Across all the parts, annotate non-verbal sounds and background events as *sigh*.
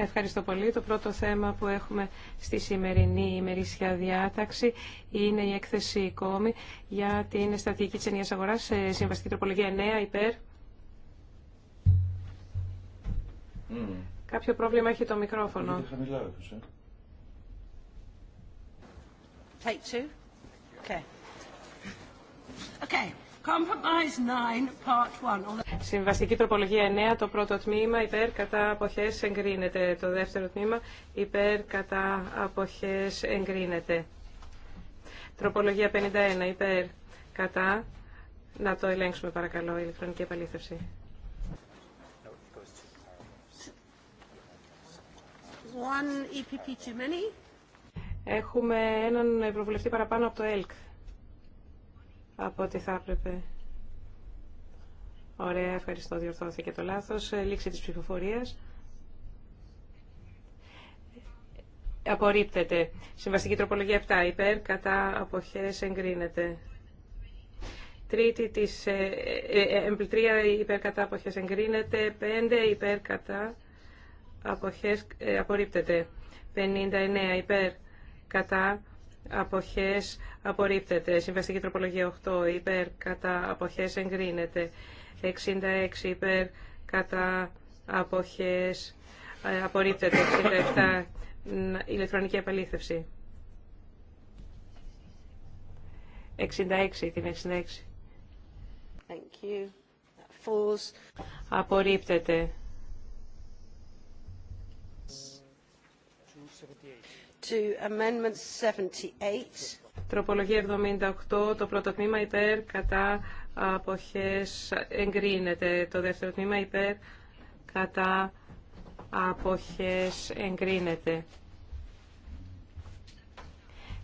Ευχαριστώ πολύ. Το πρώτο θέμα που έχουμε στη σημερινή ημερήσια διάταξη είναι η έκθεση κόμη για την στρατηγική τη ενιαίας αγοράς σε συμβαστική τροπολογία 9 υπέρ. Mm. Κάποιο πρόβλημα έχει το μικρόφωνο. Ε? Take two. Okay. Okay. Συμβαστική τροπολογία 9, το πρώτο τμήμα υπέρ κατά αποχές εγκρίνεται. Το δεύτερο τμήμα υπέρ κατά αποχές εγκρίνεται. Τροπολογία 51 υπέρ κατά. Να το ελέγξουμε παρακαλώ, η ηλεκτρονική επαλήθευση. E Έχουμε έναν ευρωβουλευτή παραπάνω από το ΕΛΚ από ό,τι θα έπρεπε. Ωραία, ευχαριστώ, διορθώθηκε το λάθος. Ε, λήξη της ψηφοφορίας. Απορρίπτεται. Συμβαστική τροπολογία 7. Υπέρ, κατά, αποχές, εγκρίνεται. Τρίτη της εμπλητρία ε, ε, ε υπέρ κατά αποχές εγκρίνεται. Πέντε υπέρ κατά αποχές ε, απορρίπτεται. 59 υπέρ κατά αποχές απορρίπτεται. Συμβαστική τροπολογία 8 υπέρ κατά αποχές εγκρίνεται. 66 υπέρ κατά αποχές ε, απορρίπτεται. 67 ηλεκτρονική επαλήθευση. 66, την 66. Thank you. Απορρίπτεται. Τροπολογία 78, το πρώτο τμήμα υπέρ, κατά, αποχές, εγκρίνεται. Το δεύτερο τμήμα υπέρ, κατά, αποχές, εγκρίνεται.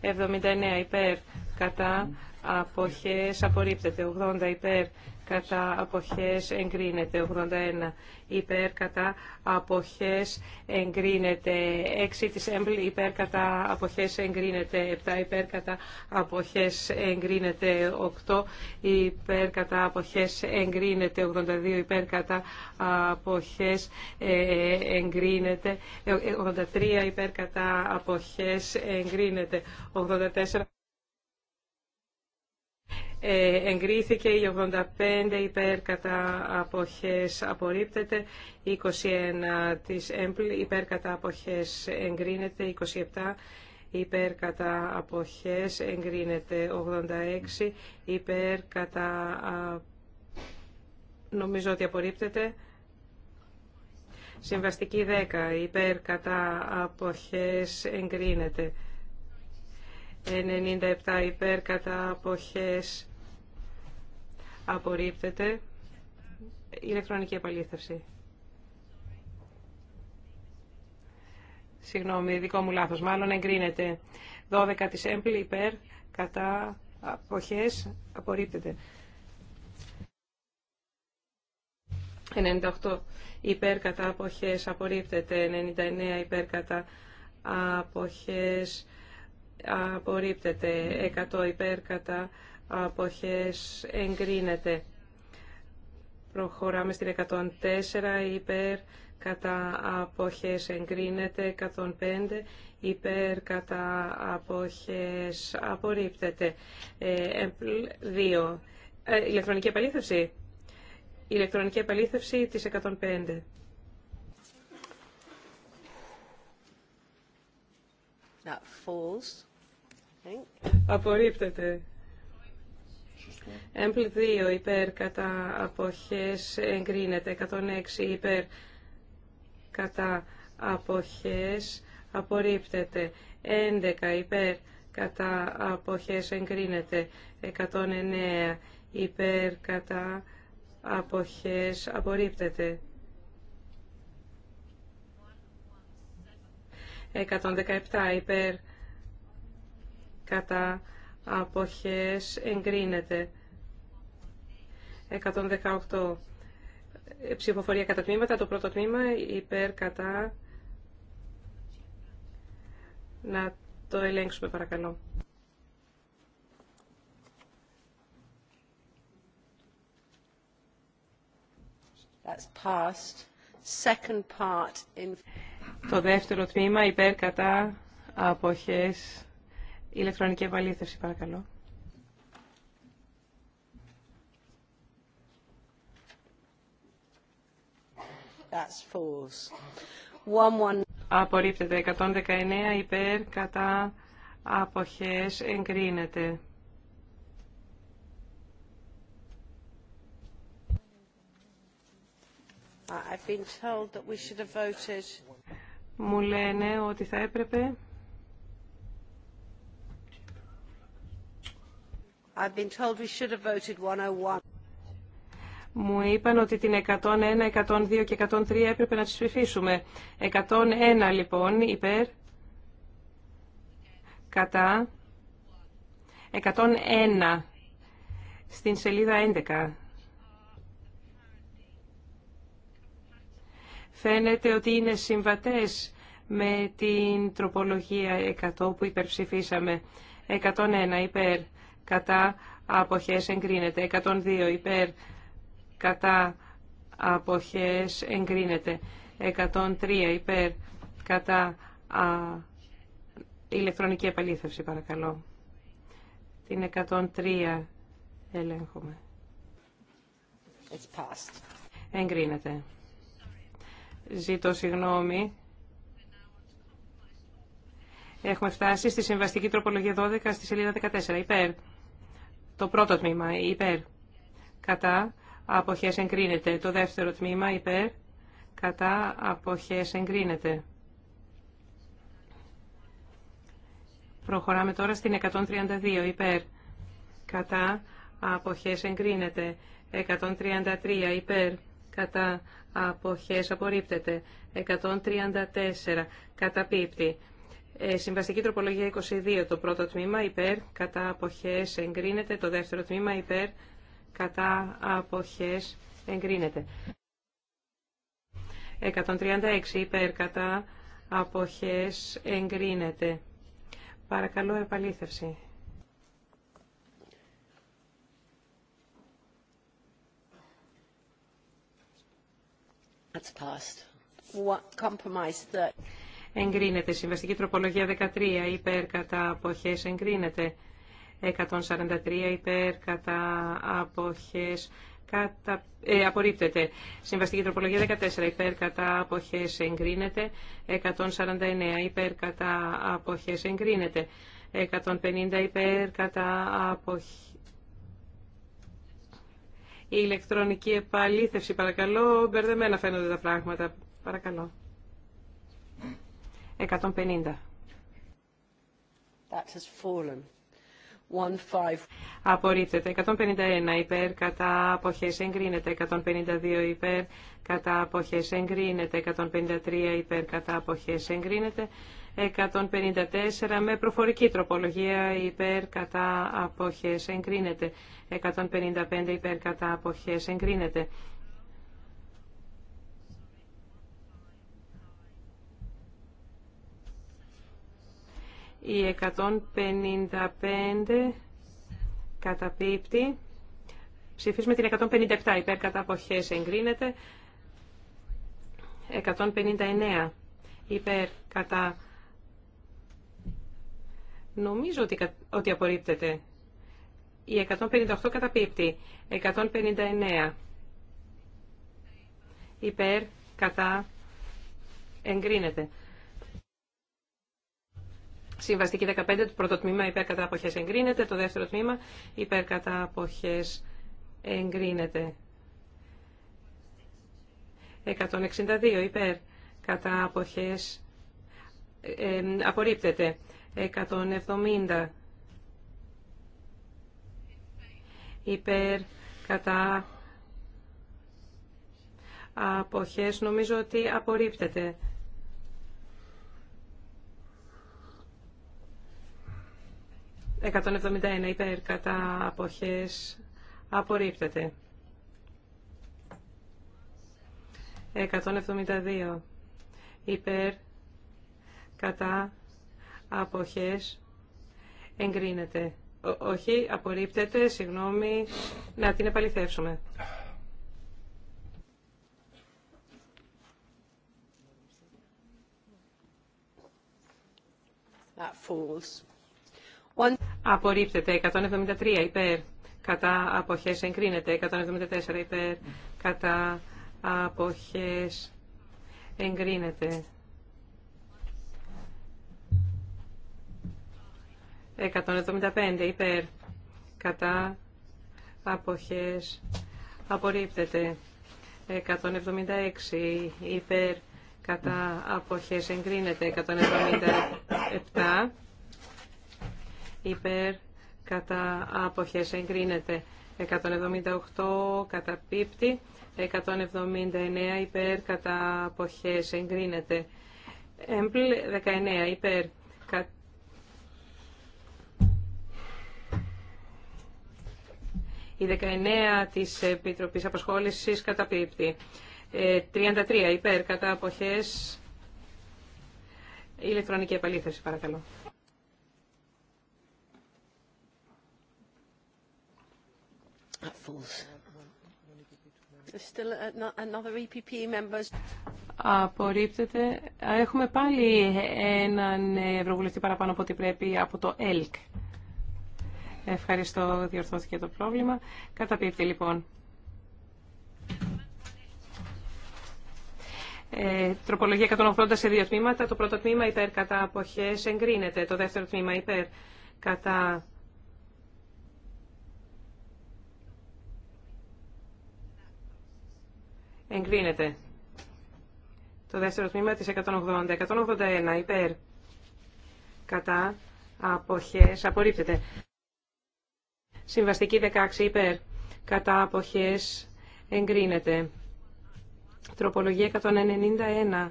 79 υπέρ, κατά, αποχές, απορρίπτεται. 80 υπέρ, κατά αποχές εγκρίνεται. 81 υπέρ κατά αποχές εγκρίνεται. 6 της έμπλη υπέρ κατά αποχές εγκρίνεται. 7 υπέρ κατά αποχές εγκρίνεται. 8 υπέρ κατά αποχές εγκρίνεται. 82 ε, ε, υπέρ κατά αποχές εγκρίνεται. 83 υπέρ κατά αποχές εγκρίνεται. 84 ε, εγκρίθηκε η 85 υπέρ κατά αποχές απορρίπτεται, 21 της ΕΜΠΛ υπέρ κατά αποχές εγκρίνεται, 27 υπέρ κατά αποχές εγκρίνεται, 86 υπέρ κατά νομίζω ότι απορρίπτεται, συμβαστική 10 υπέρ κατά αποχές εγκρίνεται. 97 υπέρ κατά αποχές απορρίπτεται ηλεκτρονική επαλήθευση. Συγγνώμη, δικό μου λάθος. Μάλλον εγκρίνεται 12 της έμπλη υπέρ κατά αποχές απορρίπτεται. 98 υπέρ κατά αποχές απορρίπτεται. 99 υπέρ κατά αποχές απορρίπτεται. 100 υπέρ κατά αποχές εγκρίνεται. Προχωράμε στην 104 υπέρ κατά αποχές εγκρίνεται, 105 υπέρ κατά αποχές απορρίπτεται. Ε, 2. Ε, ηλεκτρονική επαλήθευση. Ηλεκτρονική επαλήθευση της 105. Απορρίπτεται. Έμπλ 2 υπέρ κατά αποχές εγκρίνεται. 106 υπέρ κατά αποχές απορρίπτεται. 11 υπέρ κατά αποχές εγκρίνεται. 109 υπέρ κατά αποχές απορρίπτεται. 117 υπέρ κατά αποχές εγκρίνεται. 118 ε, ψηφοφορία κατά τμήματα. Το πρώτο τμήμα υπέρ κατά. Να το ελέγξουμε παρακαλώ. That's passed. Second part in... Το δεύτερο τμήμα υπέρ κατά αποχές ηλεκτρονική επαλήθευση παρακαλώ. That's false. One, one. Απορρίπτεται 119 υπέρ κατά αποχές εγκρίνεται. I've been told that we should have voted. Μου λένε ότι θα έπρεπε. I've been told we should have voted 101 μου είπαν ότι την 101, 102 και 103 έπρεπε να τις ψηφίσουμε. 101 λοιπόν υπέρ, κατά, 101 στην σελίδα 11. Φαίνεται ότι είναι συμβατές με την τροπολογία 100 που υπερψηφίσαμε. 101 υπέρ, κατά, αποχές εγκρίνεται. 102 υπέρ, κατά αποχές εγκρίνεται. 103 υπέρ κατά α, ηλεκτρονική επαλήθευση παρακαλώ. Την 103 ελέγχουμε. Εγκρίνεται. Ζήτω συγγνώμη. Έχουμε φτάσει στη συμβαστική τροπολογία 12 στη σελίδα 14. Υπέρ. Το πρώτο τμήμα. Υπέρ. Κατά αποχές εγκρίνεται. Το δεύτερο τμήμα υπέρ κατά αποχές εγκρίνεται. Προχωράμε τώρα στην 132 υπέρ κατά αποχές εγκρίνεται. 133 υπέρ κατά αποχές απορρίπτεται. 134 καταπίπτει. Ε, συμβαστική τροπολογία 22 το πρώτο τμήμα υπέρ κατά αποχές εγκρίνεται. Το δεύτερο τμήμα υπέρ κατά αποχές εγκρίνεται. 136 υπέρ κατά αποχές εγκρίνεται. Παρακαλώ επαλήθευση. Εγκρίνεται. Συμβαστική τροπολογία 13 υπέρ κατά αποχές εγκρίνεται. 143 υπέρ κατά αποχές κατα... ε, απορρίπτεται. Συμβαστική τροπολογία 14 υπέρ κατά αποχές εγκρίνεται. 149 υπέρ κατά αποχές εγκρίνεται. 150 υπέρ κατά αποχές. Η ηλεκτρονική επαλήθευση, παρακαλώ, μπερδεμένα φαίνονται τα πράγματα. Παρακαλώ. 150. That has fallen. Απορρίπτεται 151 υπέρ κατά αποχές εγκρίνεται 152 υπέρ κατά αποχές εγκρίνεται 153 υπέρ κατά αποχές εγκρίνεται 154 με προφορική τροπολογία υπέρ κατά αποχές εγκρίνεται 155 υπέρ κατά αποχές εγκρίνεται Η 155 καταπίπτει. Ψηφίζουμε την 157 υπέρ κατά αποχές εγκρίνεται. 159 υπέρ κατά Νομίζω ότι, ότι απορρίπτεται. Η 158 καταπίπτει. 159 υπέρ κατά εγκρίνεται. Συμβαστική 15, το πρώτο τμήμα υπέρ κατά αποχές εγκρίνεται, το δεύτερο τμήμα υπέρ κατά αποχές εγκρίνεται. 162 υπέρ κατά αποχές ε, ε απορρίπτεται. 170 υπέρ κατά αποχές νομίζω ότι απορρίπτεται. 171 υπέρ κατά αποχές απορρίπτεται. 172 υπέρ κατά αποχές εγκρίνεται. όχι, απορρίπτεται, συγγνώμη, να την επαληθεύσουμε. That falls. Απορρίπτεται 173 υπέρ. Κατά αποχές εγκρίνεται 174 υπέρ. Κατά αποχές εγκρίνεται 175 υπέρ. Κατά αποχές απορρίπτεται 176 υπέρ. Κατά αποχές εγκρίνεται 177 υπέρ κατά αποχές εγκρίνεται 178 κατά πίπτη 179 υπέρ κατά αποχές εγκρίνεται έμπλ 19 υπέρ Η 19 της Επιτροπής Απασχόλησης καταπίπτει. 33 ε, υπέρ κατά αποχές ηλεκτρονική επαλήθευση παρακαλώ. E Απορρίπτεται. Έχουμε πάλι έναν ευρωβουλευτή παραπάνω από ό,τι πρέπει από το ΕΛΚ. Ευχαριστώ, διορθώθηκε το πρόβλημα. Καταπίπτει λοιπόν. Ε, τροπολογία 180 σε δύο τμήματα. Το πρώτο τμήμα υπέρ κατά αποχές εγκρίνεται. Το δεύτερο τμήμα υπέρ κατά Εγκρίνεται. Το δεύτερο τμήμα της 180. 181 υπέρ. Κατά. Αποχές. Απορρίπτεται. Συμβαστική 16 υπέρ. Κατά. Αποχές. Εγκρίνεται. Τροπολογία 191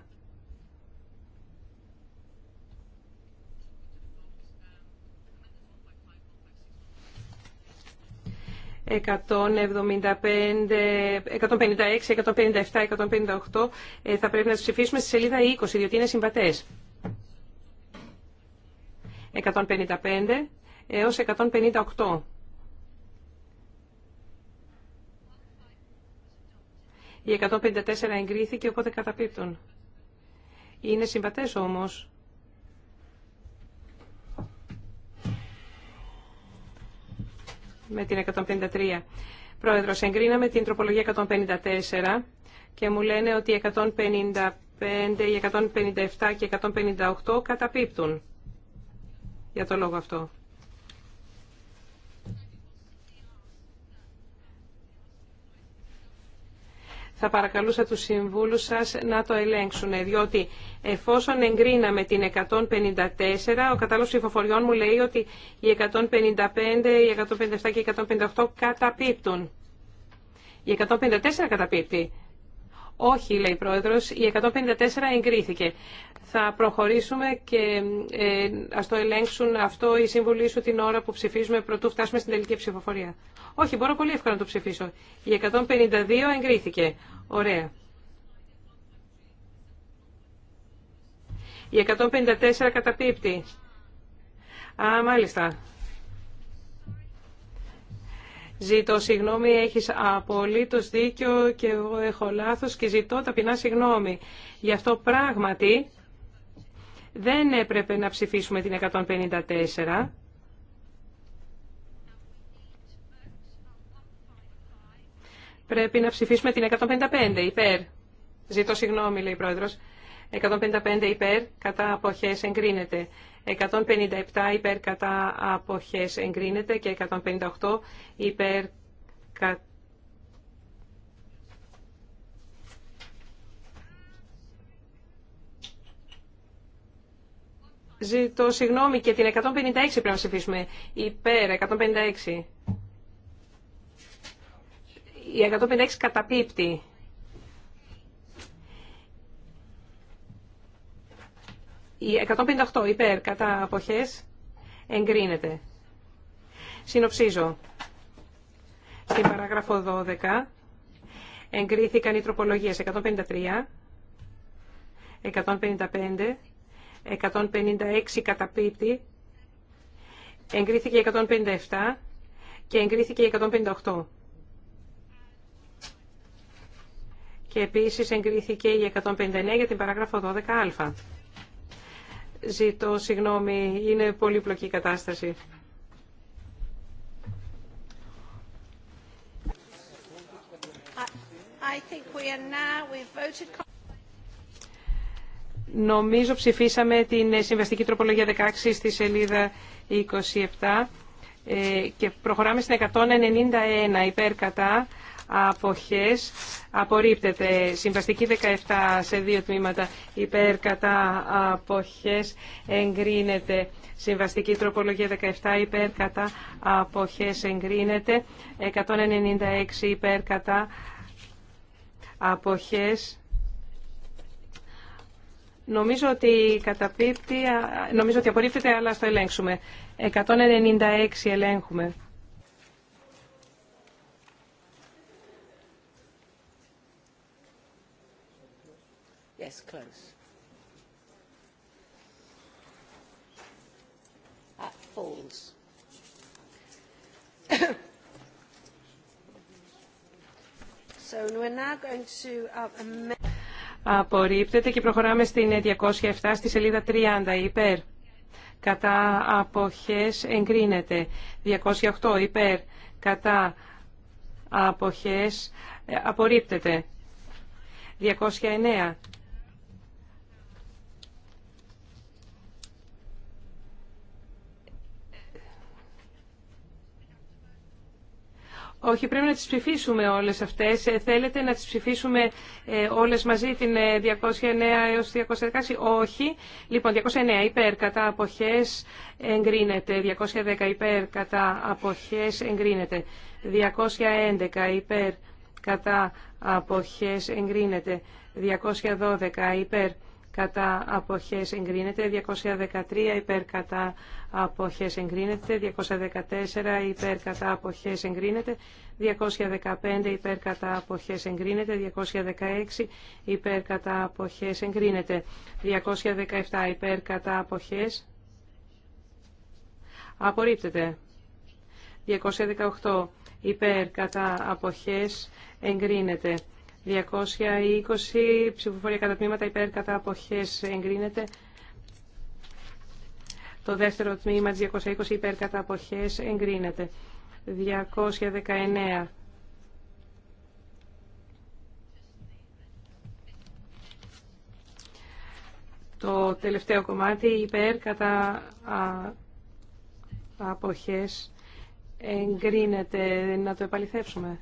175, 156, 157, 158 θα πρέπει να τους ψηφίσουμε στη σελίδα 20, διότι είναι συμβατές. 155 έως 158. Η 154 εγκρίθηκε, οπότε καταπίπτουν. Είναι συμβατές όμως. με την 153. Πρόεδρος, εγκρίναμε την τροπολογία 154 και μου λένε ότι 155, 157 και 158 καταπίπτουν για το λόγο αυτό. θα παρακαλούσα τους συμβούλους σας να το ελέγξουν, διότι εφόσον εγκρίναμε την 154, ο κατάλογος ψηφοφοριών μου λέει ότι οι 155, οι 157 και οι 158 καταπίπτουν. Η 154 καταπίπτει. Όχι, λέει η Πρόεδρος, η 154 εγκρίθηκε. Θα προχωρήσουμε και ε, ας το ελέγξουν αυτό οι σύμβουλοι σου την ώρα που ψηφίζουμε πρωτού φτάσουμε στην τελική ψηφοφορία. Όχι, μπορώ πολύ εύκολα να το ψηφίσω. Η 152 εγκρίθηκε. Ωραία. Η 154 καταπίπτει. Α, μάλιστα. Ζητώ συγγνώμη, έχεις απολύτω δίκιο και εγώ έχω λάθο και ζητώ ταπεινά συγγνώμη. Γι' αυτό πράγματι δεν έπρεπε να ψηφίσουμε την 154. Πρέπει να ψηφίσουμε την 155 υπέρ. Ζητώ συγγνώμη, λέει η πρόεδρος. 155 υπέρ, κατά αποχές εγκρίνεται. 157 υπέρ κατά αποχές εγκρίνεται και 158 υπέρ κατά Ζητώ συγγνώμη και την 156 πρέπει να ψηφίσουμε. Υπέρ, 156. Η 156 καταπίπτει. Η 158 υπέρ κατά αποχές εγκρίνεται. Συνοψίζω. Στην παράγραφο 12 εγκρίθηκαν οι τροπολογίες 153, 155, 156 καταπίτη, εγκρίθηκε 157 και εγκρίθηκε 158. Και επίσης εγκρίθηκε η 159 για την παράγραφο 12α. Ζητώ συγγνώμη, είναι πολύπλοκη η κατάσταση. Νομίζω ψηφίσαμε την συμβαστική τροπολογία 16 στη σελίδα 27 ε, και προχωράμε στην 191 υπέρ κατά αποχές απορρίπτεται. Συμβαστική 17 σε δύο τμήματα υπέρ κατά αποχές εγκρίνεται. Συμβαστική τροπολογία 17 υπέρ κατά αποχές εγκρίνεται. 196 υπέρ κατά αποχές Νομίζω ότι καταπίπτει, νομίζω ότι απορρίφεται, αλλά στο ελέγξουμε. 196 ελέγχουμε. this close. That falls. *coughs* So we're now going to um, Απορρίπτεται και προχωράμε στην 207 στη σελίδα 30 υπέρ. Κατά αποχές εγκρίνεται. 208 υπέρ. Κατά αποχές ε, απορρίπτεται. 209 Όχι, πρέπει να τις ψηφίσουμε όλες αυτές. Ε, θέλετε να τις ψηφίσουμε ε, όλες μαζί την 209 ε, έως 216. Όχι. Λοιπόν, 209 υπέρ κατά αποχές εγκρίνεται. 210 υπέρ κατά αποχές εγκρίνεται. 211 υπέρ κατά αποχές εγκρίνεται. 212 υπέρ κατά αποχές εγκρίνεται, 213 υπέρ κατά αποχές εγκρίνεται, 214 υπέρ κατά αποχές εγκρίνεται, 215 υπέρ κατά αποχές εγκρίνεται, 216 υπέρ κατά αποχές εγκρίνεται, 217 υπέρ κατά αποχές απορρίπτεται, 218 υπέρ κατά αποχές εγκρίνεται. 220 ψηφοφορία κατά τμήματα υπέρ κατά αποχές εγκρίνεται. Το δεύτερο τμήμα της 220 υπέρ κατά αποχές εγκρίνεται. 219. Το τελευταίο κομμάτι υπέρ κατά α, αποχές εγκρίνεται. Να το επαληθεύσουμε.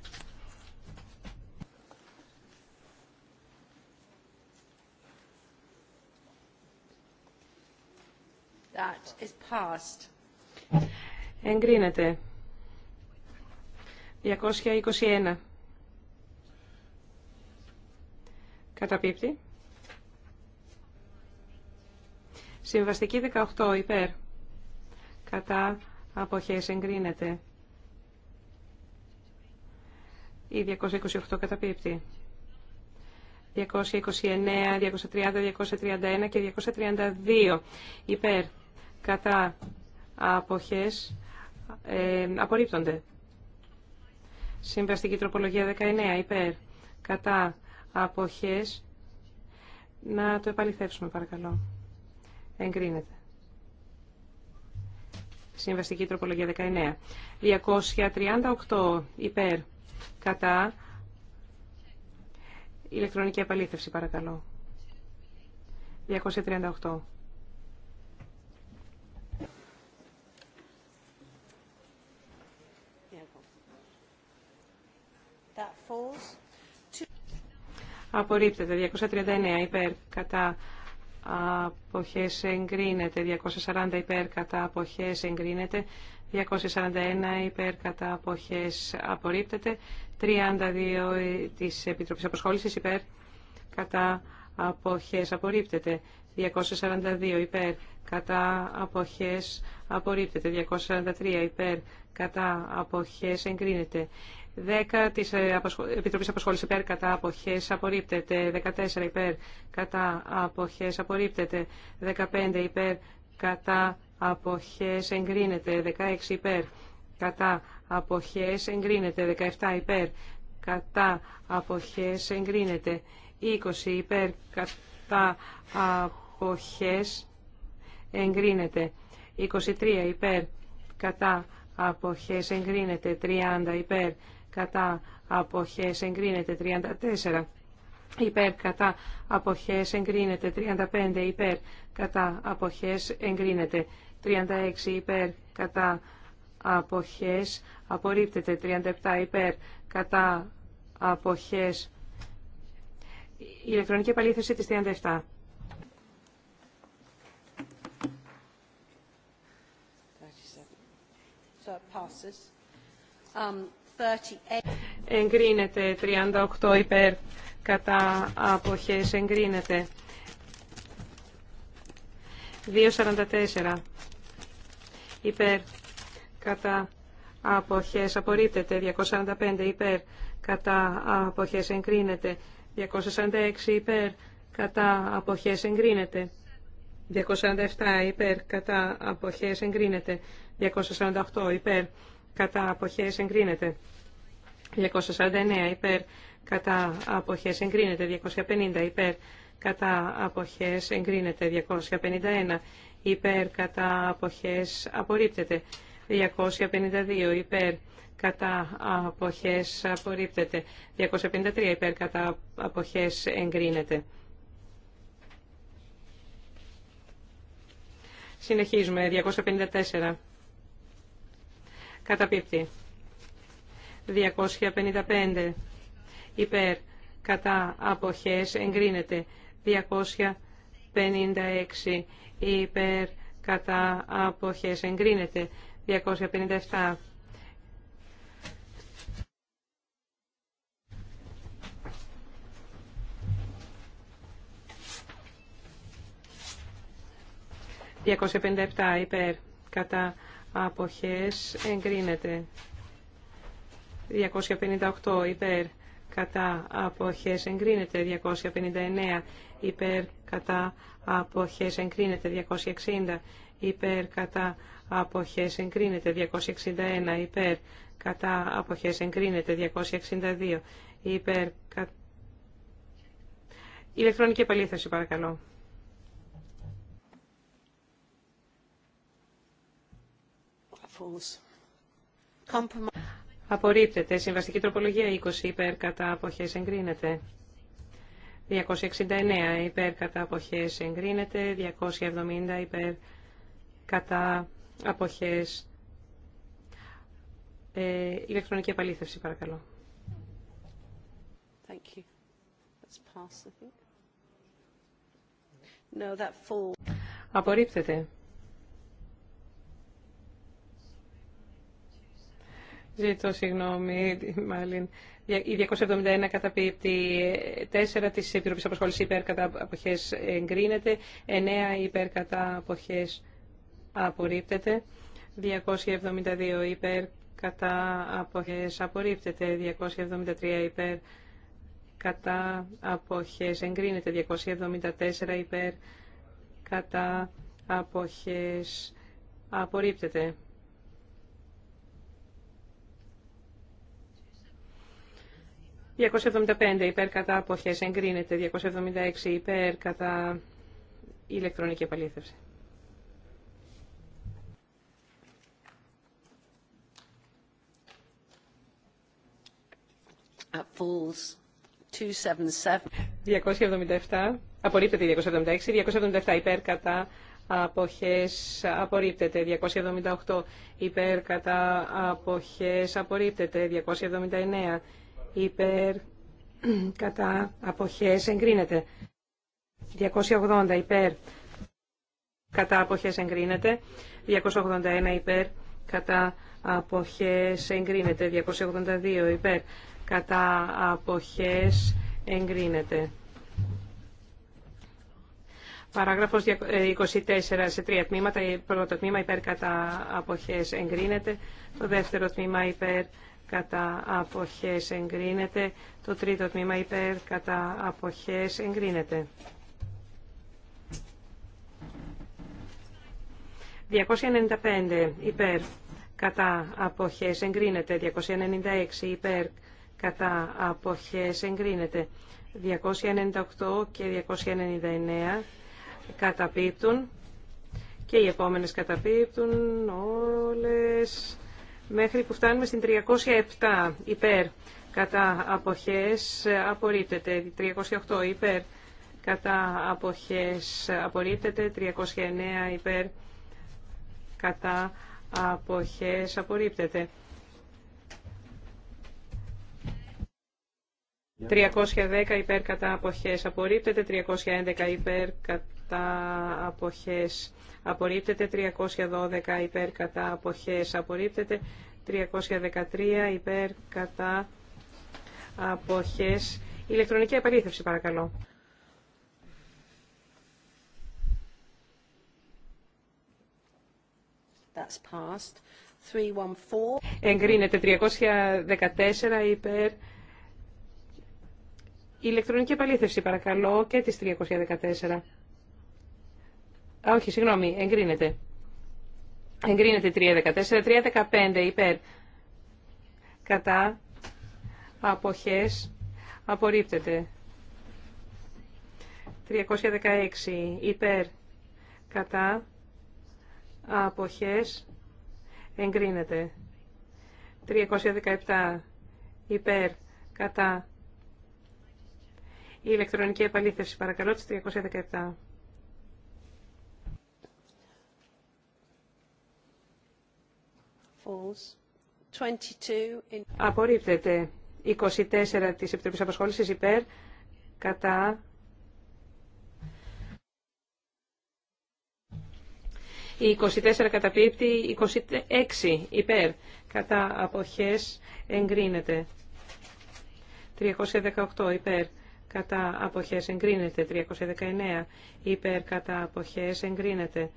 That Εγκρίνεται. 221. Καταπίπτει. Συμβαστική 18 υπέρ. Κατά αποχές εγκρίνεται. Η 228 καταπίπτει. 229, 230, 231 και 232 υπέρ κατά αποχές ε, απορρίπτονται. Συμβαστική τροπολογία 19 υπέρ κατά αποχές να το επαληθεύσουμε παρακαλώ. Εγκρίνεται. Συμβαστική τροπολογία 19. 238 υπέρ κατά ηλεκτρονική επαλήθευση παρακαλώ. 238. Απορρίπτεται. 239 υπέρ κατά αποχές εγκρίνεται. 240 υπέρ κατά αποχές εγκρίνεται. 241 υπέρ κατά αποχές απορρίπτεται. 32 της Επιτροπής Αποσχόλησης υπέρ κατά αποχές απορρίπτεται. 242 υπέρ κατά αποχές απορρίπτεται. 243 υπέρ κατά αποχές εγκρίνεται. 10 της ε, Επιτροπής Απασχόλησης υπέρ κατά αποχές απορρίπτεται. 14 υπέρ κατά αποχές απορρίπτεται. 15 υπέρ κατά αποχές εγκρίνεται. 16 υπέρ κατά αποχές εγκρίνεται. 17 υπέρ κατά αποχές εγκρίνεται. 20 υπέρ κατά αποχές εγκρίνεται. 23 υπέρ κατά αποχές εγκρίνεται. 30 υπέρ κατά αποχές εγκρίνεται 34 υπέρ κατά αποχές εγκρίνεται 35 υπέρ κατά αποχές εγκρίνεται 36 υπέρ κατά αποχές απορρίπτεται 37 υπέρ κατά αποχές ηλεκτρονική επαλήθευση της 37 Εγκρίνεται 38 υπέρ κατά αποχές. Εγκρίνεται 2.44 υπέρ κατά αποχές. Απορρίπτεται 245 υπέρ κατά αποχές. Εγκρίνεται 246 υπέρ κατά αποχές. Εγκρίνεται 247 υπέρ κατά αποχές. Εγκρίνεται 248 υπέρ κατά αποχές εγκρίνεται. 249 υπέρ κατά αποχές εγκρίνεται. 250 υπέρ κατά αποχές εγκρίνεται. 251 υπέρ κατά αποχές απορρίπτεται. 252 υπέρ κατά αποχές απορρίπτεται. 253 υπέρ κατά αποχές εγκρίνεται. Συνεχίζουμε. 254 Καταπίπτει. 255 υπέρ κατά αποχές εγκρίνεται. 256 υπέρ κατά αποχές εγκρίνεται. 257 257 υπέρ κατά αποχές εγκρίνεται. 258 υπέρ κατά αποχές εγκρίνεται. 259 υπέρ κατά αποχές εγκρίνεται. 260 υπέρ κατά αποχές εγκρίνεται. 261 υπέρ κατά αποχές εγκρίνεται. 262 υπέρ κατά... Ηλεκτρονική επαλήθευση παρακαλώ. Απορρίπτεται. Συμβαστική τροπολογία 20 υπέρ κατά αποχές εγκρίνεται. 269 υπέρ κατά αποχές εγκρίνεται. 270 υπέρ κατά αποχές ε, ηλεκτρονική επαλήθευση παρακαλώ. Thank Απορρίπτεται. Ζήτω συγγνώμη, μάλλον. Η 271 καταπίπτει 4 της Επιτροπής Απασχόλησης υπέρ κατά αποχές εγκρίνεται, 9 υπέρ κατά αποχές απορρίπτεται, 272 υπέρ κατά αποχές απορρίπτεται, 273 υπέρ κατά αποχές εγκρίνεται, 274 υπέρ κατά αποχές απορρίπτεται. 275 υπέρ κατά αποχές εγκρίνεται, 276 υπέρ κατά ηλεκτρονική επαλήθευση. Falls 277. 277. Απορρίπτεται 276. 277 υπέρ κατά αποχές απορρίπτεται. 278 υπέρ κατά αποχές απορρίπτεται. 279 υπέρ κατά αποχές εγκρίνεται. 280 υπέρ κατά αποχές εγκρίνεται. 281 υπέρ κατά αποχές εγκρίνεται. 282 υπέρ κατά αποχές εγκρίνεται. Παράγραφος 24 ε, σε τρία τμήματα. Το πρώτο τμήμα υπέρ κατά αποχές εγκρίνεται. Το δεύτερο τμήμα υπέρ κατά αποχές εγκρίνεται. Το τρίτο τμήμα υπέρ κατά αποχές εγκρίνεται. 295 υπέρ κατά αποχές εγκρίνεται. 296 υπέρ κατά αποχές εγκρίνεται. 298 και 299 καταπίπτουν και οι επόμενες καταπίπτουν όλες μέχρι που φτάνουμε στην 307 υπέρ κατά αποχές απορρίπτεται, 308 υπέρ κατά αποχές απορρίπτεται, 309 υπέρ κατά αποχές απορρίπτεται. 310 υπέρ κατά αποχές απορρίπτεται, 311 υπέρ κατά αποχές απορρίπτεται 312 υπέρ κατά αποχές, απορρίπτεται 313 υπέρ κατά αποχές. Ηλεκτρονική επαλήθευση παρακαλώ. That's passed. 314. Εγκρίνεται 314 υπέρ. Ηλεκτρονική επαλήθευση παρακαλώ και τις 314. Α, όχι, συγγνώμη, εγκρίνεται. Εγκρίνεται 3.14, 3.15 υπέρ. Κατά αποχές απορρίπτεται. 316 υπέρ κατά αποχές εγκρίνεται. 317 υπέρ κατά η ηλεκτρονική επαλήθευση παρακαλώ της 317. Απορρίπτεται. 24 της Επιτροπής Απασχόλησης υπέρ, κατά... Η 24 καταπίπτει, 26 υπέρ, κατά αποχές εγκρίνεται. 318 υπέρ, κατά αποχές εγκρίνεται. 319 υπέρ, κατά αποχές εγκρίνεται.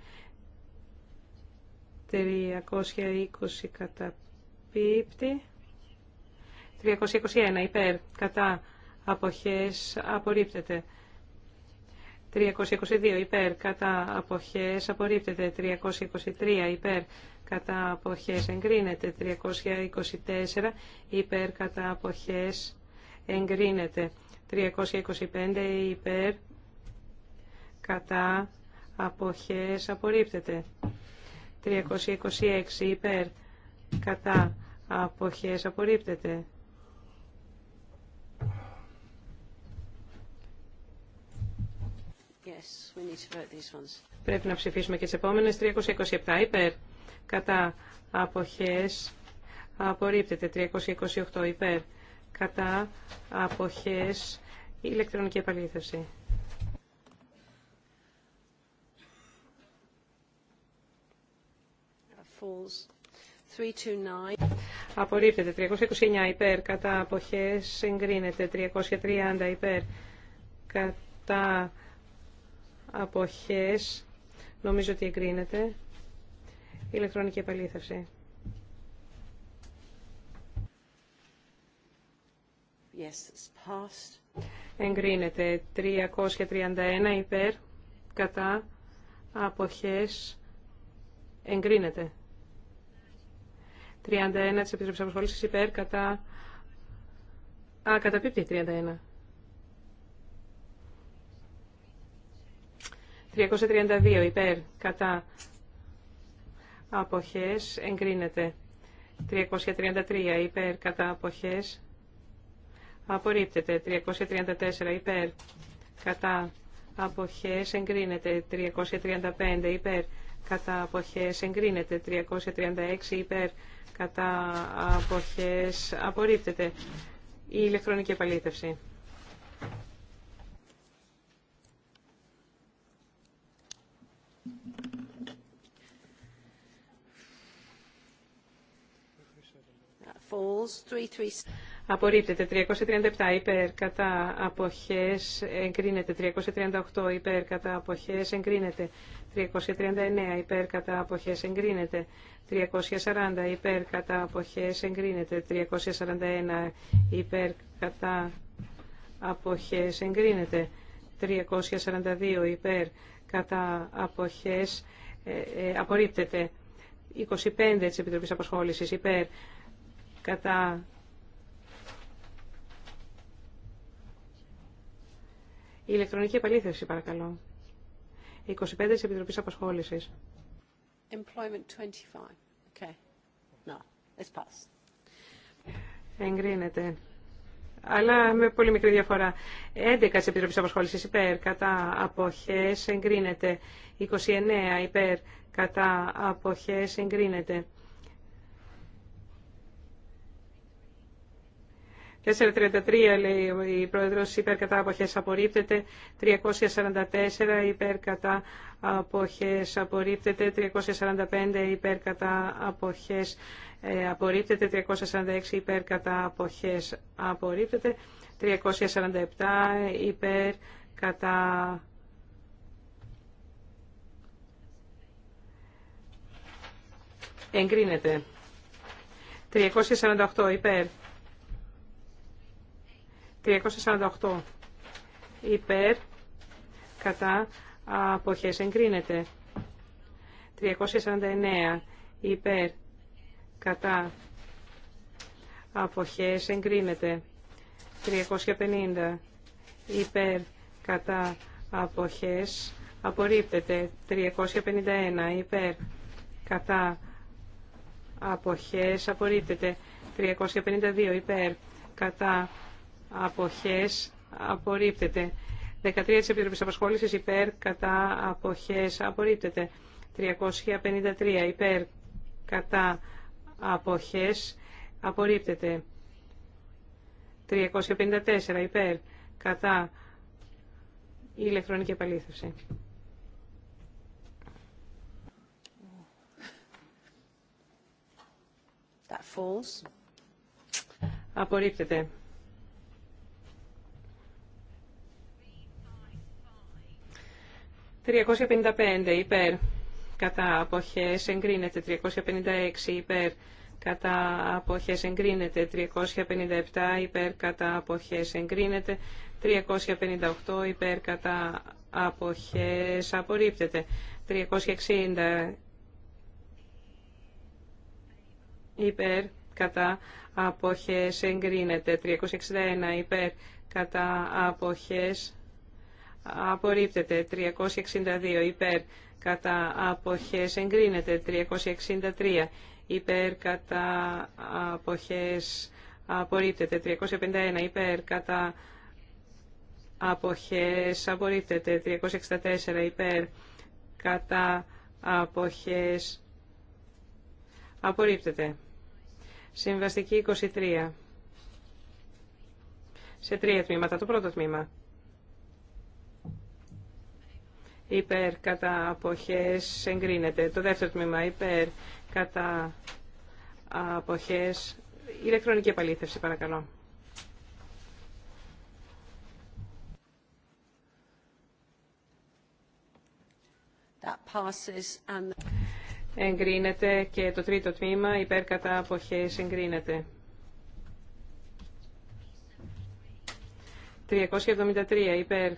320 πίπτη. 321 υπέρ κατά αποχές απορρίπτεται. 322 υπέρ κατά αποχές απορρίπτεται. 323 υπέρ κατά αποχές εγκρίνεται. 324 υπέρ κατά αποχές εγκρίνεται. 325 υπέρ κατά αποχές απορρίπτεται. 326 υπέρ κατά αποχές απορρίπτεται. Πρέπει να ψηφίσουμε και τις επόμενες. 327 υπέρ. Κατά αποχές απορρίπτεται. 328 υπέρ. Κατά αποχές ηλεκτρονική επαλήθευση. 329. Απορρίπτεται. 329 υπέρ. Κατά αποχές εγκρίνεται 330 υπέρ. Κατά αποχές νομίζω ότι εγκρίνεται. Ηλεκτρονική επαλήθευση. Yes, it's passed. Εγκρίνεται 331 υπέρ, κατά, αποχές, εγκρίνεται. 31 της Επιτροπής Αποσχόλησης υπέρ κατά... Α, καταπίπτει 31. 332 υπέρ κατά αποχές εγκρίνεται. 333 υπέρ κατά αποχές απορρίπτεται. 334 υπέρ κατά αποχές εγκρίνεται. 335 υπέρ κατά αποχές εγκρίνεται 336 υπέρ κατά αποχές απορρίπτεται η ηλεκτρονική επαλήθευση. Απορρίπτεται 337 υπέρ κατά αποχές εγκρίνεται 338 υπέρ κατά αποχές εγκρίνεται 339 υπέρ κατά αποχές εγκρίνεται. 340 υπέρ κατά αποχές εγκρίνεται. 341 υπέρ κατά αποχές εγκρίνεται. 342 υπέρ κατά αποχές ε, ε απορρίπτεται. 25 της Επιτροπής Απασχόλησης υπέρ κατά ηλεκτρονική επαλήθευση παρακαλώ. 25 της Επιτροπής Απασχόλησης. Εγκρίνεται. Αλλά με πολύ μικρή διαφορά. 11 της Επιτροπής Απασχόλησης υπέρ, κατά αποχές εγκρίνεται. 29 υπέρ, κατά αποχές εγκρίνεται. 433 λέει η Πρόεδρος υπέρ κατά αποχές απορρίπτεται, 344 υπερκατά κατά αποχές απορρίπτεται, 345 υπερκατά κατά αποχές απορρίπτεται, 346 υπέρ κατά αποχές απορρίπτεται, 347 ε, υπέρ κατά εγκρίνεται. 348 υπέρ 348 υπέρ κατά αποχές εγκρίνεται 349 υπέρ κατά αποχές εγκρίνεται 350 υπέρ κατά αποχές απορρίπτεται 351 υπέρ κατά αποχές απορρίπτεται 352 υπέρ κατά αποχές απορρίπτεται. 13 της Επιτροπής υπέρ κατά αποχές απορρίπτεται. 353 υπέρ κατά αποχές απορρίπτεται. 354 υπέρ κατά ηλεκτρονική επαλήθευση. That falls. Απορρίπτεται. 355 υπέρ κατά αποχές εγκρίνεται 356 υπέρ κατά αποχές εγκρίνεται 357 υπέρ κατά αποχές εγκρίνεται 358 υπέρ κατά αποχές απορρίπτεται 360 υπέρ κατά αποχές εγκρίνεται 361 υπέρ κατά αποχές απορρίπτεται 362 υπέρ κατά αποχές εγκρίνεται 363 υπέρ κατά αποχές απορρίπτεται 351 υπέρ κατά αποχές απορρίπτεται 364 υπέρ κατά αποχές απορρίπτεται συμβαστική 23 σε τρία τμήματα το πρώτο τμήμα υπέρ κατά αποχές εγκρίνεται. Το δεύτερο τμήμα υπέρ κατά αποχές ηλεκτρονική επαλήθευση παρακαλώ. Εγκρίνεται και το τρίτο τμήμα υπέρ κατά αποχές εγκρίνεται. 373 υπέρ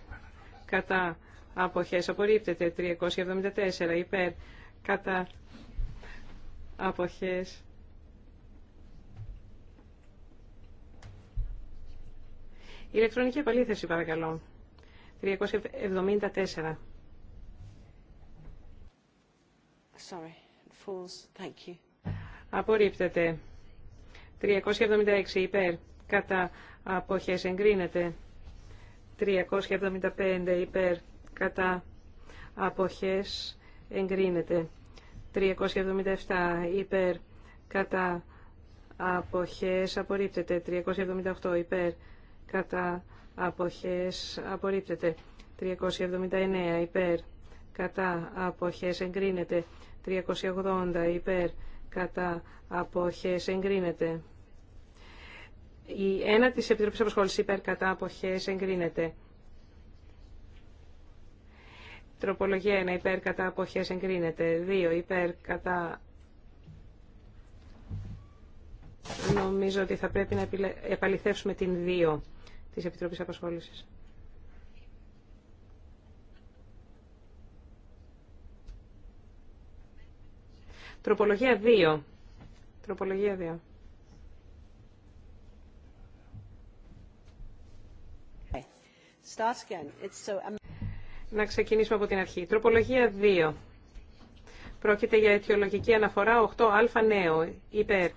κατά αποχές απορρίπτεται 374 υπέρ κατά αποχές ηλεκτρονική επαλήθευση παρακαλώ 374 Sorry, falls. Thank you. Απορρίπτεται. 376 υπέρ. Κατά αποχές εγκρίνεται. 375 υπέρ κατά αποχές εγκρίνεται. 377 υπέρ κατά αποχές απορρίπτεται. 378 υπέρ κατά αποχές απορρίπτεται. 379 υπέρ κατά αποχές εγκρίνεται. 380 υπέρ κατά αποχές εγκρίνεται. Η ένα της Επιτροπής Αποσχόλησης υπέρ κατά αποχές εγκρίνεται. Τροπολογία 1. Υπέρ κατά αποχές εγκρίνεται. 2. Υπέρ κατά... Νομίζω ότι θα πρέπει να επαληθεύσουμε την 2 της Επιτροπής Απασχόλησης. Τροπολογία 2. Τροπολογία 2. Start again. It's so... Να ξεκινήσουμε από την αρχή. Τροπολογία 2. Πρόκειται για αιτιολογική αναφορά 8α νέο. Υπέρ.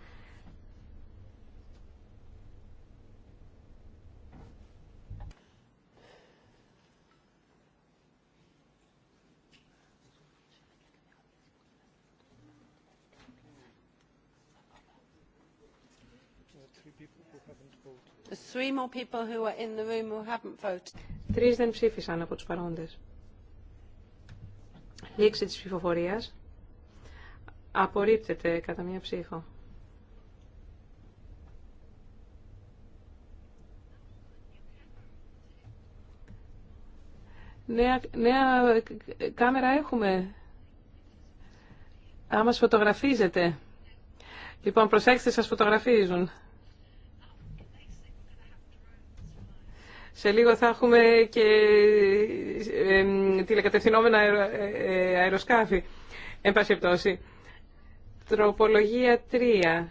Τρεις δεν ψήφισαν από τους παρόντες. Λήξη της ψηφοφορίας. Απορρίπτεται κατά μία ψήφο. Νέα, κάμερα έχουμε. Άμα σφωτογραφίζετε. Λοιπόν, προσέξτε, σας φωτογραφίζουν. Σε λίγο θα έχουμε και τηλεκατευθυνόμενα ε, ε, αεροσκάφη. Εν πάση πτώση. Τροπολογία 3.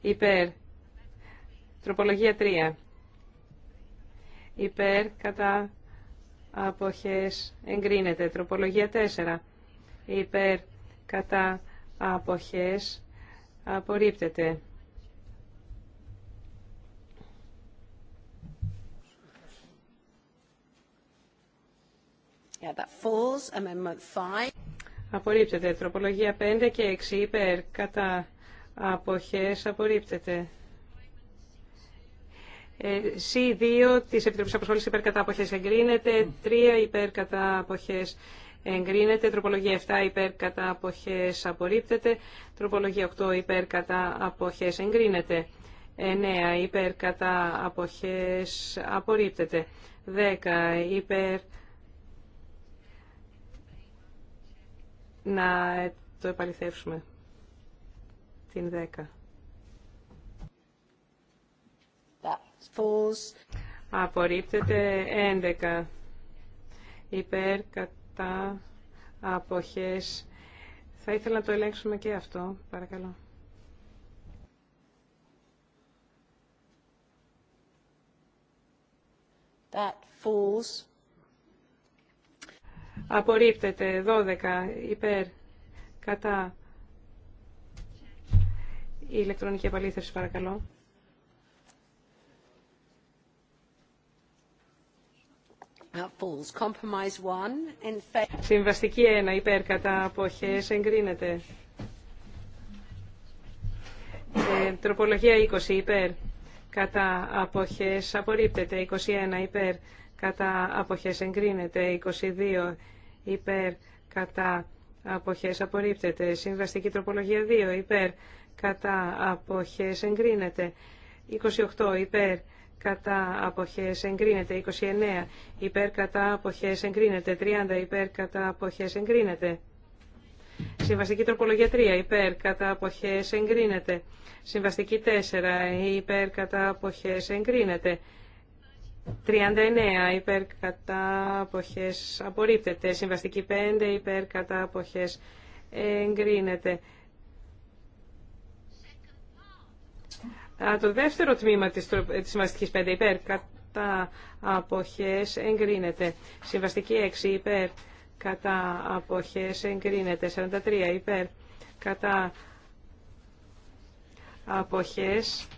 Υπέρ. Τροπολογία 3. Υπέρ κατά αποχές εγκρίνεται. Τροπολογία 4. Υπέρ κατά αποχές απορρίπτεται. Yeah, Απορρίπτεται. Τροπολογία 5 και 6 υπέρ. Κατά αποχές απορρίπτεται. C2 ε, τη Επιτροπή αποσχολή υπέρ κατά αποχές εγκρίνεται. 3 υπέρ κατά αποχές εγκρίνεται. Τροπολογία 7 υπέρ κατά αποχές απορρίπτεται. Τροπολογία 8 υπέρ κατά αποχές εγκρίνεται. 9 υπέρ κατά αποχές απορρίπτεται. 10 υπέρ να ε, το επαληθεύσουμε. Την 10. Falls. Απορρίπτεται 11. Υπέρ, κατά, αποχές. Θα ήθελα να το ελέγξουμε και αυτό, παρακαλώ. That falls. Απορρίπτεται. 12 υπέρ. Κατά. Η ηλεκτρονική επαλήθευση παρακαλώ. Συμβαστική 1 υπέρ κατά αποχές εγκρίνεται. Ε, τροπολογία 20 υπέρ κατά αποχές απορρίπτεται. 21 υπέρ κατά αποχές εγκρίνεται, 22 υπέρ κατά αποχές απορρίπτεται, συμβαστική τροπολογία 2 υπέρ κατά αποχές εγκρίνεται, 28 υπέρ κατά αποχές εγκρίνεται, 29 υπέρ κατά αποχές εγκρίνεται, 30 υπέρ κατά αποχές εγκρίνεται. Συμβαστική τροπολογία 3 υπέρ κατά αποχές εγκρίνεται. Συμβαστική 4 υπέρ κατά αποχές εγκρίνεται. 39 υπέρ κατά αποχές απορρίπτεται. Συμβαστική 5 υπέρ κατά αποχές εγκρίνεται. το δεύτερο τμήμα της, της συμβαστικής 5 υπέρ κατά αποχές εγκρίνεται. Συμβαστική 6 υπέρ κατά αποχές εγκρίνεται. 43 υπέρ κατά αποχές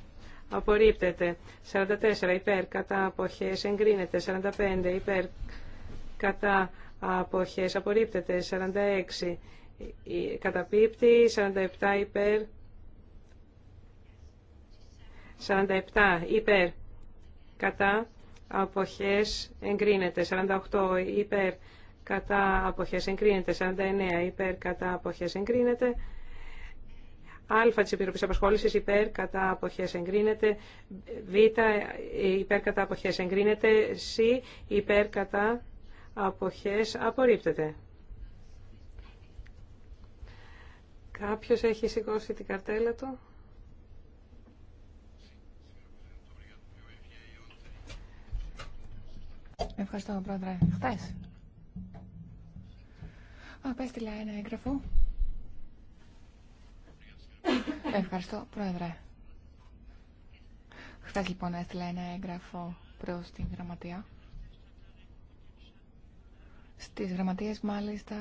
απορρίπτεται. 44 υπέρ κατά αποχές εγκρίνεται. 45 υπέρ κατά αποχές απορρίπτεται. 46 ε, καταπίπτει. 47 υπέρ 47 υπέρ κατά αποχές εγκρίνεται. 48 υπέρ κατά αποχές εγκρίνεται. 49 υπέρ κατά αποχές εγκρίνεται. Α τη Επιτροπή Απασχόληση υπέρ κατά αποχές εγκρίνεται. Β υπέρ κατά αποχές εγκρίνεται. Σ υπέρ κατά αποχές απορρίπτεται. Κάποιος έχει σηκώσει την καρτέλα του. Ευχαριστώ, Πρόεδρε. Χθες. Απέστειλα ένα έγγραφο Ευχαριστώ, Πρόεδρε. Χθε λοιπόν έστειλα ένα έγγραφο προ την γραμματεία. Στις γραμματείες μάλιστα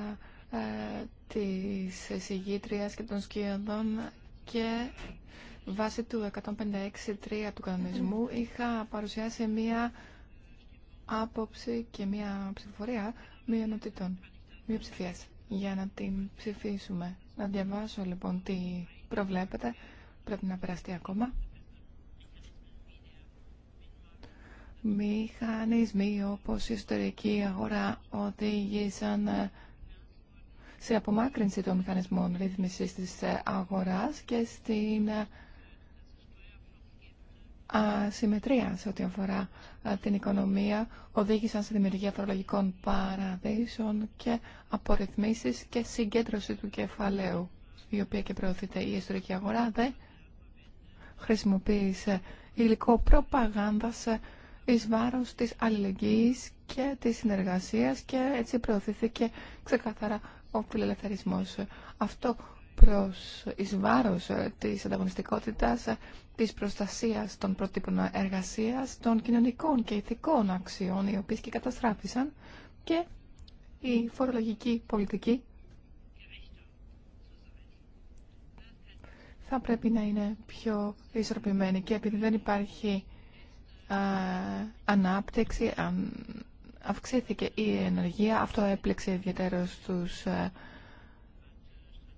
ε, της και των σκιωδών και βάσει του 156.3 του κανονισμού είχα παρουσιάσει μία άποψη και μία ψηφοφορία μειονοτήτων, μειοψηφίας για να την ψηφίσουμε. Να διαβάσω λοιπόν τι προβλέπετε πρέπει να περαστεί ακόμα, μηχανισμοί όπως η ιστορική αγορά οδήγησαν ε, σε απομάκρυνση των μηχανισμών ρύθμισης της ε, αγοράς και στην ε, ασυμμετρία σε ό,τι αφορά την οικονομία οδήγησαν σε δημιουργία φορολογικών παραδείσων και απορριθμίσεις και συγκέντρωση του κεφαλαίου η οποία και προωθείται η ιστορική αγορά, δεν χρησιμοποίησε υλικό προπαγάνδας εις βάρος της αλληλεγγύης και της συνεργασίας και έτσι προωθήθηκε ξεκάθαρα ο φιλελευθερισμός. Αυτό προς εις βάρος της ανταγωνιστικότητας, της προστασίας των προτύπων εργασίας, των κοινωνικών και ηθικών αξιών, οι οποίες και καταστράφησαν και η φορολογική πολιτική θα πρέπει να είναι πιο ισορροπημένη και επειδή δεν υπάρχει ανάπτυξη, αυξήθηκε η ενεργεία, αυτό έπλεξε ιδιαίτερα στους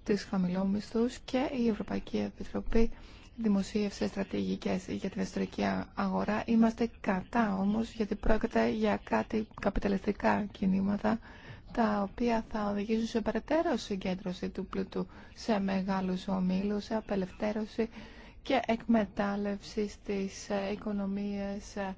τις χαμηλόμισθους και η Ευρωπαϊκή Επιτροπή δημοσίευσε στρατηγικές για την ιστορική αγορά. Είμαστε κατά όμως γιατί πρόκειται για κάτι καπιταλιστικά κινήματα τα οποία θα οδηγήσουν σε περαιτέρω συγκέντρωση του πλούτου σε μεγάλους ομίλους, σε απελευθέρωση και εκμετάλλευση στις ε, οικονομίες ε,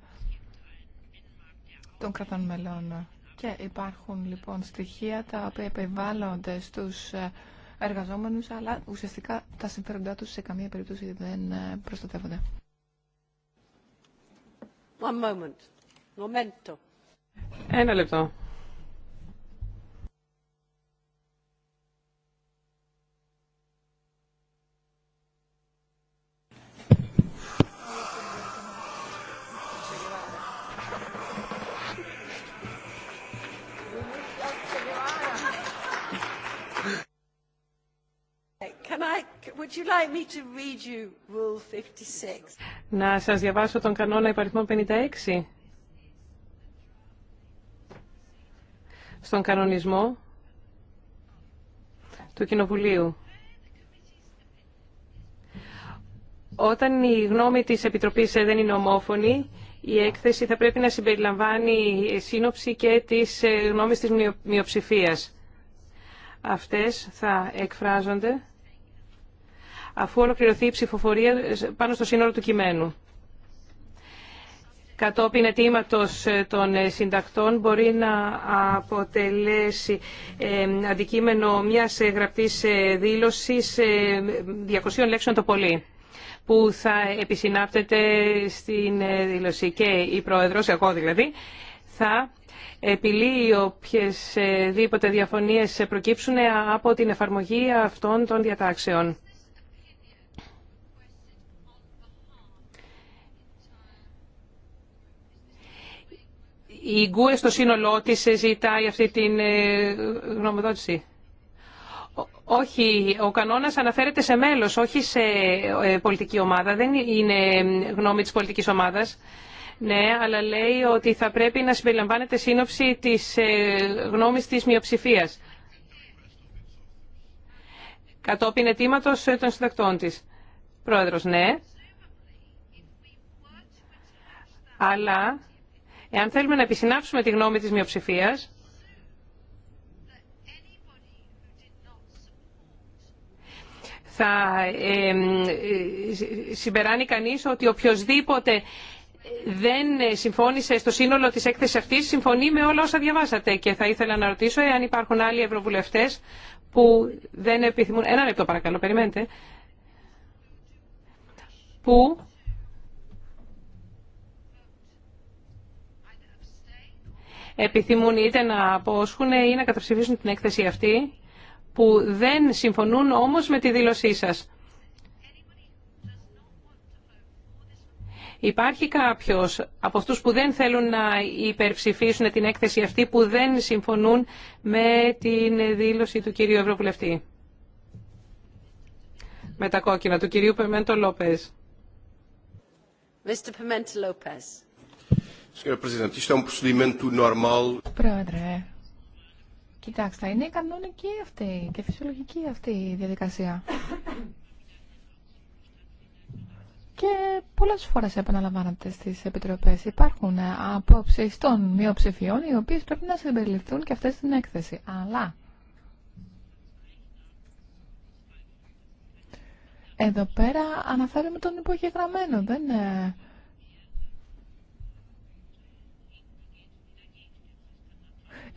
των κρατών μελών. Και υπάρχουν λοιπόν στοιχεία τα οποία επιβάλλονται στους ε, εργαζόμενους, αλλά ουσιαστικά τα συμφέροντά τους σε καμία περίπτωση δεν προστατεύονται. One moment. Ένα λεπτό. Να σας διαβάσω τον κανόνα υπαριθμών 56. Στον κανονισμό του Κοινοβουλίου. Όταν η γνώμη της Επιτροπής ε, δεν είναι ομόφωνη, η έκθεση θα πρέπει να συμπεριλαμβάνει ε, σύνοψη και ε, της γνώμης της μειοψηφίας. Αυτές θα εκφράζονται αφού ολοκληρωθεί η ψηφοφορία πάνω στο σύνολο του κειμένου. Κατόπιν αιτήματος ε, των ε, συντακτών μπορεί να αποτελέσει ε, αντικείμενο μιας γραπτής δήλωσης 200 λέξεων το πολύ που θα επισυνάπτεται στην δήλωση και η Πρόεδρος, εγώ δηλαδή, θα επιλύει οποιασδήποτε διαφωνίες προκύψουν από την εφαρμογή αυτών των διατάξεων. Η Γκουε στο σύνολό τη ζητάει αυτή την ε, γνωμοδότηση. Όχι, ο κανόνας αναφέρεται σε μέλος, όχι σε ε, πολιτική ομάδα. Δεν είναι γνώμη της πολιτικής ομάδας. Ναι, αλλά λέει ότι θα πρέπει να συμπεριλαμβάνεται σύνοψη της ε, γνώμης της μειοψηφίας. Κατόπιν αιτήματος των συντακτών της. Πρόεδρος, ναι. Αλλά Εάν θέλουμε να επισυνάψουμε τη γνώμη της μειοψηφίας, θα συμπεράνει κανείς ότι οποιοδήποτε δεν συμφώνησε στο σύνολο της έκθεσης αυτής, συμφωνεί με όλα όσα διαβάσατε. Και θα ήθελα να ρωτήσω εάν υπάρχουν άλλοι ευρωβουλευτές που δεν επιθυμούν... Ένα λεπτό παρακαλώ, περιμένετε. Που επιθυμούν είτε να απόσχουν ή να καταψηφίσουν την έκθεση αυτή, που δεν συμφωνούν όμως με τη δήλωσή σας. Υπάρχει κάποιος από αυτούς που δεν θέλουν να υπερψηφίσουν την έκθεση αυτή, που δεν συμφωνούν με την δήλωση του κυρίου Ευρωβουλευτή. Με τα κόκκινα του κυρίου Πεμέντο Λόπες. Mr. Pimenta Lopez. Um Πρόεδρε, κοιτάξτε, είναι κανονική αυτή και φυσιολογική αυτή η διαδικασία. και πολλέ φορέ επαναλαμβάνονται στι επιτροπέ. Υπάρχουν απόψεις των μειοψηφιών οι οποίε πρέπει να συμπεριληφθούν και αυτέ στην έκθεση. Αλλά εδώ πέρα αναφέρουμε τον υπογεγραμμένο. Δεν ε,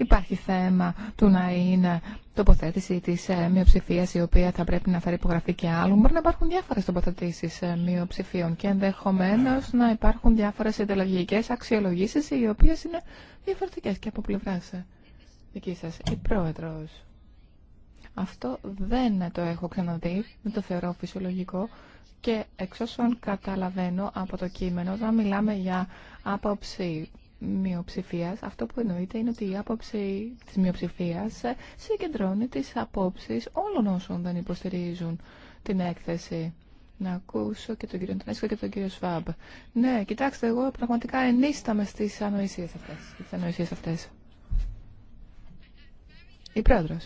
υπάρχει θέμα του να είναι τοποθέτηση τη ε, μειοψηφία η οποία θα πρέπει να φέρει υπογραφή και άλλων. Μπορεί να υπάρχουν διάφορε τοποθετήσει ε, μειοψηφίων και ενδεχομένω να υπάρχουν διάφορε ιδεολογικέ αξιολογήσει οι οποίε είναι διαφορετικέ και από πλευρά ε, δική σα. Η πρόεδρο. Αυτό δεν το έχω ξαναδεί, δεν το θεωρώ φυσιολογικό και εξ όσων καταλαβαίνω από το κείμενο, όταν μιλάμε για άποψη μειοψηφία, αυτό που εννοείται είναι ότι η άποψη τη μειοψηφία συγκεντρώνει τι απόψει όλων όσων δεν υποστηρίζουν την έκθεση. Να ακούσω και τον κύριο Αντωνέσκο και τον κύριο Σφάμπ. Ναι, κοιτάξτε, εγώ πραγματικά ενίσταμαι στι ανοησίε αυτέ. Στις ανοησίες αυτές. Η πρόεδρο.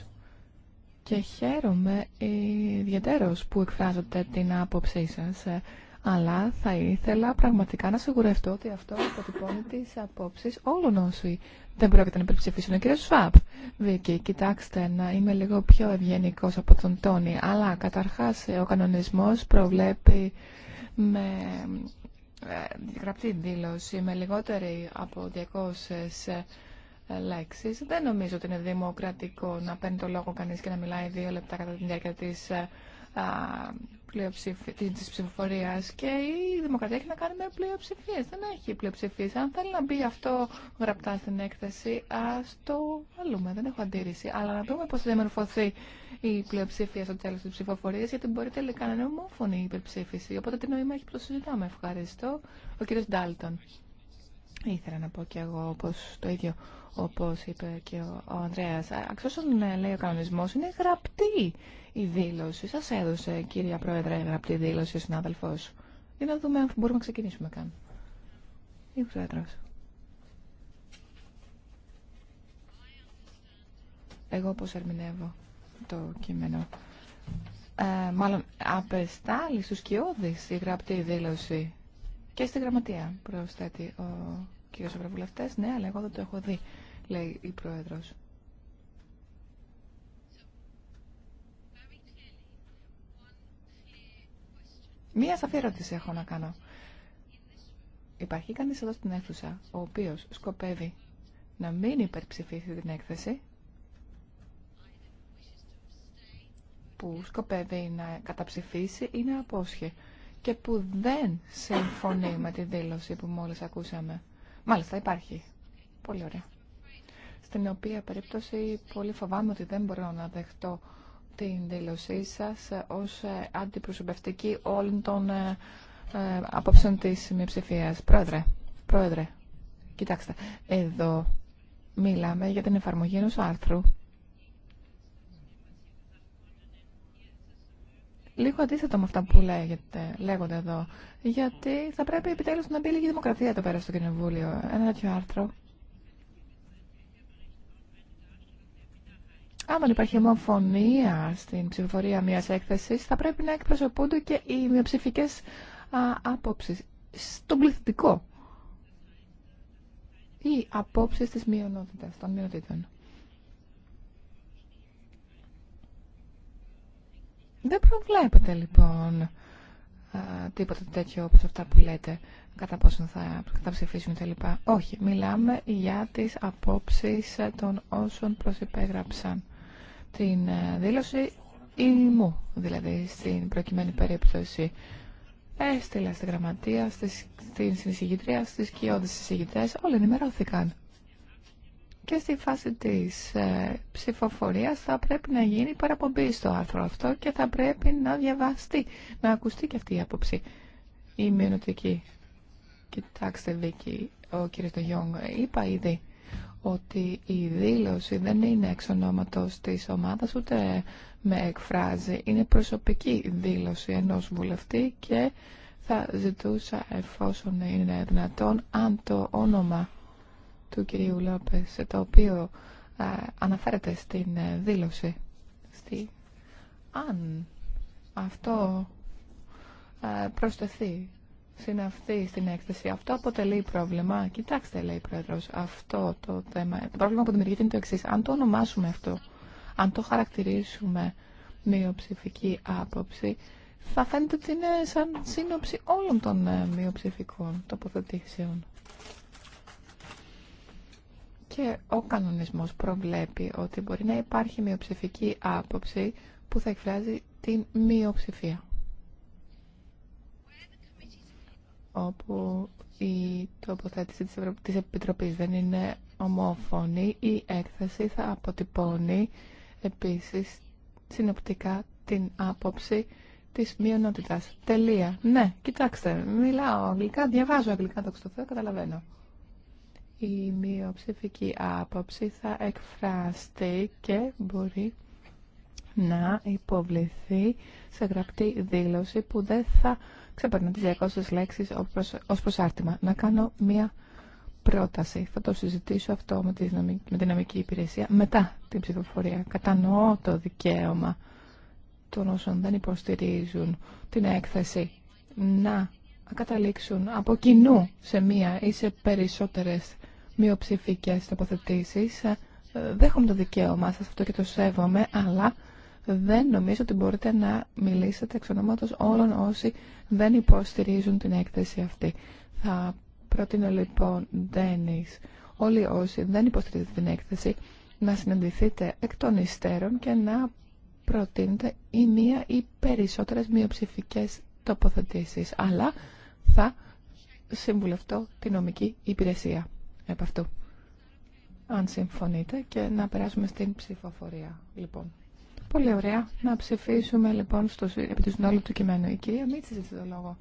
Και χαίρομαι ιδιαίτερω που εκφράζετε την άποψή σα ε, αλλά θα ήθελα πραγματικά να σιγουρευτώ ότι αυτό αποτυπώνει τι απόψει όλων όσοι δεν πρόκειται να υπερψηφίσουν. Κύριε Σφαπ, Βίκυ, κοιτάξτε να είμαι λίγο πιο ευγενικό από τον Τόνι, αλλά καταρχά ε, ο κανονισμό προβλέπει με ε, γραπτή δήλωση με λιγότερη από 200 ε, λέξεις. Δεν νομίζω ότι είναι δημοκρατικό να παίρνει το λόγο κανείς και να μιλάει δύο λεπτά κατά την διάρκεια της τη ψηφοφορία και η δημοκρατία έχει να κάνει με πλειοψηφίε. Δεν έχει πλειοψηφίε. Αν θέλει να μπει αυτό γραπτά στην έκθεση, α το βάλουμε. Δεν έχω αντίρρηση. Αλλά να δούμε πώ θα διαμορφωθεί η πλειοψηφία στο τέλο τη ψηφοφορία, γιατί μπορεί τελικά να είναι ομόφωνη η υπερψήφιση. Οπότε τι νόημα έχει που το συζητάμε. Ευχαριστώ. Ο κύριος Ντάλτον. Ήθελα να πω και εγώ όπως το ίδιο όπως είπε και ο, ο Ανδρέας. Αξ' ε, λέει ο κανονισμός είναι γραπτή η δήλωση. Σας έδωσε, κυρία Πρόεδρε, γραπτή δήλωση ο συνάδελφός. Για να δούμε αν μπορούμε να ξεκινήσουμε καν. Η Πρόεδρος. Εγώ πώς ερμηνεύω το κείμενο. Ε, μάλλον απεστάλλει στους κοιόδης η γραπτή δήλωση και στη γραμματεία, προσθέτει ο κύριος Ευρωβουλευτές. Ναι, αλλά εγώ δεν το έχω δει, λέει η Πρόεδρος. Μία σαφή ερώτηση έχω να κάνω. Υπάρχει κανείς εδώ στην αίθουσα, ο οποίος σκοπεύει να μην υπερψηφίσει την έκθεση, που σκοπεύει να καταψηφίσει ή να απόσχει και που δεν συμφωνεί με τη δήλωση που μόλις ακούσαμε. Μάλιστα υπάρχει. Πολύ ωραία. Στην οποία περίπτωση πολύ φοβάμαι ότι δεν μπορώ να δεχτώ την δήλωσή σας ως ε, αντιπροσωπευτική όλων των ε, ε, απόψεων της μειοψηφίας. Πρόεδρε, πρόεδρε, κοιτάξτε, εδώ μιλάμε για την εφαρμογή ενός άρθρου. Λίγο αντίθετο με αυτά που λέγεται, λέγονται εδώ, γιατί θα πρέπει επιτέλους να μπει λίγη δημοκρατία εδώ πέρα στο Κοινοβούλιο. Ένα τέτοιο άρθρο Άμα υπάρχει ομοφωνία στην ψηφοφορία μια έκθεση, θα πρέπει να εκπροσωπούνται και οι μειοψηφικές απόψεις στον πληθυντικό ή απόψει της μειονότητας, των μειονότητων. Δεν προβλέπετε λοιπόν τίποτα τέτοιο όπως αυτά που λέτε κατά πόσον θα καταψηφίσουν κλπ. Όχι, μιλάμε για τις απόψεις των όσων προσυπέγραψαν την ε, δήλωση η μου δηλαδή στην προκειμένη περίπτωση. Έστειλα στη γραμματεία, στην συνεισηγητρία, στις κοιόδες συζητητές, όλοι ενημερώθηκαν. Και στη φάση της ε, ψηφοφορίας θα πρέπει να γίνει παραπομπή στο άρθρο αυτό και θα πρέπει να διαβαστεί, να ακουστεί και αυτή η άποψη, η μειονοτική. Κοιτάξτε Βίκη, ο κύριος Ντογιόγκ, είπα ήδη ότι η δήλωση δεν είναι εξ ονόματος της ομάδας ούτε με εκφράζει. Είναι προσωπική δήλωση ενός βουλευτή και θα ζητούσα εφόσον είναι δυνατόν αν το όνομα του κυρίου Λόπες το οποίο ε, αναφέρεται στην ε, δήλωση στη... αν αυτό ε, προσθεθεί αυτή στην έκθεση. Αυτό αποτελεί πρόβλημα. Κοιτάξτε, λέει η Πρόεδρο, αυτό το θέμα. Το πρόβλημα που δημιουργείται είναι το εξή. Αν το ονομάσουμε αυτό, αν το χαρακτηρίσουμε μειοψηφική άποψη, θα φαίνεται ότι είναι σαν σύνοψη όλων των ε, μειοψηφικών τοποθετήσεων. Και ο κανονισμός προβλέπει ότι μπορεί να υπάρχει μειοψηφική άποψη που θα εκφράζει την μειοψηφία. όπου η τοποθέτηση της, Ευρω... της Επιτροπής δεν είναι ομόφωνη, η έκθεση θα αποτυπώνει επίσης συνοπτικά την άποψη της μειονότητας. Τελεία. Ναι, κοιτάξτε, μιλάω αγγλικά, διαβάζω αγγλικά, το στο καταλαβαίνω. Η μειοψηφική άποψη θα εκφραστεί και μπορεί να υποβληθεί σε γραπτή δήλωση που δεν θα ξεπερνά τι 200 λέξεις ως προσάρτημα. Να κάνω μία πρόταση. Θα το συζητήσω αυτό με τη δυναμική υπηρεσία μετά την ψηφοφορία. Κατανοώ το δικαίωμα των όσων δεν υποστηρίζουν την έκθεση να καταλήξουν από κοινού σε μία ή σε περισσότερες μειοψηφικές τοποθετήσεις. Ε, δέχομαι το δικαίωμά σας, αυτό και το σέβομαι, αλλά δεν νομίζω ότι μπορείτε να μιλήσετε εξ ονόματος όλων όσοι δεν υποστηρίζουν την έκθεση αυτή. Θα προτείνω λοιπόν, Ντένις, όλοι όσοι δεν υποστηρίζετε την έκθεση, να συναντηθείτε εκ των υστέρων και να προτείνετε ή μία ή περισσότερες μειοψηφικές τοποθετήσεις. Αλλά θα συμβουλευτώ τη νομική υπηρεσία επ' αυτού. Αν συμφωνείτε και να περάσουμε στην ψηφοφορία, λοιπόν. Πολύ ωραία. Να ψηφίσουμε λοιπόν στο, επί του συνόλου του κειμένου. Η κυρία Μίτση ζήτησε το λόγο.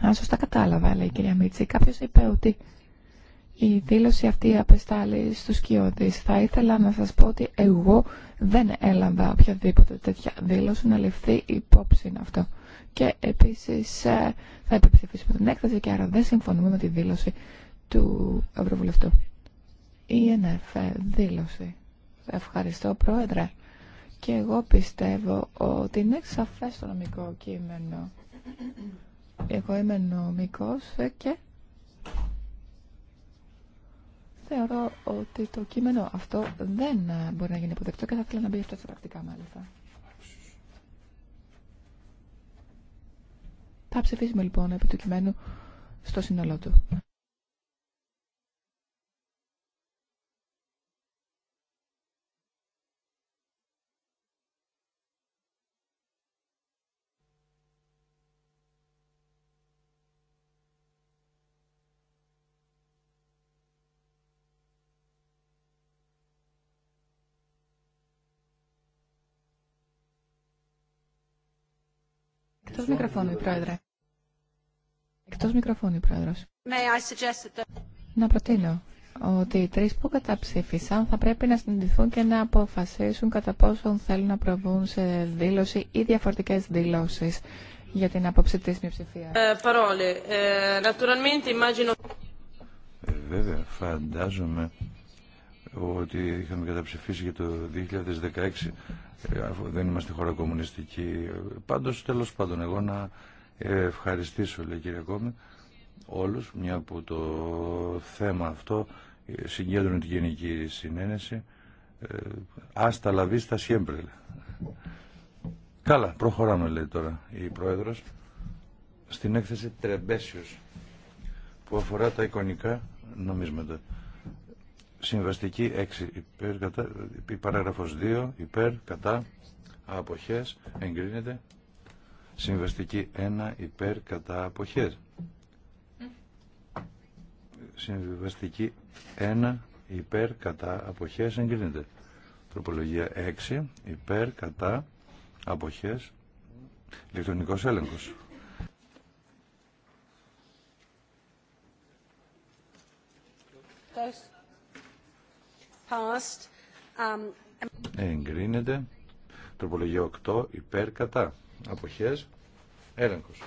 Αν σωστά κατάλαβα, λέει η κυρία Μίτση, κάποιο είπε ότι η δήλωση αυτή απεστάλλει στου κοιότε. Θα ήθελα να σα πω ότι εγώ δεν έλαβα οποιαδήποτε τέτοια δήλωση να ληφθεί υπόψη αυτό. Και επίση ε, θα επιψηφίσουμε την έκθεση και άρα δεν συμφωνούμε με τη δήλωση του Ευρωβουλευτού. Η ΕΝΕΦ δήλωση. Ευχαριστώ, Πρόεδρε. Και εγώ πιστεύω ότι είναι σαφές το νομικό κείμενο. Εγώ είμαι νομικός ε, και θεωρώ ότι το κείμενο αυτό δεν ε, μπορεί να γίνει αποδεκτό και θα ήθελα να μπει αυτό στα πρακτικά μάλιστα. Θα ψηφίσουμε λοιπόν επί του κειμένου στο σύνολό του. Εκτός μικροφώνου, Πρόεδρε. Εκτός μικροφώνου, Πρόεδρος. Να προτείνω ότι οι τρεις που καταψήφισαν θα πρέπει να συνειδηθούν και να αποφασίσουν κατά πόσον θέλουν να προβούν σε δήλωση ή διαφορετικές δηλώσεις για την άποψη της μειοψηφίας. Ε, ε, ε βέβαια, φαντάζομαι ότι είχαμε καταψηφίσει για το 2016 ε, αφού δεν είμαστε χώρα κομμουνιστική πάντως τέλος πάντων εγώ να ευχαριστήσω λέει κύριε Κόμη όλους μια που το θέμα αυτό ε, συγκέντρωνε την Γενική Συνένεση ε, άστα λαβίστα στα σιέμπρελ καλά προχωράμε λέει τώρα η Πρόεδρος στην έκθεση Τρεμπέσιος που αφορά τα εικονικά νομίσματα Συμβαστική 6 υπέρ, κατά, παράγραφος 2 υπέρ, κατά, αποχές, εγκρίνεται. Συμβαστική 1 υπέρ, κατά, αποχές. Συμβαστική 1 υπέρ, κατά, αποχές, εγκρίνεται. Τροπολογία 6 υπέρ, κατά, αποχές, ηλεκτρονικός έλεγχος. Ευχαριστώ. Um, εγκρίνεται. Τροπολογία 8. Υπέρ κατά. Αποχές. Έλεγχος.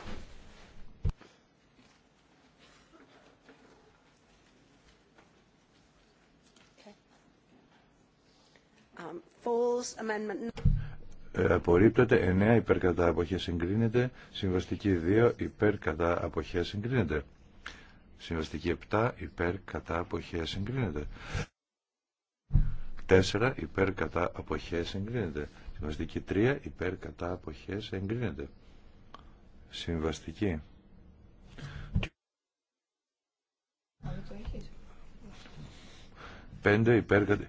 Um, ε, απορρίπτεται 9 υπέρ κατά αποχές εγκρίνεται, συμβαστική 2 υπέρ κατά αποχές εγκρίνεται, συμβαστική 7 υπέρ κατά αποχές εγκρίνεται. 4 υπέρ κατά αποχές εγκρίνεται. Συμβαστική 3 υπέρ κατά αποχές εγκρίνεται. Συμβαστική. Πέντε υπέρ κατά...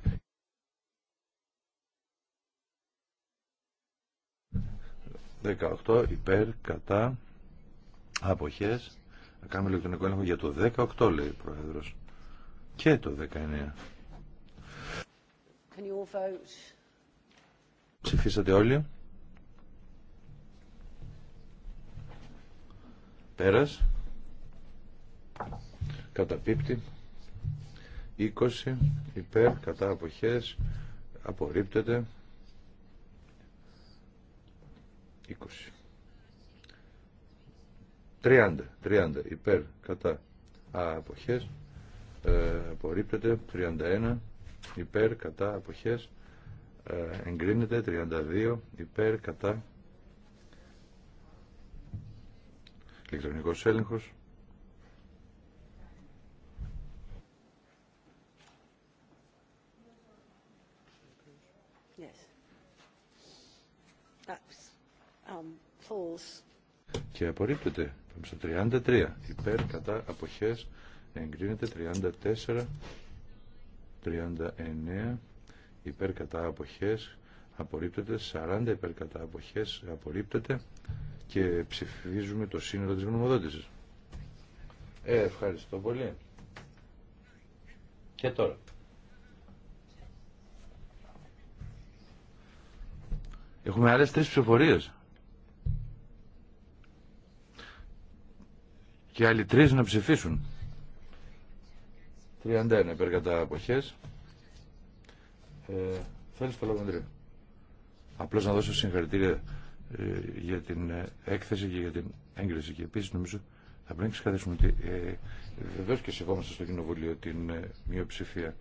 Δεκαοκτώ υπέρ κατά αποχές. Θα κάνουμε ηλεκτρονικό έλεγχο για το 18 λέει ο Πρόεδρος. Και το 19. Can you all vote? Ψηφίσατε όλοι. Πέρας. Καταπίπτει. 20 υπέρ κατά αποχές απορρίπτεται 20 30 30 υπέρ κατά αποχές ε, απορρίπτεται 31 ε, um, υπέρ κατά αποχές εγκρίνεται 32 υπέρ κατά ηλεκτρονικός έλεγχος και απορρίπτεται στο 33 υπέρ κατά αποχές εγκρίνεται 34 39 υπέρ κατά αποχές απορρίπτεται, 40 υπέρ κατά αποχές απορρίπτεται και ψηφίζουμε το σύνολο της γνωμοδότησης. Ε, ευχαριστώ πολύ. Και τώρα. Έχουμε άλλες τρεις ψηφοφορίες. Και άλλοι τρεις να ψηφίσουν. 31 υπέρ κατά θέλει Ε, θέλεις το λόγο, Αντρία. Απλώς να δώσω συγχαρητήρια ε, για την ε, έκθεση και για την έγκριση. Και επίσης νομίζω θα πρέπει να ξεχαρίσουμε ότι ε, βεβαίως και σεβόμαστε στο Κοινοβούλιο την ε, μειοψηφία.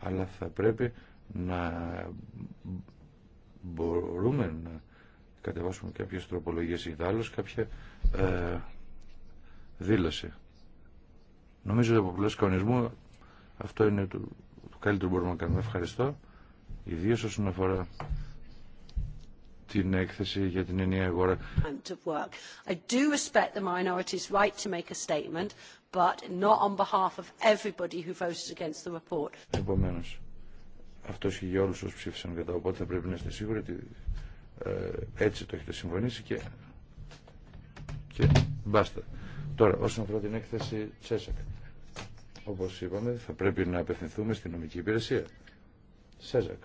Αλλά θα πρέπει να μπορούμε να κατεβάσουμε κάποιες τροπολογίες ή δάλλως κάποια ε, δήλωση. Νομίζω ότι από πλευρά κανονισμού αυτό είναι το, το καλύτερο που μπορούμε να κάνουμε. Ευχαριστώ. Ιδίω όσον αφορά την έκθεση για την ενιαία αγορά. I do respect the minority's right to make a statement, but not on behalf of everybody who voted against the report. Επομένως, αυτό και για όλους όσους ψήφισαν κατά, οπότε θα πρέπει να είστε σίγουροι ότι ε, έτσι το έχετε συμφωνήσει και, και μπάστα. Τώρα, όσον αφορά την έκθεση Τσέσακ όπως είπαμε, θα πρέπει να απευθυνθούμε στην νομική υπηρεσία. ΣΕΖΑΚ.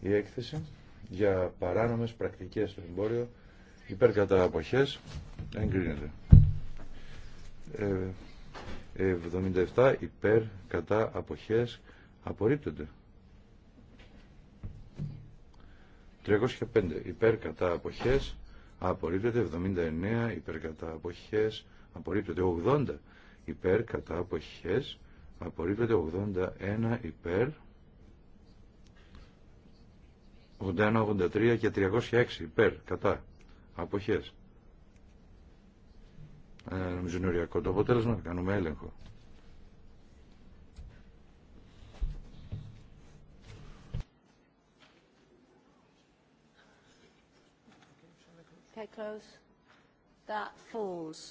Η έκθεση για παράνομες πρακτικές στο εμπόριο υπέρ κατά αποχές εγκρίνεται. 77 ε, υπέρ κατά αποχές απορρίπτονται. 305 υπέρ κατά αποχές απορρίπτεται. 79 υπέρ κατά αποχές απορρίπτεται. 80 υπέρ κατά χες απορρίπτεται 81 υπέρ 81, 83 και 306 υπέρ κατά χες ε, νομίζω είναι οριακό το αποτέλεσμα κάνουμε έλεγχο That falls.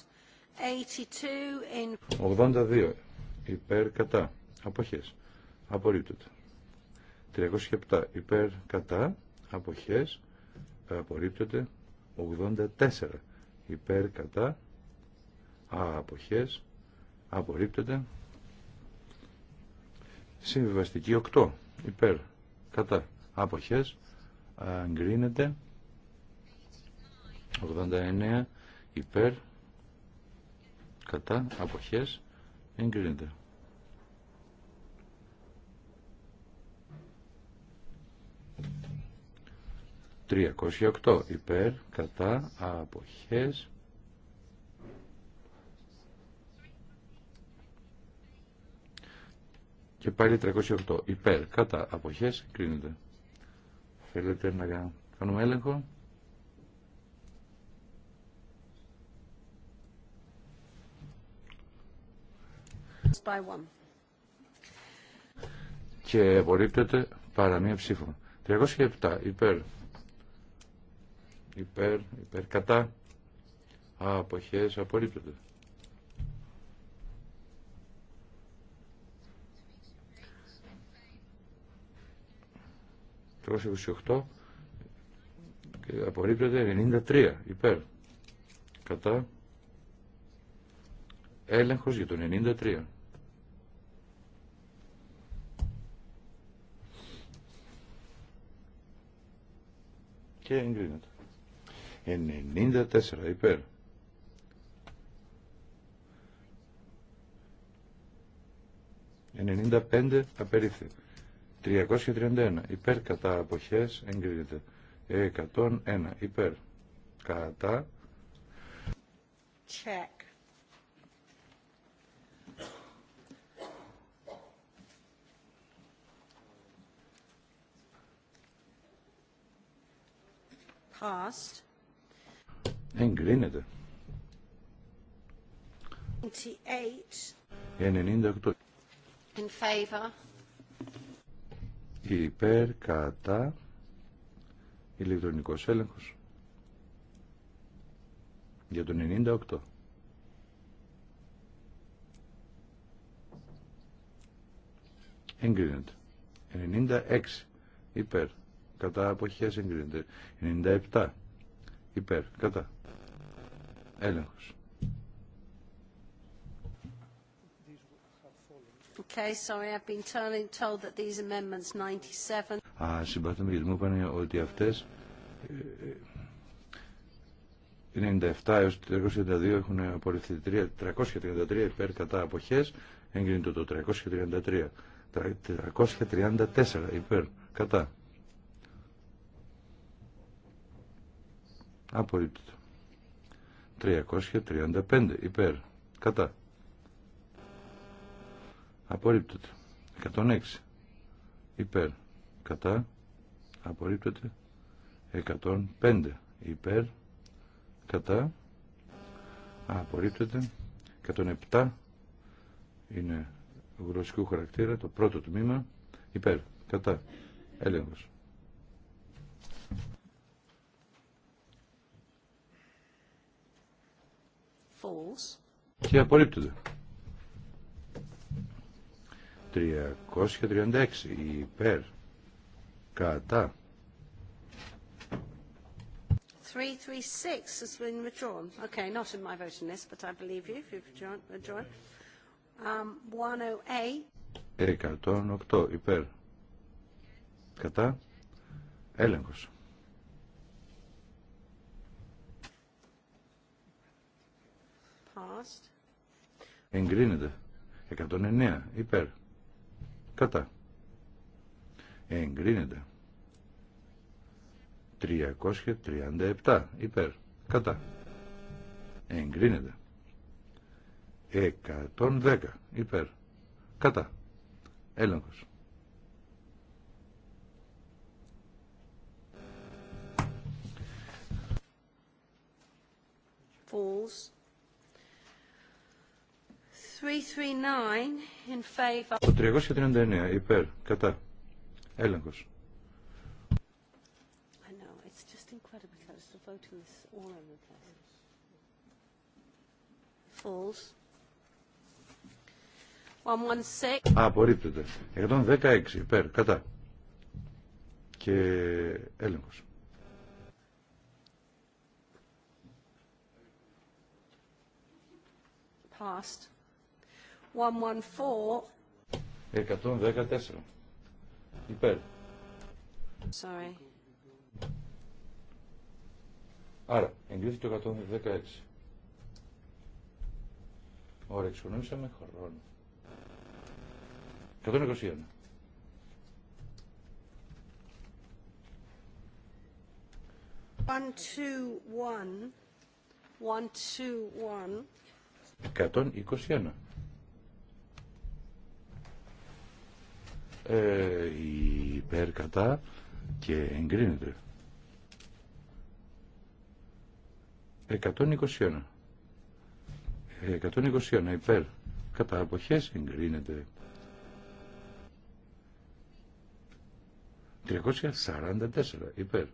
82 υπέρ κατά αποχές απορρίπτεται 307 υπέρ κατά αποχές απορρίπτεται 84 υπέρ κατά αποχές απορρίπτεται συμβιβαστική 8 υπέρ κατά αποχές αγκρίνεται 89 υπέρ κατά αποχές εγκρίνεται. «308 υπέρ κατά αποχές και πάλι 308 υπέρ κατά αποχές κρίνεται». Θέλετε να κάνουμε έλεγχο. Και απορρίπτεται παρά μία ψήφο. 307 υπέρ. Υπέρ, υπέρ, κατά. Αποχές, απορρίπτεται. και απορρίπτεται 93 υπέρ. Κατά έλεγχος για τον 93. και εγκρίνεται. 94 υπέρ. ...95 απερίφθη... ...331 υπέρ κατά αποχές εγκρίνεται... ...101 υπέρ κατά... Check. passed. Εγκρίνεται. 98. In favor. Υπέρ, κατά, ηλεκτρονικός έλεγχος για το 98. Εγκρίνεται. 96 υπέρ κατά αποχές εγκρίνεται 97 υπέρ κατά Έλεγχο. Okay, Α, συμπαθούμε γιατί μου είπαν ότι αυτέ. 97 ε, ε, έως 332 έχουν απορριφθεί 333 υπέρ κατά αποχές εγκρίνεται το 333 334 υπέρ κατά Απορρίπτεται. 335 υπέρ. Κατά. Απορρίπτεται. 106 υπέρ. Κατά. Απορρίπτεται. 105 υπέρ. Κατά. Απορρίπτεται. 107 είναι γλωσσικού χαρακτήρα. Το πρώτο τμήμα υπέρ. Κατά. Έλεγχος. Falls. Και απορρίπτονται. 336 υπέρ κατά 336 has been withdrawn. Okay, not in my voting list, but I believe you if you've withdrawn. Um, 108. 108 υπέρ. Κατά. Έλεγχος. Εγκρίνεται. 109 υπέρ. Κατά. Εγκρίνεται. 337 υπέρ. Κατά. Εγκρίνεται. 110 υπέρ. Κατά. Έλεγχος. Falls. Το 339 υπέρ, κατά, έλεγχος. Απορρίπτεται. 116 υπέρ, κατά και έλεγχος. Passed. 114. 114. Υπέρ. Sorry. Άρα, εγκρίθηκε το 116. Ωραία, εξοικονομήσαμε χρόνο. 121. 121 121 121. ε, υπέρ κατά και εγκρίνεται 121 121 υπέρ κατά αποχές εγκρίνεται 344 υπέρ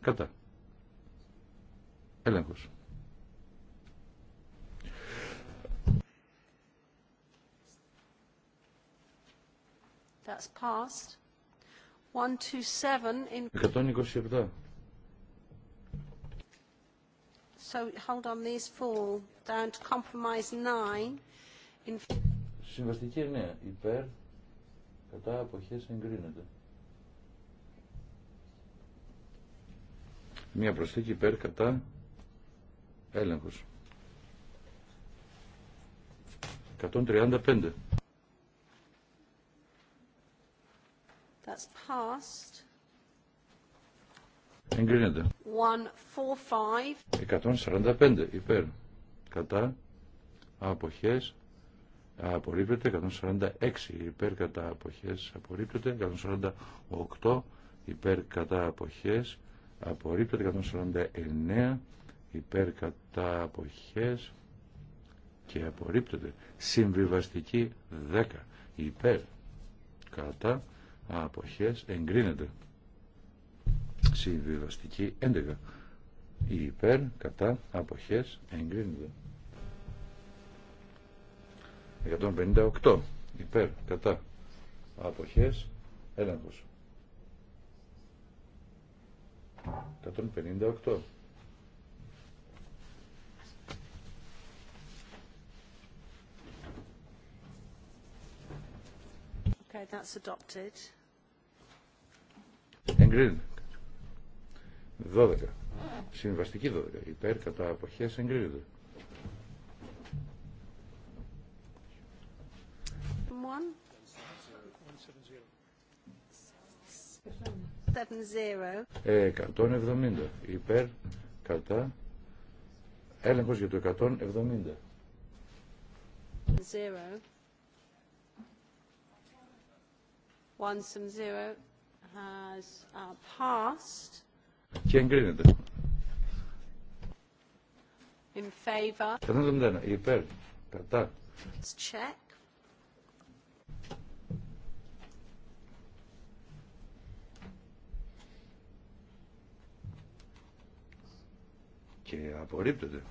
κατά έλεγχος That's passed. 127 in... 127. So hold on, these four down to compromise 9. In... Συμβαστική 9. Υπέρ, κατά αποχές εγκρίνεται. Μία προσθήκη υπέρ, κατά, έλεγχος. 135. That's passed. Εγκρίνεται. 145. 145 υπέρ. Κατά. Αποχές. Απορρίπτεται. 146 υπέρ. Κατά. Αποχές. Απορρίπτεται. 148 υπέρ. Κατά. Αποχές. Απορρίπτεται. 149 υπέρ. Κατά. Αποχές. Και απορρίπτεται. Συμβιβαστική 10 υπέρ. Κατά αποχές εγκρίνεται. Συμβιβαστική 11. Η υπέρ κατά αποχές εγκρίνεται. 158. Υπέρ κατά αποχές έλεγχος. 158. Okay, that's adopted εγκρίνεται. 12. Συμβαστική 12. Υπέρ κατά αποχέ εγκρίνεται. Ε, 170. Υπέρ κατά έλεγχος για το 170. Zero. One some zero. Uh, και εγκρίνεται. In favor. Κατά. check. και απορρίπτεται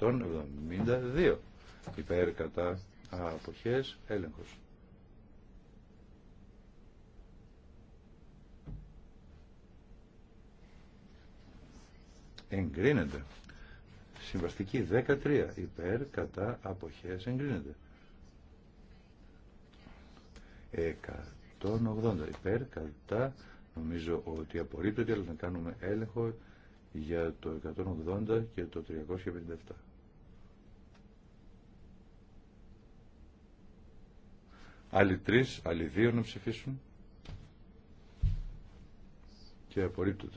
172 υπέρ κατά αποχές έλεγχος. εγκρίνεται. Συμβαστική 13 υπέρ κατά αποχές εγκρίνεται. 180 υπέρ κατά νομίζω ότι απορρίπτεται αλλά να κάνουμε έλεγχο για το 180 και το 357. Άλλοι τρεις, άλλοι δύο να ψηφίσουν και απορρίπτονται.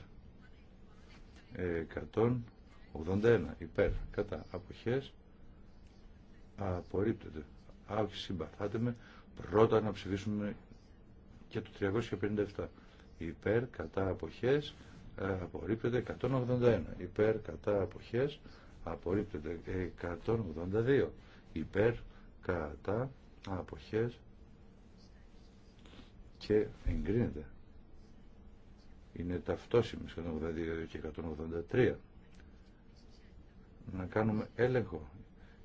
181 υπέρ κατά αποχές απορρίπτεται. Α, συμπαθάτε με. Πρώτα να ψηφίσουμε και το 357. Υπέρ κατά αποχές απορρίπτεται 181. Υπέρ κατά αποχές απορρίπτεται 182. Υπέρ κατά αποχές και εγκρίνεται είναι σε 182 και 183 να κάνουμε έλεγχο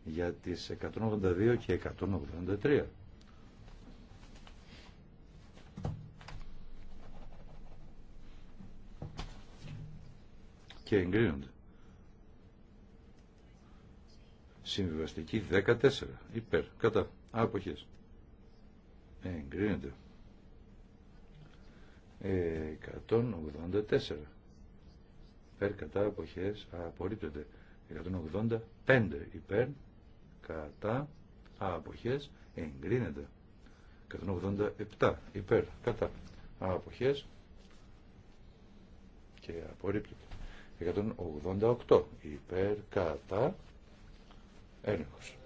για τις 182 και 183 και εγκρίνονται συμβιβαστική 14 υπέρ κατά αποχές εγκρίνονται 184 υπέρ κατά αποχές απορρίπτεται 185 υπέρ κατά αποχές εγκρίνεται 187 υπέρ κατά αποχές και απορρίπτεται 188 υπέρ κατά έλεγχος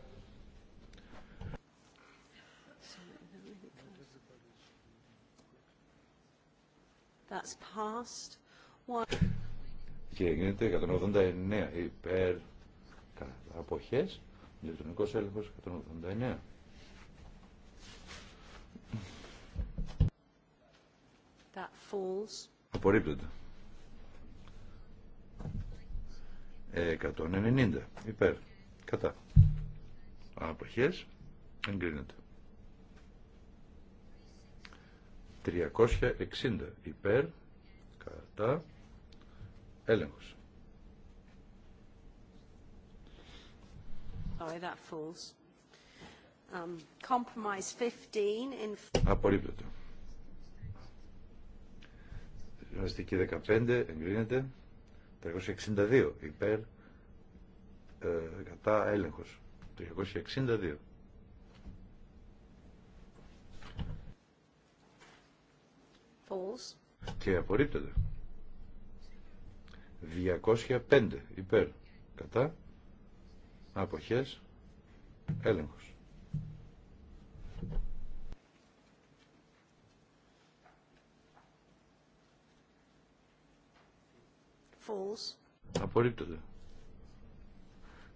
That's Και γίνεται 189 υπέρ κατά αποχές, ηλεκτρονικός έλεγχος 189. That falls. Απορρίπτεται. 190 υπέρ κατά αποχές εγκρίνεται. 360 υπέρ κατά έλεγχος. Sorry, that falls. Um, compromise 15 in... Απορρίπτεται. Συμβαστική 15 εγκρίνεται. 362 υπέρ ε, κατά έλεγχος. 362. Falls. Και απορρίπτεται. 205 υπέρ. Κατά. Αποχές. Έλεγχος. Falls.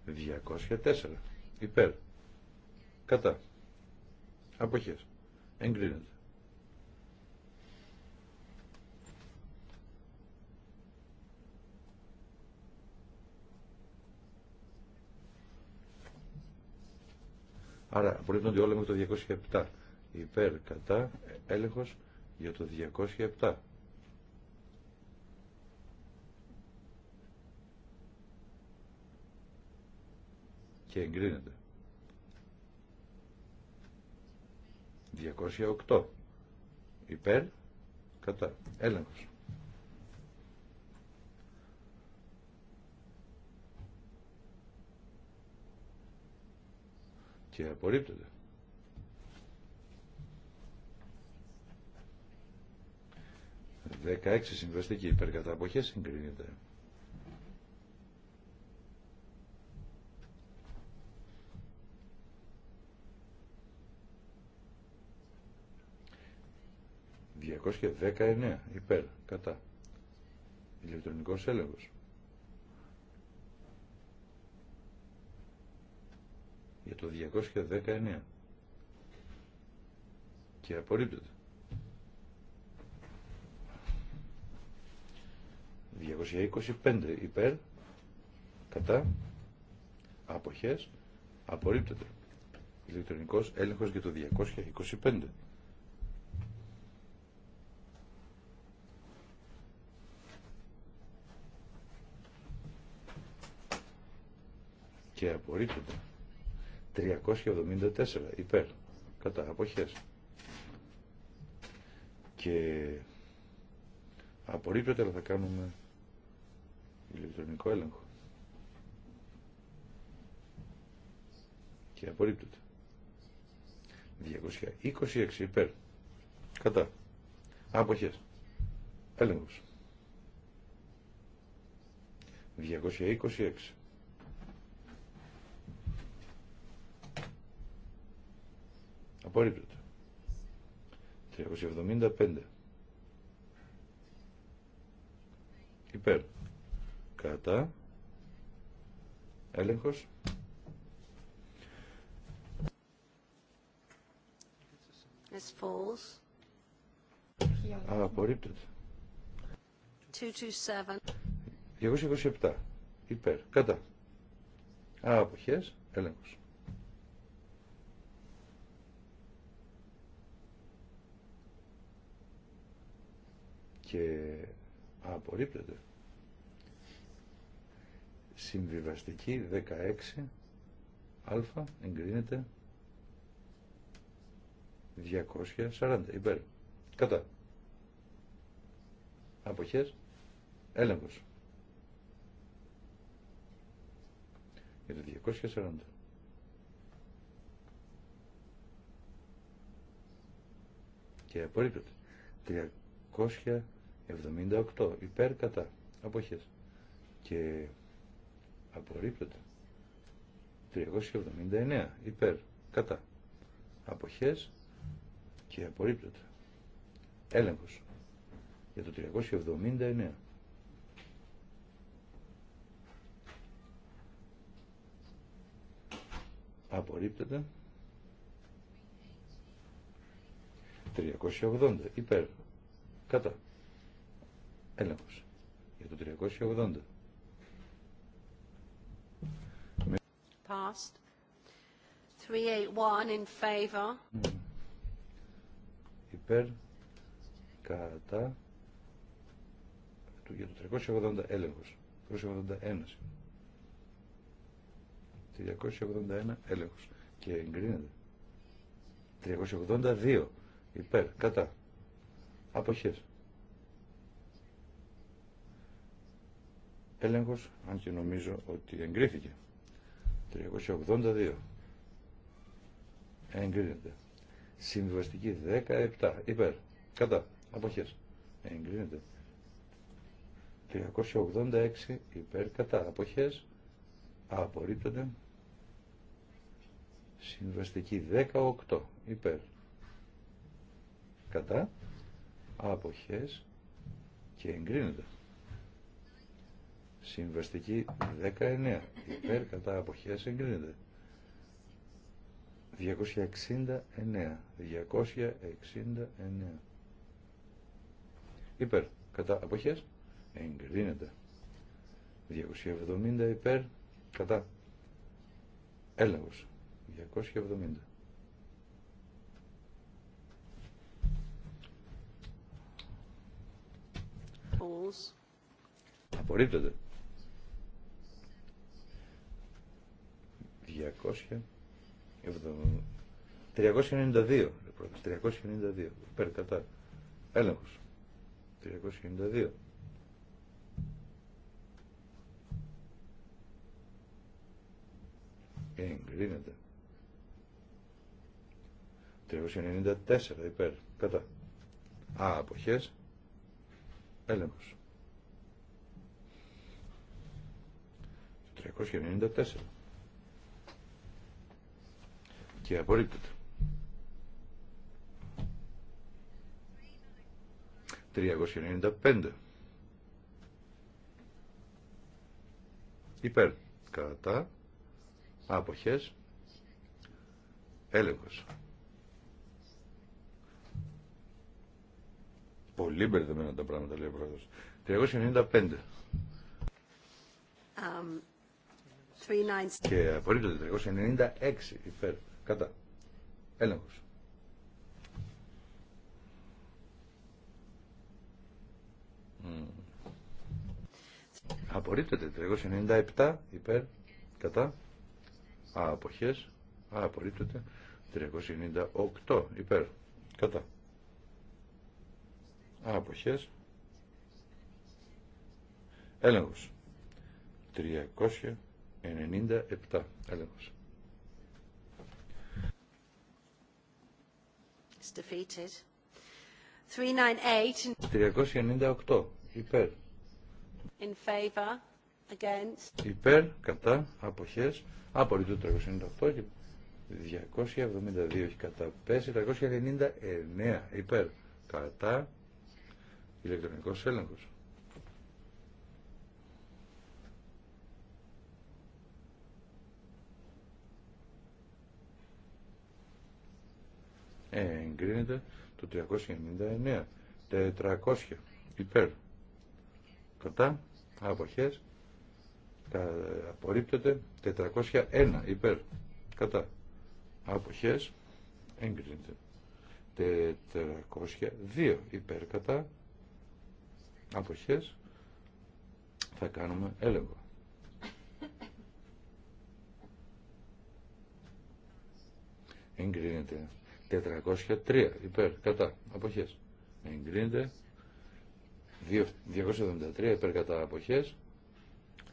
204 υπέρ. Κατά. Αποχές. Εγκρίνεται. Άρα προείπνονται όλα με το 207. Υπέρ, κατά, έλεγχος για το 207. Και εγκρίνεται. 208. Υπέρ, κατά, έλεγχος. και απορρίπτονται. Δεκαέξι συμβαστική υπερκαταποχές συγκρίνεται. Διακόσια δέκα υπέρ κατά ηλεκτρονικός έλεγχος. για το 219 και απορρίπτεται. 225 υπέρ κατά αποχές απορρίπτεται. Ηλεκτρονικός έλεγχος για το 225. και απορρίπτεται. 374 υπέρ κατά αποχές και απορρίπτωται αλλά θα κάνουμε ηλεκτρονικό έλεγχο και απορρίπτωται 226 υπέρ κατά αποχές έλεγχος 226 Απορρίπτεται. 375. Υπέρ. Κατά. Έλεγχος. This falls. 227. 227. Υπέρ. Κατά. Αποχές. Έλεγχος. και απορρίπτεται. Συμβιβαστική 16 α εγκρίνεται 240 υπέρ. Κατά. Αποχές. Έλεγχος. Για το 240. Και απορρίπτεται. 78 υπέρ κατά αποχές και απορρίπτεται 379 υπέρ κατά αποχές και απορρίπτεται έλεγχος για το 379 απορρίπτεται 380 υπέρ κατά Έλεγχος για το 380. Passed. 381 in favor. Mm. Υπέρ, κατά, για το 380 έλεγχος. 381. 381 έλεγχος. Και εγκρίνεται. 382 υπέρ, κατά. Αποχές. έλεγχος, αν και νομίζω ότι εγκρίθηκε. 382. Εγκρίνεται. Συμβιβαστική 17. Υπέρ. Κατά. Αποχές. Εγκρίνεται. 386 υπέρ κατά αποχές απορρίπτονται συμβαστική 18 υπέρ κατά αποχές και εγκρίνεται Συμβαστική 19. Υπέρ κατά αποχέ εγκρίνεται. 269. 269. Υπέρ κατά αποχέ εγκρίνεται. 270 υπέρ κατά έλεγχος. 270. Απορρίπτεται. 392. 392. κατά. Έλεγχος. 392. Εγκρίνεται. 394 υπέρ. Κατά. Α, αποχές. Έλεγχος. 394 και απορρίπτεται. 395 υπέρ κατά άποχες έλεγχος πολύ μπερδεμένα τα πράγματα λέει ο πρόεδρος 395 um, και απορρίπτεται 396 υπέρ Κατά. Έλεγχος. Απορρίπτεται 397 υπέρ κατά αποχές. Απορρίπτεται 398 υπέρ κατά αποχές. Έλεγχος. 397 έλεγχος. 398. Υπέρ. In favor. Against. Υπέρ, κατά, αποχές. απολύτω 398 και 272 έχει καταπέσει. 399. Υπέρ. Κατά. Ηλεκτρονικός έλεγχος. Ε, εγκρίνεται το 399. 400 υπέρ. Κατά αποχές απορρίπτεται 401 υπέρ. Κατά αποχές εγκρίνεται. 402 υπέρ κατά αποχές θα κάνουμε έλεγχο. Εγκρίνεται 403 υπέρ κατά αποχές εγκρίνεται 273 υπέρ κατά αποχές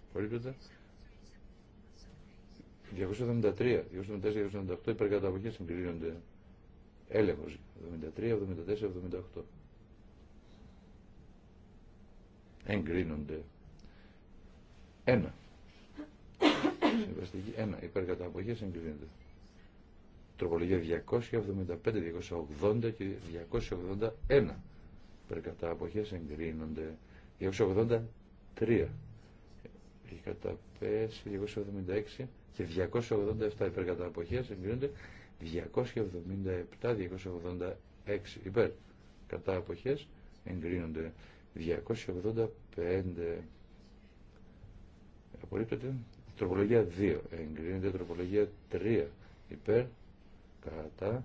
απορρίπτεται 273, 274, 278 υπέρ κατά αποχές εγκρίνονται έλεγχος 73, 74, 78 εγκρίνονται ένα συμβαστική ένα υπέρ κατά αποχές εγκρίνονται. Τροπολογία 275, 280 και 281. Περκατά αποχές εγκρίνονται. 283. Έχει καταπέσει 276 και 287 υπερκατά αποχές εγκρίνονται. 277, 286 υπέρ κατά αποχές εγκρίνονται. 285 απορρίπτεται. Τροπολογία 2 εγκρίνεται. Τροπολογία 3 υπέρ κατά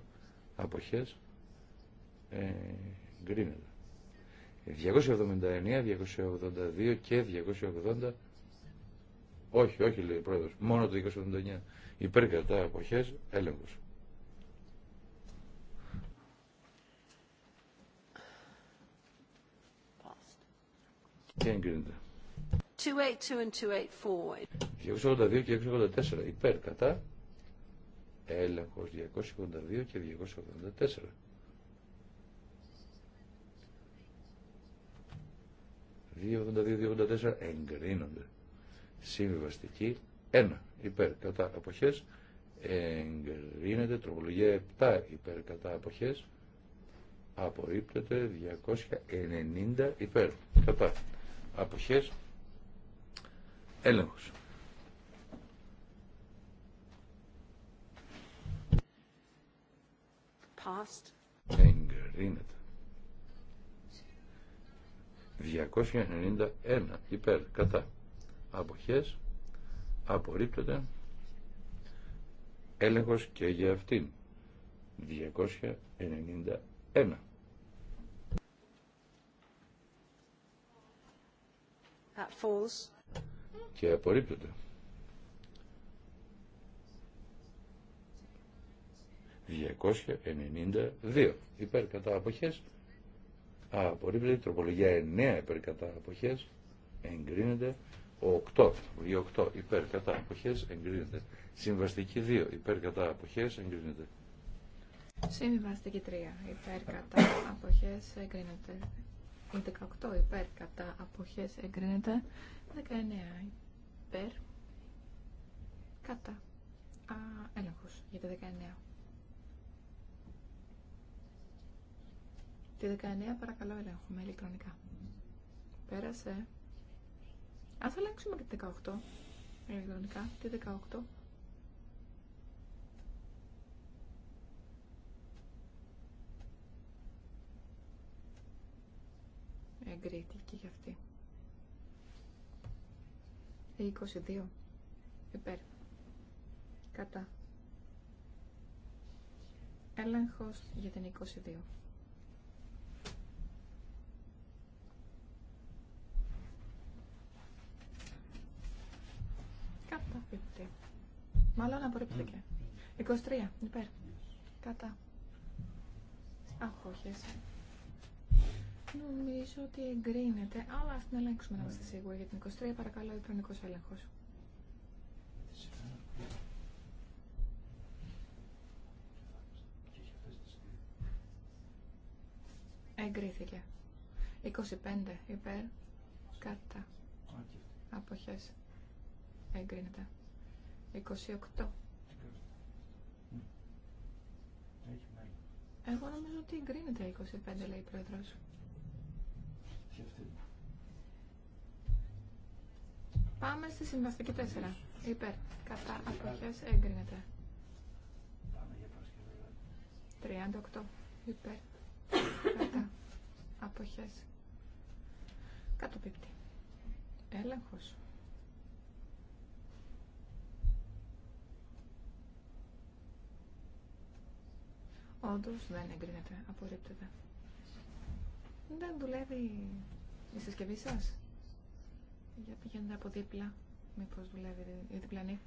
αποχές ε, 279, 282 και 280 όχι, όχι λέει ο πρόεδρος, μόνο το 279 υπέρ κατά αποχές έλεγχος. Και εγκρίνεται. 282 και 284 υπέρ κατά έλεγχος 282 και 284. «282-284 εγκρίνονται. Συμβιβαστική 1 υπέρ κατά αποχές εγκρίνεται. Τροπολογία 7 υπέρ κατά αποχές απορρίπτεται 290 υπέρ κατά αποχές έλεγχος. cost? Εγκρίνεται. 291 υπέρ κατά αποχές απορρίπτεται έλεγχος και για αυτήν 291 και απορρίπτεται 292 υπέρ κατά αποχές απορρίπτεται τροπολογία 9 υπέρ κατά αποχές εγκρίνεται 8 8 υπέρ κατά αποχές εγκρίνεται συμβαστική 2 υπέρ κατά αποχές εγκρίνεται συμβαστική 3. Υπέρ κατά αποχές εγκρίνεται. 18 υπέρ κατά αποχές εγκρίνεται. 19 υπέρ κατά α, έλεγχος για τα 19. Τη 19 παρακαλώ ελέγχουμε ηλεκτρονικά. Πέρασε. Ας ελέγξουμε και τη 18 ηλεκτρονικά. Τη 18. Εγκρίθηκε για αυτή. 22. Υπέρ. Κατά. Έλεγχος για την 22. απορρίπτεται. Μάλλον απορρίπτεται. 23 υπέρ. Κατά. Απόχες. Νομίζω ότι εγκρίνεται, αλλά ας την ελέγξουμε να είμαστε σίγουροι για την 23. Παρακαλώ, ηλεκτρονικός έλεγχος. Εγκρίθηκε. 25 υπέρ, κατά. Αποχές. Εγκρίνεται. 28. Εγώ νομίζω ότι εγκρίνεται 25, λέει η πρόεδρος. Πάμε στη συμβαστική 4. Υπέρ. Κατά αποχές εγκρίνεται. 38. Υπέρ. Κατά αποχές. Κατοπίπτει. Έλεγχος. Όντω δεν εγκρίνεται. Απορρίπτεται. Δεν δουλεύει η συσκευή σα. Για πηγαίνετε από δίπλα. Μήπω δουλεύει η διπλανή.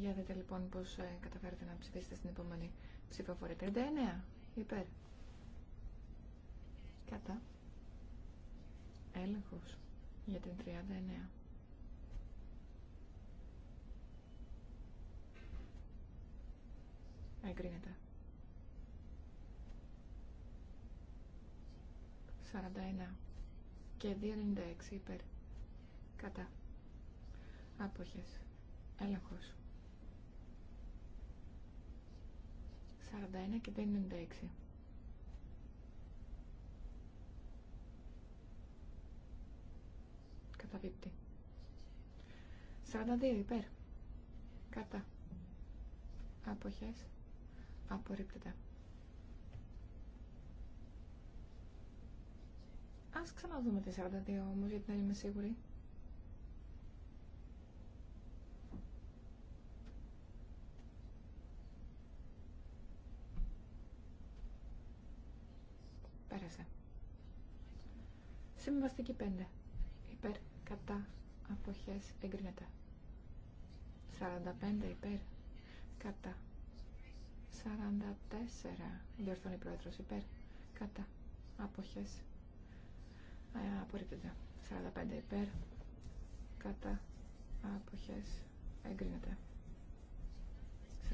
Για δείτε λοιπόν πώ ε, καταφέρετε να ψηφίσετε στην επόμενη ψηφοφορία. 39. Υπέρ. Κατά. Έλεγχο για την 39. Εγκρίνεται. 41 και 2,96 υπέρ. Κατά. Άποχες. Έλεγχος. 41 και 2,96. Καταπίπτει. 42 υπέρ. Κατά. Άποχες. Απορρίπτεται. Ας ξαναδούμε τη 42 όμως, γιατί δεν είμαι σίγουρη. Πέρασε. Συμβαστική 5. Υπέρ, κατά, αποχές, εγκρίνεται. 45 υπέρ, κατά, 44 διορθώνει πρόεδρο υπέρ. Κατά. Αποχέ. Απορρίπτεται. 45 υπέρ. Κατά. Αποχέ. Εγκρίνεται.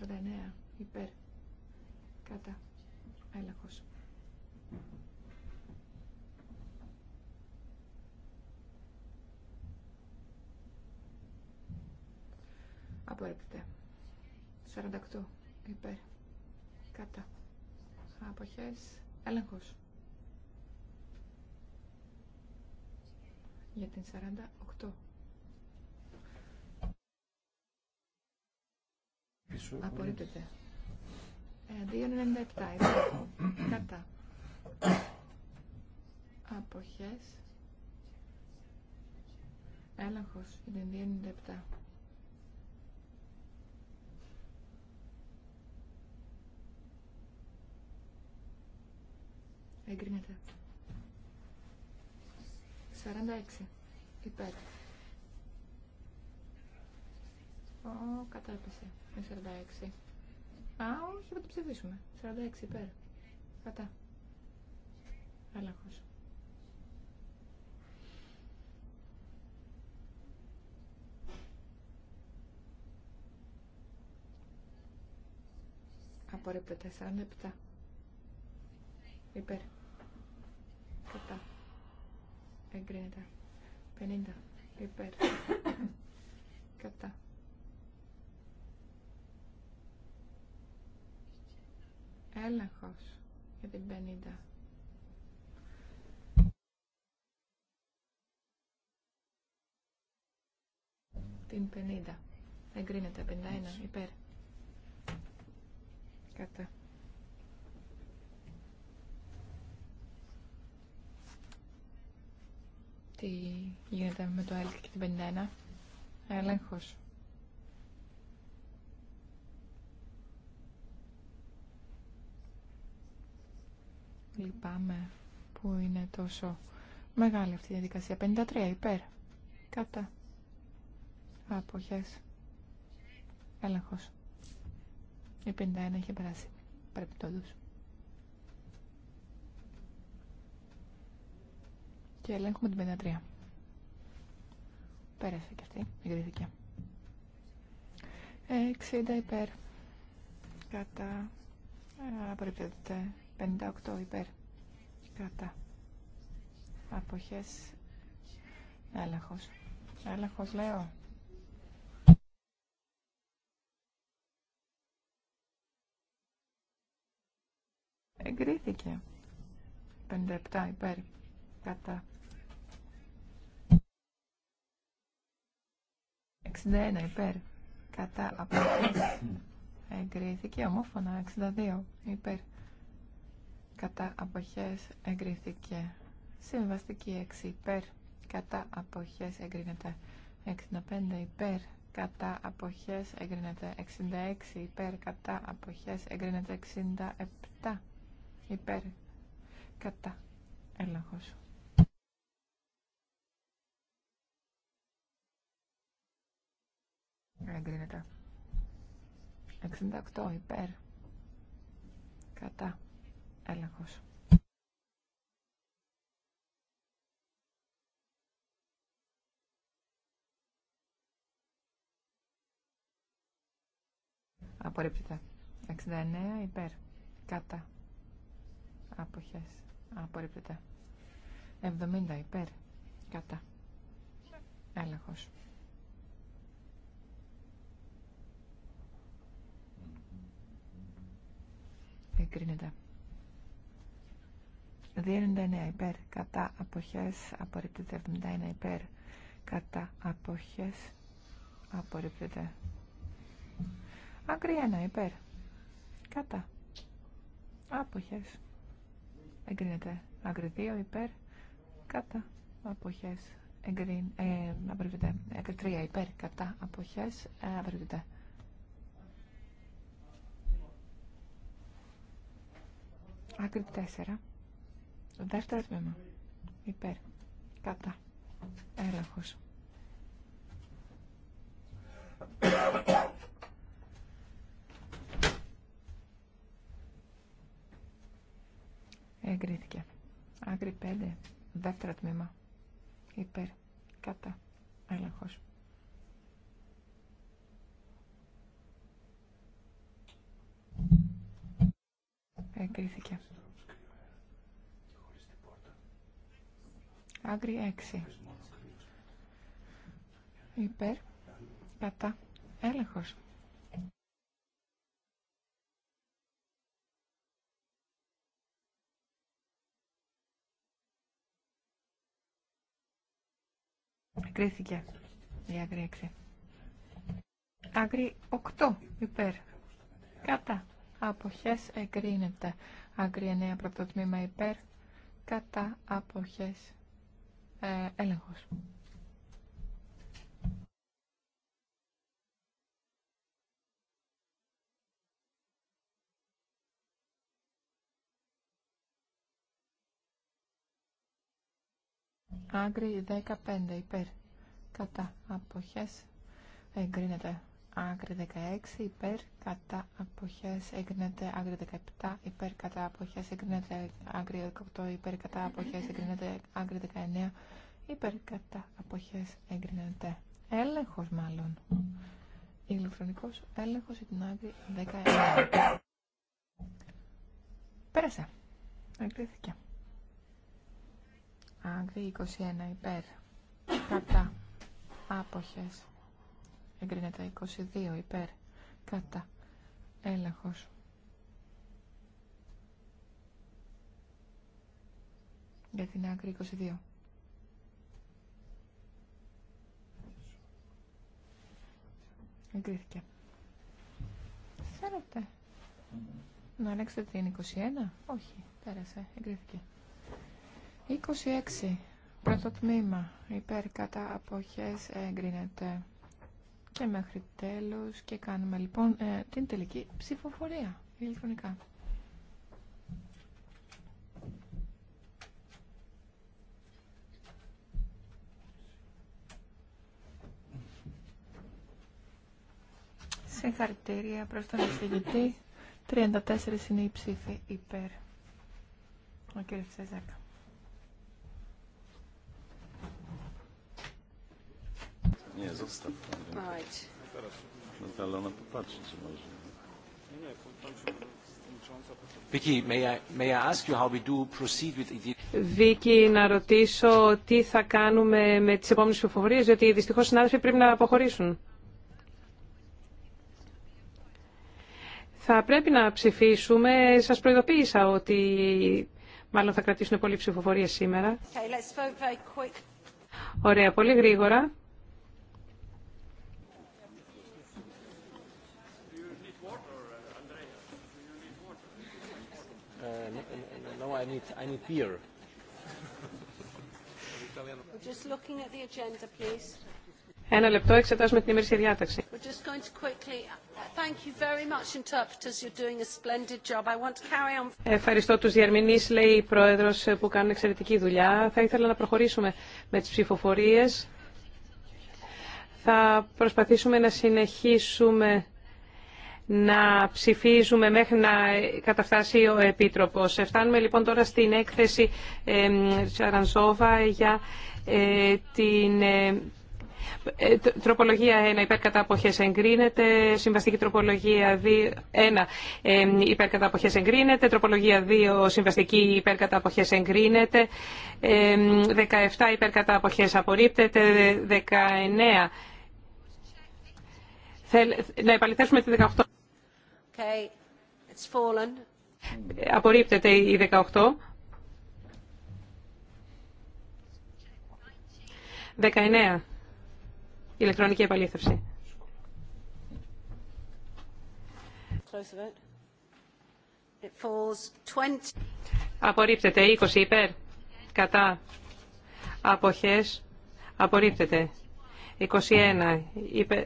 49 υπέρ. Κατά. Έλεγχο. Απορρίπτεται. 48 υπέρ Κατά. Αποχές. Έλεγχος. Για την 48. Απορρίπτεται. 2,97. Ε, Κατά. Αποχές. Έλεγχος για την 2,97. Εγκρίνεται. 46. Υπέρ. Ω, κατάπισε. Με 46. Α, όχι, θα το ψηφίσουμε. 46 υπέρ. Κατά. Έλεγχος. Απορρίπτεται. 47. Υπέρ. Κατά. Εγκρίνεται. πενήντα, Υπέρ. Κατά. Έλεγχος για την 50. Την πενήντα, Εγκρίνεται. 51. Υπέρ. Κατά. τι γίνεται με το ΕΛΚ και την 51. Έλεγχος. Λυπάμαι που είναι τόσο μεγάλη αυτή η διαδικασία. 53 υπέρ. Κατά. Αποχές. Έλεγχος. Η 51 είχε περάσει. Πρέπει το δούσε. Και ελέγχουμε την 53. Πέρασε και αυτή, εγκρίθηκε. 60 ε, υπέρ. Κατά. Ε, απορρίπτεται. 58 υπέρ. Κατά. Αποχές. Έλεγχος. Έλεγχος λέω. Εγκρίθηκε. 57 υπέρ. Κατά. 61 υπέρ. Κατά αποχές εγκρίθηκε ομόφωνα. 62 υπέρ. Κατά αποχές εγκρίθηκε. Συμβαστική 6 υπέρ. Κατά αποχές εγκρίνεται. 65 υπέρ. Κατά αποχές εγκρίνεται. 66 υπέρ. Κατά αποχές εγκρίνεται. 67 υπέρ. Κατά σου. Εγκρίνεται. 68 υπέρ. Κατά. Έλεγχος. Απορρίπτεται. 69 υπέρ. Κατά. Αποχές. Απορρίπτεται. 70 υπέρ. Κατά. Έλεγχος. εγκρίνεται. 2,99 υπέρ κατά αποχές απορρίπτεται 71 υπέρ κατά αποχές απορρίπτεται άκρη 1 υπέρ κατά αποχές εγκρίνεται άκρη 2 υπέρ κατά αποχές εγκρίν, ε, απορρίπτεται άκρη 3 υπέρ κατά αποχές ε, απορρίπτεται Άκρη 4. Δεύτερο τμήμα. Υπέρ. Κατά. Έλεγχο. Εγκρίθηκε. Άκρη 5. Δεύτερο τμήμα. Υπέρ. Κατά. Έλεγχο. Εγκρίθηκε. Άγκρι 6. Υπέρ. Κατά. Έλεγχος. Κρίθηκε η Άγκρι 6. Άγκρι 8. Υπέρ. Κατά. Αποχές εγκρίνεται. Άγκρι 9. Πρώτο υπέρ. Κατά. Αποχές ε, έλεγχος. Άγκρι 15 υπέρ. Κατά αποχές εγκρίνεται. Άκρη 16 υπέρ κατά αποχές εγκρίνεται. Άκρη 17 υπέρ κατά αποχές εγκρίνεται. Άκρη 18 υπέρ κατά αποχές εγκρίνεται. Άκρη 19 υπέρ κατά αποχές εγκρίνεται. Έλεγχος μάλλον. Ηλεκτρονικός έλεγχος για την άκρη 19. Πέρασε. Εγκρίθηκε. Άκρη 21 υπέρ κατά αποχές Εγκρίνεται 22 υπέρ. Κατά. Έλεγχος. Για την άκρη 22. Εγκρίθηκε. Θέλετε να ανέξετε την 21. Όχι. Πέρασε. Εγκρίθηκε. 26. Πρώτο τμήμα. Υπέρ κατά αποχές εγκρίνεται. Και μέχρι τέλος και κάνουμε λοιπόν ε, την τελική ψηφοφορία ηλεκτρονικά. Συγχαρητήρια προς τον εισηγητή. 34 *laughs* είναι οι ψήφοι υπέρ. Ο κύριος Σεζάκα. Nie, Vicky, may I, may I ask you how we do proceed with να ρωτήσω τι θα κάνουμε με τις επόμενες ψηφοφορίες, διότι δυστυχώς οι συνάδελφοι πρέπει να αποχωρήσουν. Θα πρέπει να ψηφίσουμε. Σας προειδοποίησα ότι μάλλον θα κρατήσουν πολλοί ψηφοφορίες σήμερα. Ωραία, πολύ γρήγορα. I need, I need beer. Ένα λεπτό, εξετάζουμε την ημερήσια διάταξη. Ευχαριστώ τους διαρμηνείς, λέει η Πρόεδρος, που κάνουν εξαιρετική δουλειά. Θα ήθελα να προχωρήσουμε με τις ψηφοφορίες. Θα προσπαθήσουμε να συνεχίσουμε να ψηφίζουμε μέχρι να καταφτάσει ο Επίτροπος. Ε, φτάνουμε λοιπόν τώρα στην έκθεση ε, Σαρανσόβα για ε, την τροπολογία 1 υπέρ εγκρίνεται, συμβαστική τροπολογία 1 υπέρ εγκρίνεται, τροπολογία 2 συμβαστική υπέρ εγκρίνεται. εγκρίνεται, 17 υπέρ απορρίπτεται, 19 να επαληθεύσουμε τη 18. Okay. It's fallen. Απορρίπτεται η 18. 19. Ηλεκτρονική επαλήθευση. Close It falls 20. Απορρίπτεται 20 υπέρ. Κατά. Αποχές. Απορρίπτεται. 21 υπέρ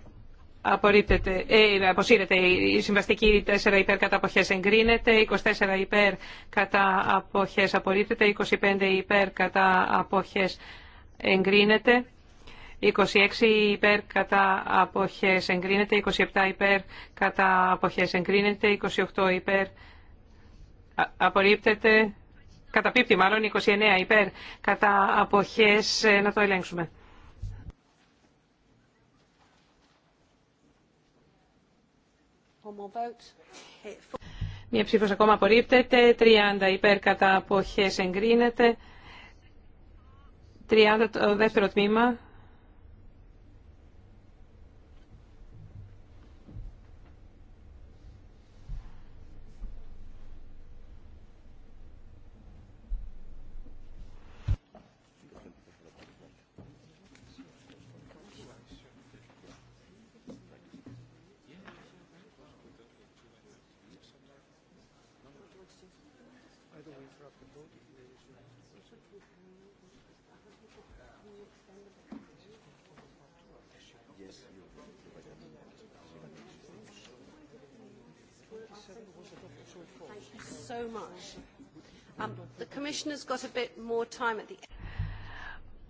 ε, αποσύρεται η συμβαστική 4 υπέρ κατά αποχές εγκρίνεται, 24 υπέρ κατά αποχές απορρίπτεται, 25 υπέρ κατά αποχές εγκρίνεται, 26 υπέρ κατά αποχές εγκρίνεται, 27 υπέρ κατά αποχές εγκρίνεται, 28 υπέρ απορρίπτεται, καταπίπτει μάλλον, 29 υπέρ κατά αποχές, ε, να το ελέγξουμε. Μία ψήφος ακόμα απορρίπτεται. 30 υπέρ κατά αποχές εγκρίνεται. 30 το δεύτερο τμήμα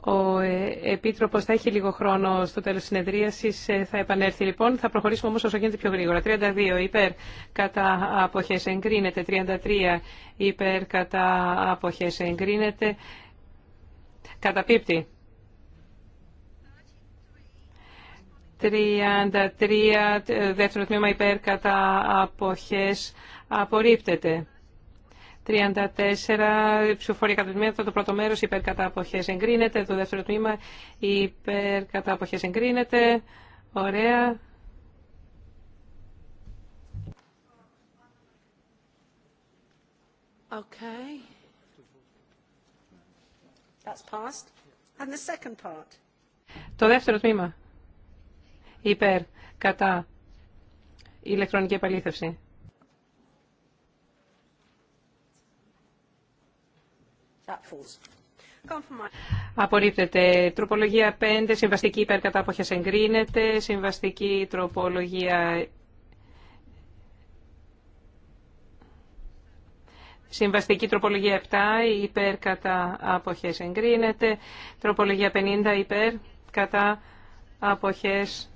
Ο ε, Επίτροπος θα έχει λίγο χρόνο στο τέλος της συνεδρίασης. Ε, θα επανέλθει λοιπόν. Θα προχωρήσουμε όμως όσο γίνεται πιο γρήγορα. 32 υπέρ κατά αποχές εγκρίνεται. 33 υπέρ κατά αποχές εγκρίνεται. Καταπίπτει. 33 ε, δεύτερο τμήμα υπέρ κατά αποχές απορρίπτεται. 34, ψηφοφορία κατά τμήματα, το πρώτο μέρος υπέρ κατά εγκρίνεται, το δεύτερο τμήμα υπέρ κατά αποχές εγκρίνεται. Ωραία. Okay. That's passed. And the second part. Το δεύτερο τμήμα. Υπέρ, κατά, ηλεκτρονική επαλήθευση. Απορρίπτεται. Τροπολογία 5, συμβαστική υπέρ κατά αποχές εγκρίνεται. Συμβαστική τροπολογία... Συμβαστική τροπολογία 7, υπέρ κατά αποχές εγκρίνεται. Τροπολογία 50, υπέρ κατά αποχές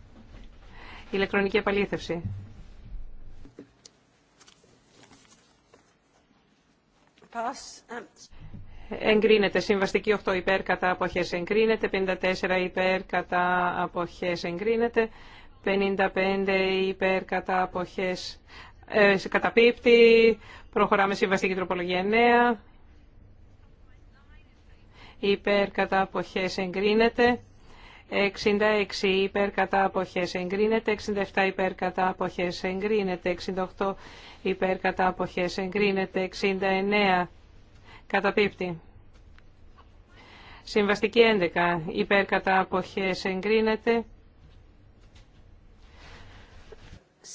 ηλεκτρονική επαλήθευση. Pass. Εγκρίνεται. Συμβαστική 8 υπέρ κατά αποχές εγκρίνεται. 54 υπέρ κατά αποχές εγκρίνεται. 55 υπέρ κατά αποχές ε, καταπίπτει. Προχωράμε συμβαστική τροπολογία 9. Υπέρ κατά αποχές εγκρίνεται. 66 υπέρ κατά αποχές εγκρίνεται, 67 υπέρ κατά αποχές εγκρίνεται, 68 υπέρ κατά αποχές εγκρίνεται, 69 Καταπίπτει. Συμβαστική 11. Υπέρ κατά αποχές εγκρίνεται.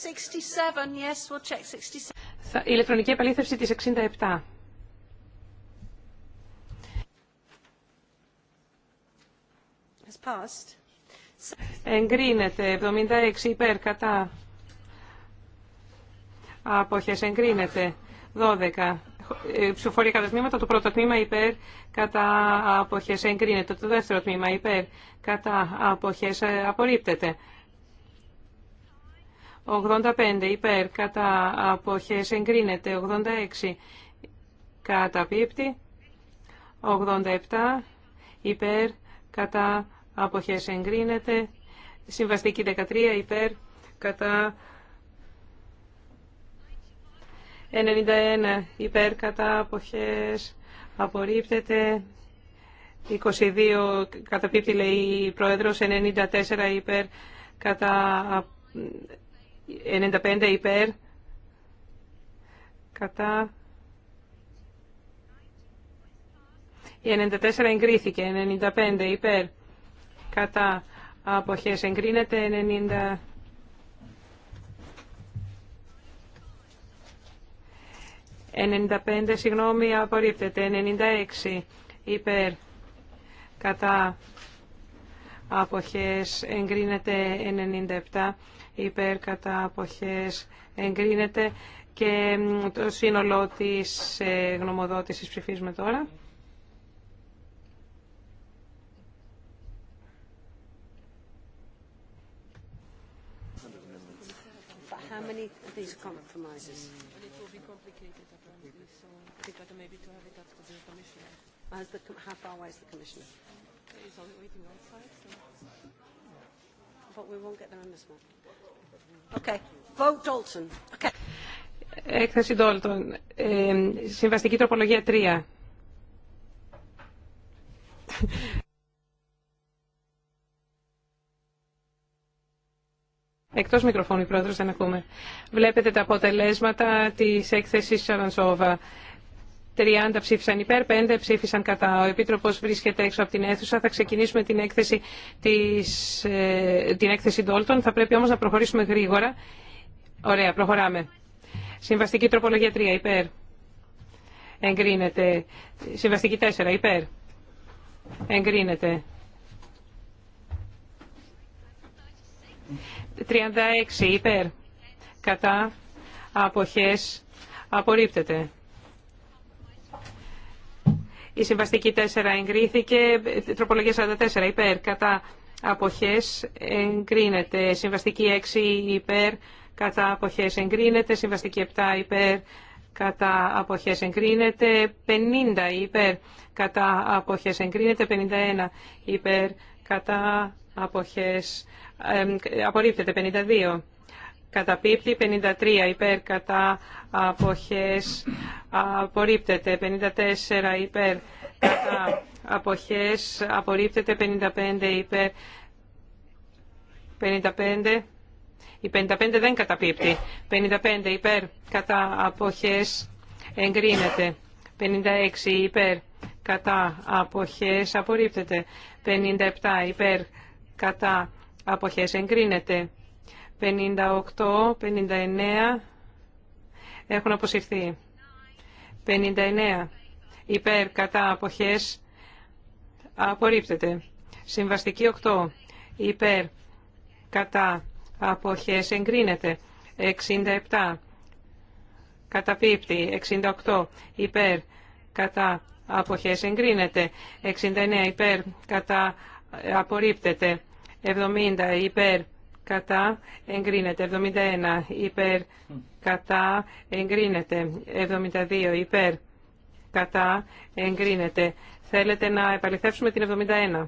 67, yes, we'll check 67. ηλεκτρονική επαλήθευση της 67. Εγκρίνεται. 76 υπέρ κατά. Αποχές εγκρίνεται. 12. Ε, ψηφοφορία κατά τμήματα. Το πρώτο τμήμα υπέρ κατά αποχές εγκρίνεται. Το δεύτερο τμήμα υπέρ κατά αποχές ε, απορρίπτεται. 85 υπέρ κατά αποχές εγκρίνεται. 86 κατά πίπτη. 87 υπέρ κατά αποχές εγκρίνεται. Συμβαστική 13 υπέρ κατά 91 υπέρ κατά αποχές απορρίπτεται. 22 καταπίπτει λέει η Πρόεδρος, 94 υπέρ κατά 95 υπέρ κατά η 94 εγκρίθηκε 95 υπέρ κατά αποχές εγκρίνεται 95, συγγνώμη, απορρίπτεται. 96 υπέρ κατά αποχές εγκρίνεται 97 υπέρ κατά αποχές εγκρίνεται και το σύνολο της ε, γνωμοδότησης ψηφίζουμε τώρα. How many of these Έκθεση Dalton. Ε, συμβαστική τροπολογία 3. Εκτός μικροφώνου, πρόεδρος, δεν ακούμε. Βλέπετε τα αποτελέσματα της έκθεσης Σαρανσόβα. 30 ψήφισαν υπέρ, 5 ψήφισαν κατά. Ο επίτροπο βρίσκεται έξω από την αίθουσα. Θα ξεκινήσουμε την έκθεση, της, ε, την έκθεση Dalton. Θα πρέπει όμω να προχωρήσουμε γρήγορα. Ωραία, προχωράμε. Συμβαστική τροπολογία 3, υπέρ. Εγκρίνεται. Συμβαστική 4, υπέρ. Εγκρίνεται. 36, υπέρ. Κατά. Αποχές. Απορρίπτεται. Η συμβαστική 4 εγκρίθηκε. Τροπολογία 44 υπέρ. Κατά αποχές εγκρίνεται. Συμβαστική 6 υπέρ. Κατά αποχές εγκρίνεται. Συμβαστική 7 υπέρ. Κατά αποχές εγκρίνεται. 50 υπέρ. Κατά αποχές εγκρίνεται. 51 υπέρ. Κατά αποχές ε, απορρίπτεται. 52 καταπίπτει, 53 υπέρ κατά αποχές απορρίπτεται, 54 υπέρ κατά αποχές απορρίπτεται, 55 υπέρ 55 η 55 δεν καταπίπτει. 55 υπέρ κατά αποχές εγκρίνεται. 56 υπέρ κατά αποχές απορρίπτεται. 57 υπέρ κατά αποχές εγκρίνεται. 58, 59 έχουν αποσυρθεί. 59 υπέρ κατά αποχές απορρίπτεται. Συμβαστική 8 υπέρ κατά αποχές εγκρίνεται. 67 καταπίπτει. 68 υπέρ κατά αποχές εγκρίνεται. 69 υπέρ κατά απορρίπτεται. 70 υπέρ κατά εγκρίνεται. 71 υπέρ κατά εγκρίνεται. 72 υπέρ κατά εγκρίνεται. Θέλετε να επαληθεύσουμε την 71.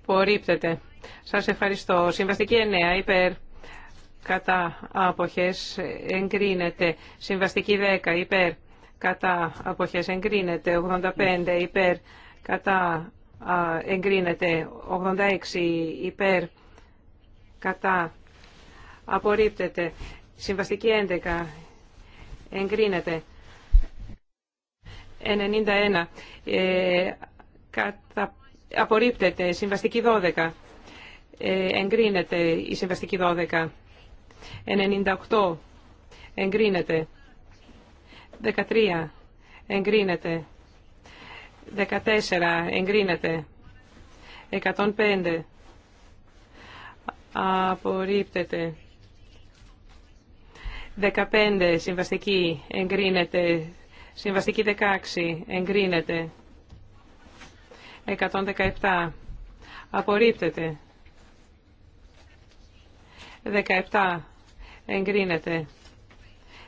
Απορρίπτεται. Σας ευχαριστώ. Συμβαστική 9 υπέρ κατά αποχές εγκρίνεται. Συμβαστική 10 υπέρ κατά αποχές εγκρίνεται. 85 υπέρ κατά εγκρίνεται 86 υπέρ κατά απορρίπτεται συμβαστική 11 εγκρίνεται 91 ε, κατα, απορρίπτεται συμβαστική 12 ε, εγκρίνεται η συμβαστική 12 98 εγκρίνεται 13 εγκρίνεται 14 εγκρίνεται. 105 απορρίπτεται. 15 συμβαστική εγκρίνεται. Συμβαστική 16 εγκρίνεται. 117 απορρίπτεται. 17 εγκρίνεται.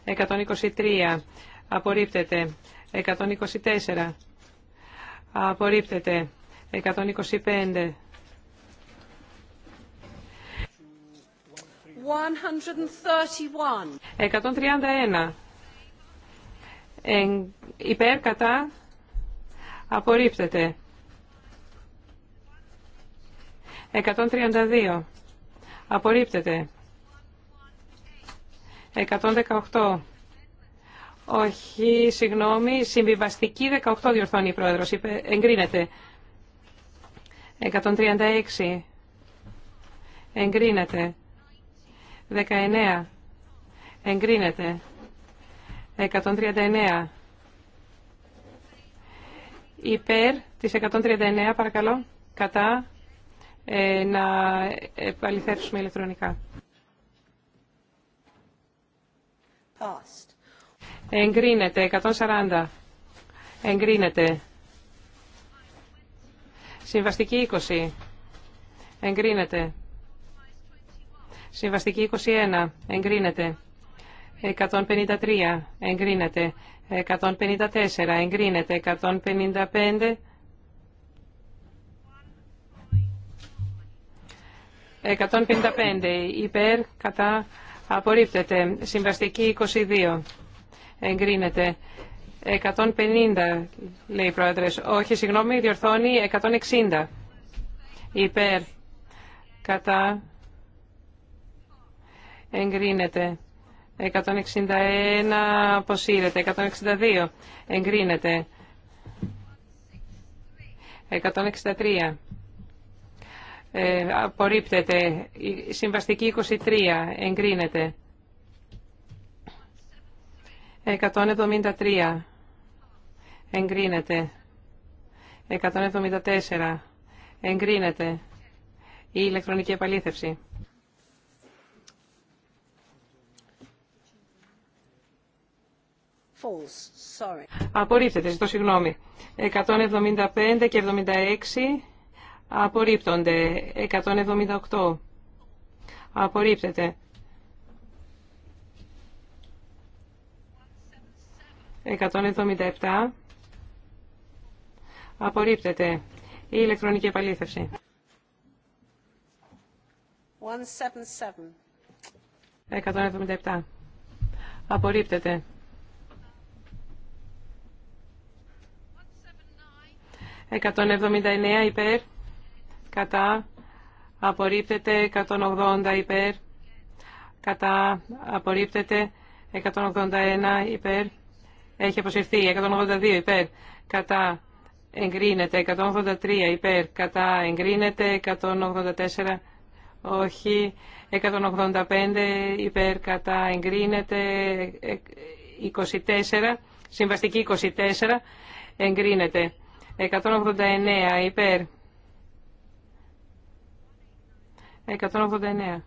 123 απορρίπτεται. 124 Απορρίπτεται. 125. 131. 131. Ε, υπέρ κατά απορρίπτεται. 132. Απορρίπτεται. 118. Όχι, συγγνώμη, συμβιβαστική 18 διορθώνει η Πρόεδρος, εγκρίνεται. 136, εγκρίνεται. 19, εγκρίνεται. 139, υπέρ της 139, παρακαλώ, κατά, ε, να επαληθεύσουμε ηλεκτρονικά. Passed. Εγκρίνεται. 140. Εγκρίνεται. Συμβαστική 20. Εγκρίνεται. Συμβαστική 21. Εγκρίνεται. 153. Εγκρίνεται. 154. Εγκρίνεται. 155. 155. Υπέρ, κατά, απορρίπτεται. Συμβαστική 22 εγκρίνεται. 150 λέει η Πρόεδρε. Όχι, συγγνώμη, διορθώνει 160 υπέρ κατά εγκρίνεται. 161 αποσύρεται. 162 εγκρίνεται. 163 ε, απορρίπτεται. Συμβαστική 23 εγκρίνεται. 173. Εγκρίνεται. 174. Εγκρίνεται. Η ηλεκτρονική επαλήθευση. False. Sorry. Απορρίπτεται. Ζητώ συγγνώμη. 175 και 76 απορρίπτονται. 178 απορρίπτεται. 177 απορρίπτεται η ηλεκτρονική επαλήθευση. 177. 177. Απορρίπτεται. 179 υπέρ. Κατά. Απορρίπτεται. 180 υπέρ. Κατά. Απορρίπτεται. 181 υπέρ έχει αποσυρθεί. 182 υπέρ κατά εγκρίνεται. 183 υπέρ κατά εγκρίνεται. 184 όχι. 185 υπέρ κατά εγκρίνεται. 24 συμβαστική 24 εγκρίνεται. 189 υπέρ. 189.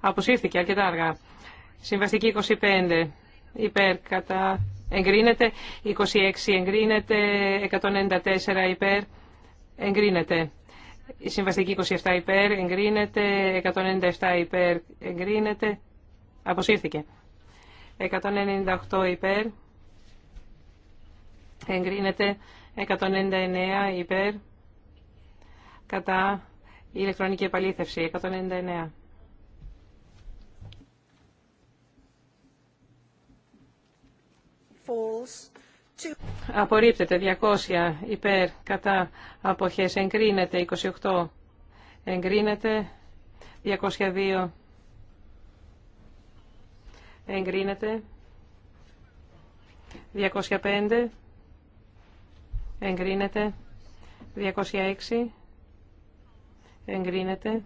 Αποσύρθηκε αρκετά αργά. Συμβαστική 25 υπέρ κατά εγκρίνεται. 26 εγκρίνεται. 194 υπέρ εγκρίνεται. Η συμβαστική 27 υπέρ εγκρίνεται. 197 υπέρ εγκρίνεται. Αποσύρθηκε. 198 υπέρ εγκρίνεται. 199 υπέρ κατά ηλεκτρονική επαλήθευση. 199. Απορρίπτεται 200 υπέρ κατά αποχές. Εγκρίνεται 28. Εγκρίνεται 202. Εγκρίνεται 205. Εγκρίνεται 206. Εγκρίνεται.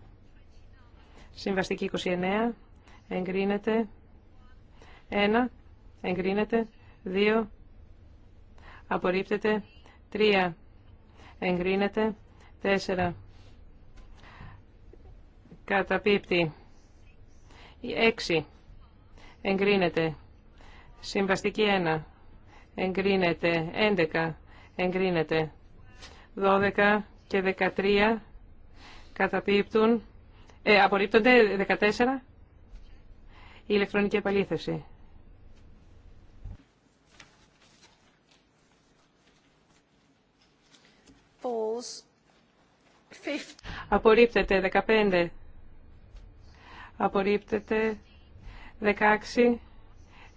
Συμβαστική 29. Εγκρίνεται. 1. Εγκρίνεται. 2 απορρίπτεται, 3 εγκρίνεται, 4 καταπίπτει, 6 εγκρίνεται, συμβαστική 1 εγκρίνεται, 11 εγκρίνεται, 12 και 13 καταπίπτουν, ε, απορρίπτονται 14 η ηλεκτρονική επαλήθευση. Απορρίπτεται 15. Απορρίπτεται 16.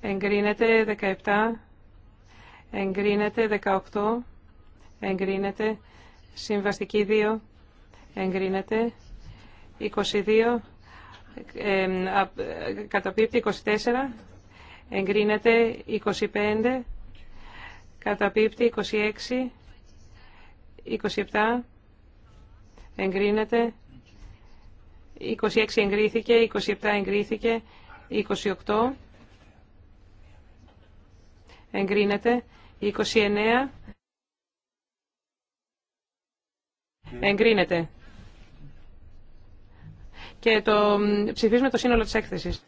Εγκρίνεται 17. Εγκρίνεται 18. Εγκρίνεται. Συμβαστική 2. Εγκρίνεται. 22. Ε, καταπίπτει 24. Εγκρίνεται 25. Καταπίπτει 26. 27 εγκρίνεται, 26 εγκρίθηκε, 27 εγκρίθηκε, 28 εγκρίνεται, 29 εγκρίνεται. Και το ψηφίζουμε το σύνολο της έκθεσης.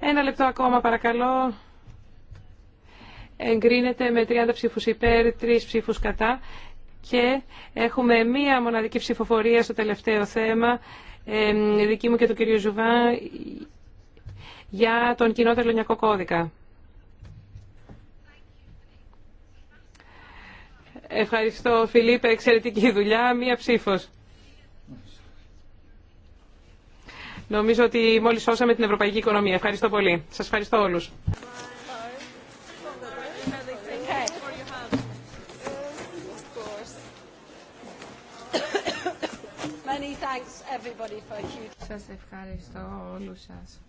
Ένα λεπτό ακόμα παρακαλώ. Εγκρίνεται με 30 ψήφους υπέρ, 3 ψήφους κατά και έχουμε μία μοναδική ψηφοφορία στο τελευταίο θέμα, δική μου και του κυρίου Ζουβά, για τον κοινό τελωνιακό κώδικα. Ευχαριστώ Φιλίππε, εξαιρετική δουλειά, μία ψήφος. Νομίζω ότι μόλις σώσαμε την ευρωπαϊκή οικονομία. Ευχαριστώ πολύ. Σας ευχαριστώ όλους. Σας ευχαριστώ όλους σας.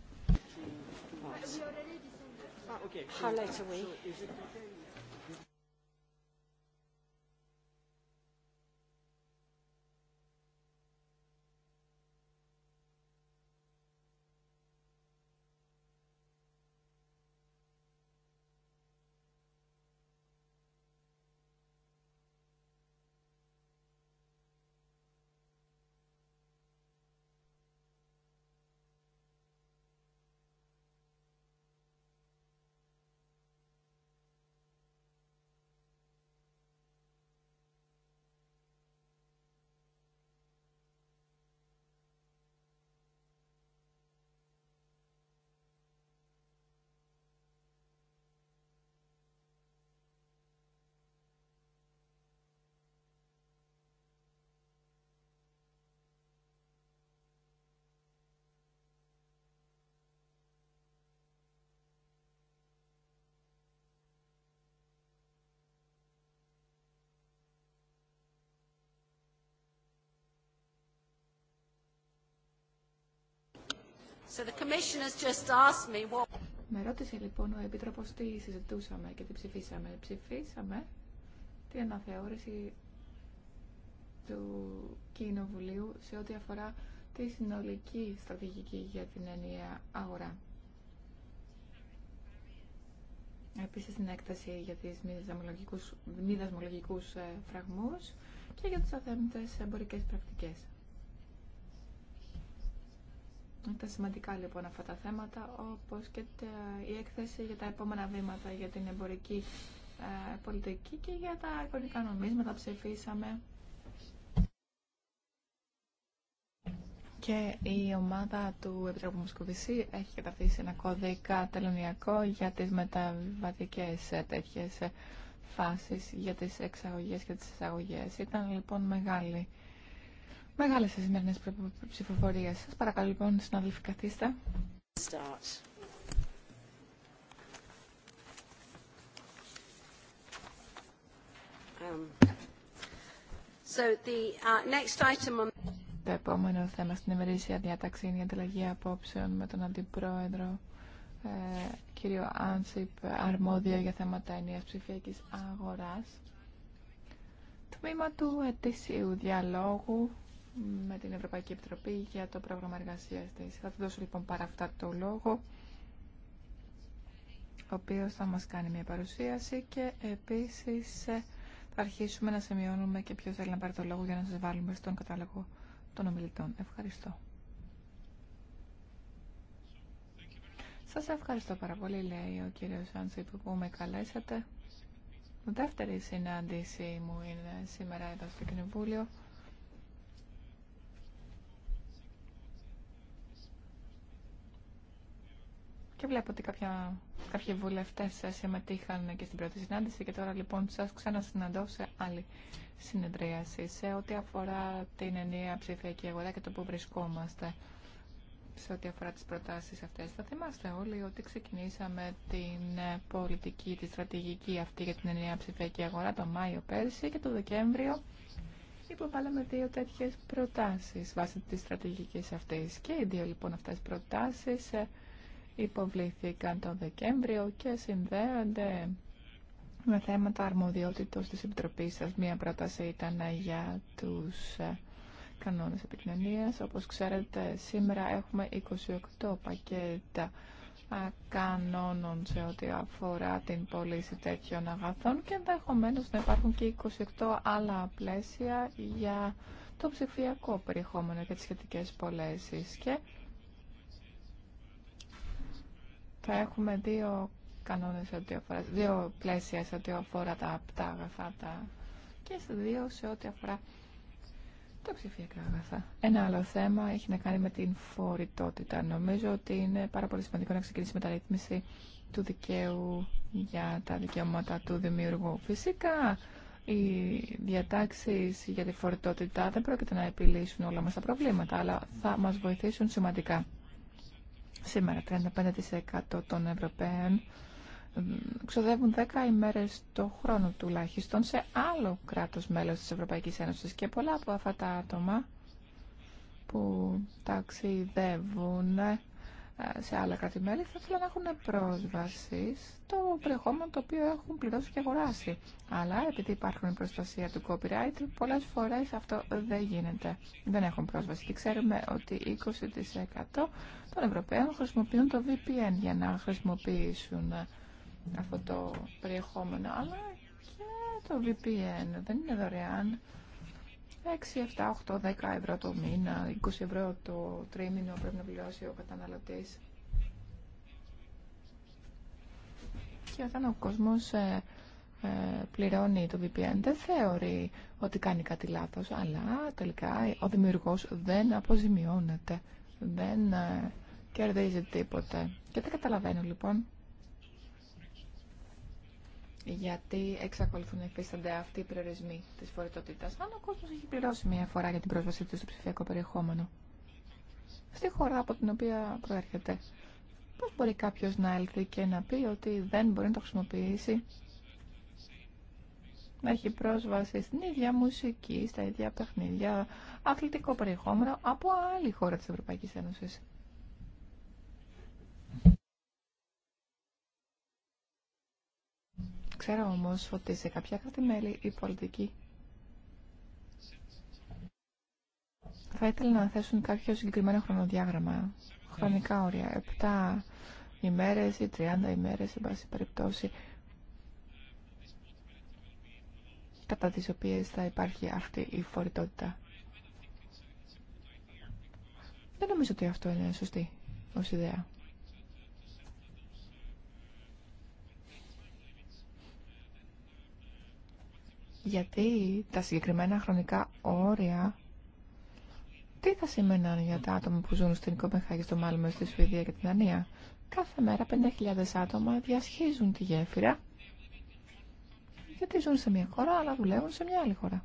How late we? Με ρώτησε λοιπόν ο επίτροπο τι συζητούσαμε και τι ψηφίσαμε. Ψηφίσαμε την αναθεώρηση του Κοινοβουλίου σε ό,τι αφορά τη συνολική στρατηγική για την ενιαία αγορά. Επίσης την έκταση για τις μη δασμολογικούς, μη ε, φραγμούς και για τις αθέμητες εμπορικές πρακτικές. Τα σημαντικά λοιπόν αυτά τα θέματα, όπως και η έκθεση για τα επόμενα βήματα για την εμπορική ε, πολιτική και για τα εικονικά νομίσματα ψηφίσαμε. Και η ομάδα του Επιτρόπου Μοσκοβισή έχει καταρτήσει ένα κώδικα τελωνιακό για τις μεταβατικές ε, τέτοιες ε, φάσεις για τις εξαγωγές και τις εισαγωγές. Ήταν λοιπόν μεγάλη Μεγάλε οι σημερινέ ψηφοφορίε. Σα παρακαλώ λοιπόν, συνάδελφοι, καθίστε. Start. Um, so the, uh, next item on... Το επόμενο θέμα στην ημερήσια διάταξη είναι η ανταλλαγή απόψεων με τον Αντιπρόεδρο ε, κύριο Άνσιπ, αρμόδιο για θέματα ενίας ψηφιακής αγοράς. Τμήμα του ετήσιου διαλόγου με την Ευρωπαϊκή Επιτροπή για το πρόγραμμα εργασία τη. Θα του δώσω λοιπόν παρά αυτά το λόγο, ο οποίο θα μα κάνει μια παρουσίαση και επίση ε, θα αρχίσουμε να σημειώνουμε και ποιο θέλει να πάρει το λόγο για να σα βάλουμε στον κατάλογο των ομιλητών. Ευχαριστώ. Σας ευχαριστώ πάρα πολύ, λέει ο κύριο Άντσιπ που με καλέσατε. δεύτερη συνάντησή μου είναι σήμερα εδώ στο Κοινοβούλιο. Και βλέπω ότι κάποια, κάποιοι βουλευτέ συμμετείχαν και στην πρώτη συνάντηση και τώρα λοιπόν σα ξανασυναντώ σε άλλη συνεδρίαση σε ό,τι αφορά την ενιαία ψηφιακή αγορά και το που βρισκόμαστε σε ό,τι αφορά τις προτάσεις αυτές. Θα θυμάστε όλοι ότι ξεκινήσαμε την ε, πολιτική, τη στρατηγική αυτή για την ενιαία ψηφιακή αγορά το Μάιο πέρσι και το Δεκέμβριο υποβάλαμε δύο τέτοιες προτάσεις βάσει της στρατηγικής αυτής. Και οι δύο λοιπόν αυτές προτάσεις ε, υποβλήθηκαν τον Δεκέμβριο και συνδέονται με θέματα αρμοδιότητος της Επιτροπής σας. Μία πρόταση ήταν για τους ε, κανόνες επικοινωνίας. Όπως ξέρετε, σήμερα έχουμε 28 πακέτα ε, κανόνων σε ό,τι αφορά την πωλήση τέτοιων αγαθών και ενδεχομένω να υπάρχουν και 28 άλλα πλαίσια για το ψηφιακό περιεχόμενο και τις σχετικές πωλήσεις. Και θα έχουμε δύο κανόνες, αφορά, δύο πλαίσια σε ό,τι αφορά τα απτά αγαθά και σε δύο σε ό,τι αφορά τα ψηφιακά αγαθά. Ένα άλλο θέμα έχει να κάνει με την φορητότητα. Νομίζω ότι είναι πάρα πολύ σημαντικό να ξεκινήσει μεταρρύθμιση του δικαίου για τα δικαιώματα του δημιουργού. Φυσικά, οι διατάξει για τη φορητότητα δεν πρόκειται να επιλύσουν όλα μα τα προβλήματα, αλλά θα μα βοηθήσουν σημαντικά. Σήμερα 35% των Ευρωπαίων ξοδεύουν 10 ημέρες το χρόνο τουλάχιστον σε άλλο κράτος μέλος της Ευρωπαϊκής Ένωσης και πολλά από αυτά τα άτομα που ταξιδεύουν ε, σε άλλα κράτη-μέλη θα θέλουν να έχουν πρόσβαση στο περιεχόμενο το οποίο έχουν πληρώσει και αγοράσει. Αλλά επειδή υπάρχουν προστασία του copyright, πολλές φορές αυτό δεν γίνεται. Δεν έχουν πρόσβαση και ξέρουμε ότι 20% των Ευρωπαίων χρησιμοποιούν το VPN για να χρησιμοποιήσουν αυτό το περιεχόμενο, αλλά και το VPN δεν είναι δωρεάν. 6, 7, 8, 10 ευρώ το μήνα, 20 ευρώ το τρίμηνο πρέπει να πληρώσει ο καταναλωτής. Και όταν ο κόσμος ε, ε, πληρώνει το VPN δεν θεωρεί ότι κάνει κάτι λάθος, αλλά τελικά ο δημιουργός δεν αποζημιώνεται δεν ε, κερδίζει τίποτε. Και δεν καταλαβαίνω λοιπόν γιατί εξακολουθούν να υφίστανται αυτοί οι προορισμοί τη φορητότητα. Αν ο κόσμο έχει πληρώσει μία φορά για την πρόσβασή του στο ψηφιακό περιεχόμενο στη χώρα από την οποία προέρχεται, πώ μπορεί κάποιο να έλθει και να πει ότι δεν μπορεί να το χρησιμοποιήσει να έχει πρόσβαση στην ίδια μουσική, στα ίδια παιχνίδια, αθλητικό περιεχόμενο από άλλη χώρα της Ευρωπαϊκής Ένωσης. Ξέρω όμως ότι σε κάποια κράτη-μέλη η πολιτική θα ήθελε να θέσουν κάποιο συγκεκριμένο χρονοδιάγραμμα, χρονικά όρια, 7 ημέρες ή 30 ημέρες, σε πάση περιπτώσει. κατά τις οποίες θα υπάρχει αυτή η φορητότητα. Δεν νομίζω ότι αυτό είναι σωστή ως ιδέα. Γιατί τα συγκεκριμένα χρονικά όρια τι θα σημαίναν για τα άτομα που ζουν στην Κοπενχάγη, στο Μάλμε, στη Σουηδία και την Δανία. Κάθε μέρα 5.000 άτομα διασχίζουν τη γέφυρα γιατί ζουν σε μια χώρα αλλά δουλεύουν σε μια άλλη χώρα.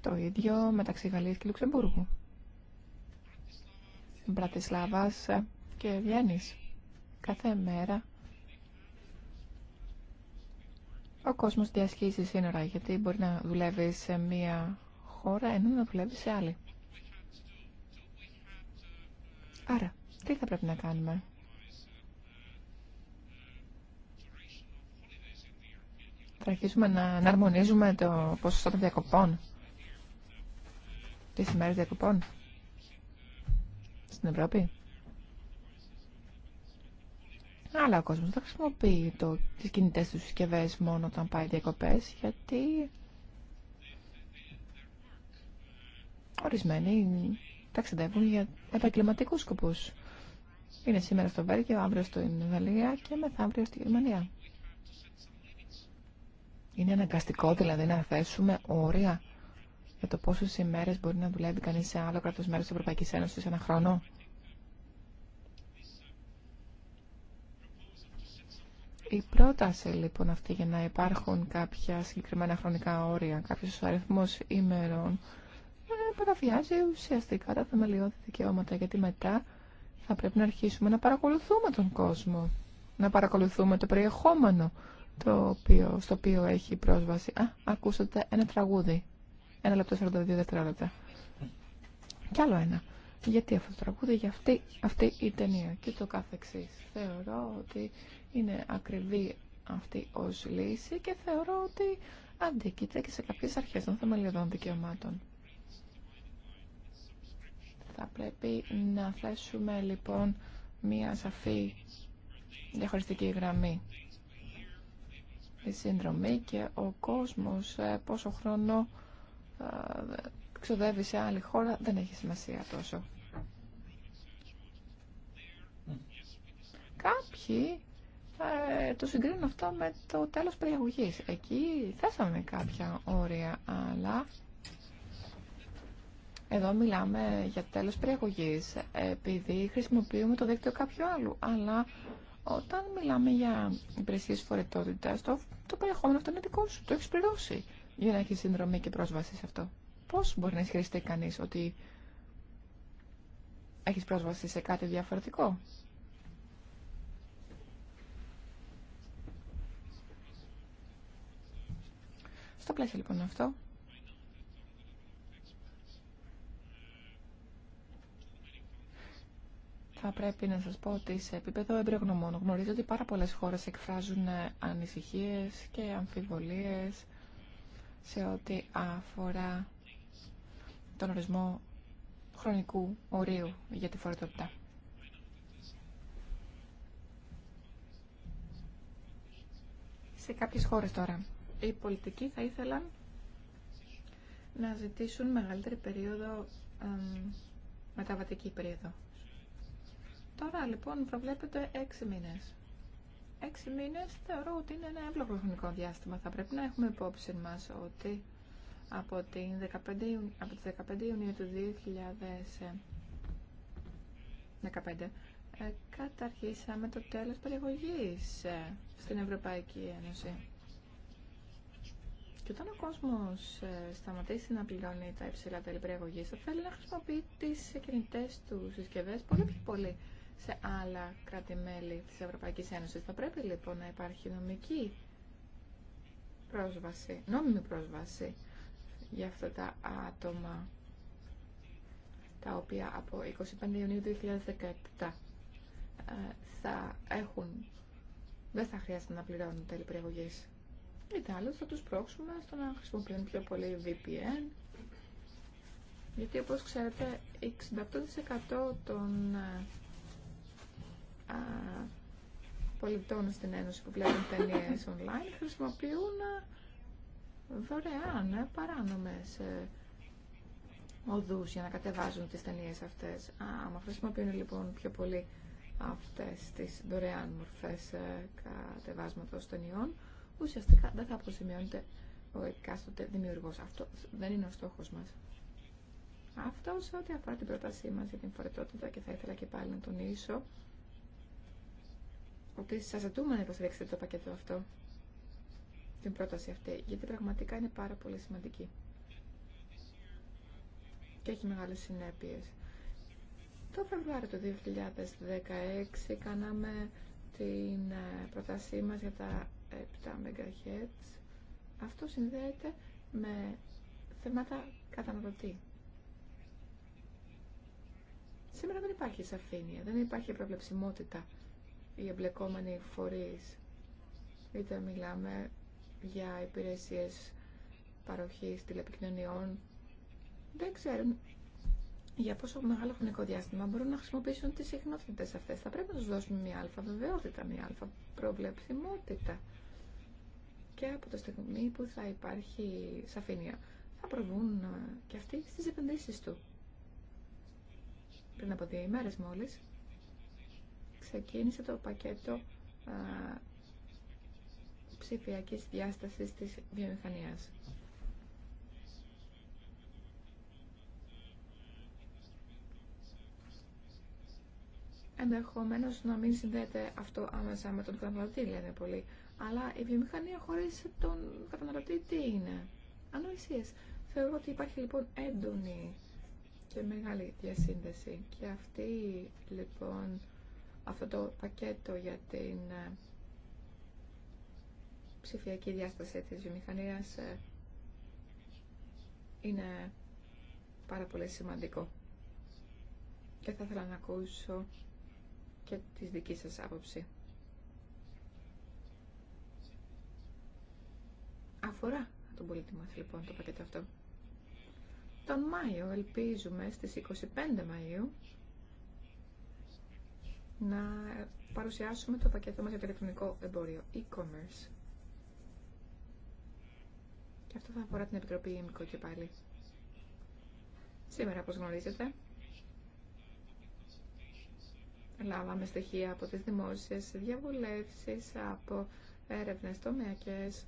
Το ίδιο μεταξύ Γαλλίας και Λουξεμβούργου. Μπρατισλάβας και Βιέννης. Κάθε μέρα ο κόσμος διασχίζει σύνορα γιατί μπορεί να δουλεύει σε μία χώρα ενώ να δουλεύει σε άλλη. Άρα, τι θα πρέπει να κάνουμε. Θα αρχίσουμε να αρμονίζουμε το ποσοστό των διακοπών, Τι σημαίνει διακοπών στην Ευρώπη. Αλλά ο κόσμος δεν χρησιμοποιεί το, τις κινητές του συσκευέ μόνο όταν πάει διακοπές, γιατί ορισμένοι ταξιδεύουν για επαγγελματικούς σκοπούς. Είναι σήμερα στο Βέλγιο, αύριο στην Γαλλία και μεθαύριο στη Γερμανία. Είναι αναγκαστικό δηλαδή να θέσουμε όρια για το πόσε ημέρε μπορεί να δουλεύει κανεί σε άλλο κράτο μέρο τη Ευρωπαϊκή Ένωση ένα χρόνο. Η πρόταση λοιπόν αυτή για να υπάρχουν κάποια συγκεκριμένα χρονικά όρια, κάποιο αριθμό ημερών, ε, παραβιάζει ουσιαστικά τα θεμελιώδη δικαιώματα γιατί μετά θα πρέπει να αρχίσουμε να παρακολουθούμε τον κόσμο, να παρακολουθούμε το περιεχόμενο το οποίο, στο οποίο έχει πρόσβαση. Α, ακούσατε ένα τραγούδι. Ένα λεπτό 42 δευτερόλεπτα. Κι άλλο ένα. Γιατί αυτό το τραγούδι, για αυτή, αυτή η ταινία και το εξής. Θεωρώ ότι είναι ακριβή αυτή ω λύση και θεωρώ ότι αντίκειται και σε κάποιε αρχέ των θεμελιωδών δικαιωμάτων. Θα πρέπει να θέσουμε λοιπόν μία σαφή διαχωριστική γραμμή η συνδρομή και ο κόσμος ε, πόσο χρόνο ε, ξοδεύει σε άλλη χώρα δεν έχει σημασία τόσο. Κάποιοι ε, το συγκρίνουν αυτό με το τέλος περιαγωγής. Εκεί θέσαμε κάποια όρια, αλλά εδώ μιλάμε για τέλος περιαγωγής, επειδή χρησιμοποιούμε το δίκτυο κάποιου άλλου. Αλλά όταν μιλάμε για υπηρεσίε φορετότητα, το, το περιεχόμενο αυτό είναι δικό σου. Το έχει πληρώσει για να έχει συνδρομή και πρόσβαση σε αυτό. Πώ μπορεί να ισχυριστεί κανεί ότι έχει πρόσβαση σε κάτι διαφορετικό. Στο πλαίσιο λοιπόν αυτό, θα πρέπει να σας πω ότι σε επίπεδο εμπρεγνωμών γνωρίζω ότι πάρα πολλές χώρες εκφράζουν ανησυχίες και αμφιβολίες σε ό,τι αφορά τον ορισμό χρονικού ορίου για τη φορητότητα. Σε κάποιες χώρες τώρα, οι πολιτικοί θα ήθελαν να ζητήσουν μεγαλύτερη περίοδο, μεταβατική περίοδο. Τώρα λοιπόν προβλέπετε έξι μήνες. Έξι μήνες θεωρώ ότι είναι ένα εύλογο χρονικό διάστημα. Θα πρέπει να έχουμε υπόψη μας ότι από, την 15, Ιουνίου του 2015 ε, καταρχήσαμε το τέλος ε, στην Ευρωπαϊκή Ένωση. Και όταν ο κόσμο ε, σταματήσει να πληρώνει τα υψηλά τέλη περιεγωγής θα θέλει να χρησιμοποιεί τι κινητέ του συσκευέ πολύ πιο πολύ σε άλλα κράτη-μέλη της Ευρωπαϊκής Ένωσης. Θα πρέπει λοιπόν να υπάρχει νομική πρόσβαση, νόμιμη πρόσβαση για αυτά τα άτομα τα οποία από 25 Ιουνίου 2017 ε, θα έχουν, δεν θα χρειάζεται να πληρώνουν τέλη περιεγωγής. άλλο θα τους πρόξουμε στο να χρησιμοποιούν πιο πολύ VPN, γιατί όπως ξέρετε 68% των ε, πολιτών στην Ένωση που βλέπουν ταινίε online χρησιμοποιούν δωρεάν ε, παράνομες ε, οδούς για να κατεβάζουν τις ταινίε αυτές. Άμα χρησιμοποιούν λοιπόν πιο πολύ αυτές τις δωρεάν μορφές ε, κατεβάσματος ταινιών, ουσιαστικά δεν θα αποζημιώνεται ο εκάστοτε δημιουργός. Αυτό δεν είναι ο στόχος μας. Αυτό σε ό,τι αφορά την πρότασή μα για την φορετότητα και θα ήθελα και πάλι να τονίσω ότι σα ζητούμε να υποστηρίξετε το πακέτο αυτό, την πρόταση αυτή, γιατί πραγματικά είναι πάρα πολύ σημαντική και έχει μεγάλες συνέπειες. Το Φεβρουάριο του 2016 κάναμε την ε, πρότασή μας για τα 7 MHz. Αυτό συνδέεται με θέματα καταναλωτή. Σήμερα δεν υπάρχει σαφήνεια, δεν υπάρχει προβλεψιμότητα οι εμπλεκόμενοι φορείς, είτε μιλάμε για υπηρεσίες παροχής τηλεπικοινωνιών, δεν ξέρουν για πόσο μεγάλο χρονικό διάστημα μπορούν να χρησιμοποιήσουν τις συχνότητες αυτές. Θα πρέπει να τους δώσουμε μια αλφα βεβαιότητα, μια αλφα προβλεψιμότητα. Και από το στιγμή που θα υπάρχει σαφήνεια, θα προβούν ε, και αυτοί στις επενδύσεις του. Πριν από δύο ημέρες μόλις, ξεκίνησε το πακέτο α, ψηφιακής διάστασης της βιομηχανίας. Ενδεχομένω να μην συνδέεται αυτό άμεσα με τον καταναλωτή, λένε πολλοί. Αλλά η βιομηχανία χωρί τον καταναλωτή τι είναι. Ανοησίε. Θεωρώ ότι υπάρχει λοιπόν έντονη και μεγάλη διασύνδεση. Και αυτή λοιπόν αυτό το πακέτο για την ε, ψηφιακή διάσταση της βιομηχανίας ε, είναι πάρα πολύ σημαντικό. Και θα ήθελα να ακούσω και τη δική σας άποψη. Αφορά τον πολίτη μας λοιπόν το πακέτο αυτό. Τον Μάιο ελπίζουμε στις 25 Μαΐου να παρουσιάσουμε το πακέτο μας για το ηλεκτρονικό εμπόριο, e-commerce. Και αυτό θα αφορά την Επιτροπή ΕΜΚΟ και πάλι. Σήμερα, όπως γνωρίζετε, λάβαμε στοιχεία από τις δημόσιες διαβουλεύσεις, από έρευνες τομεακές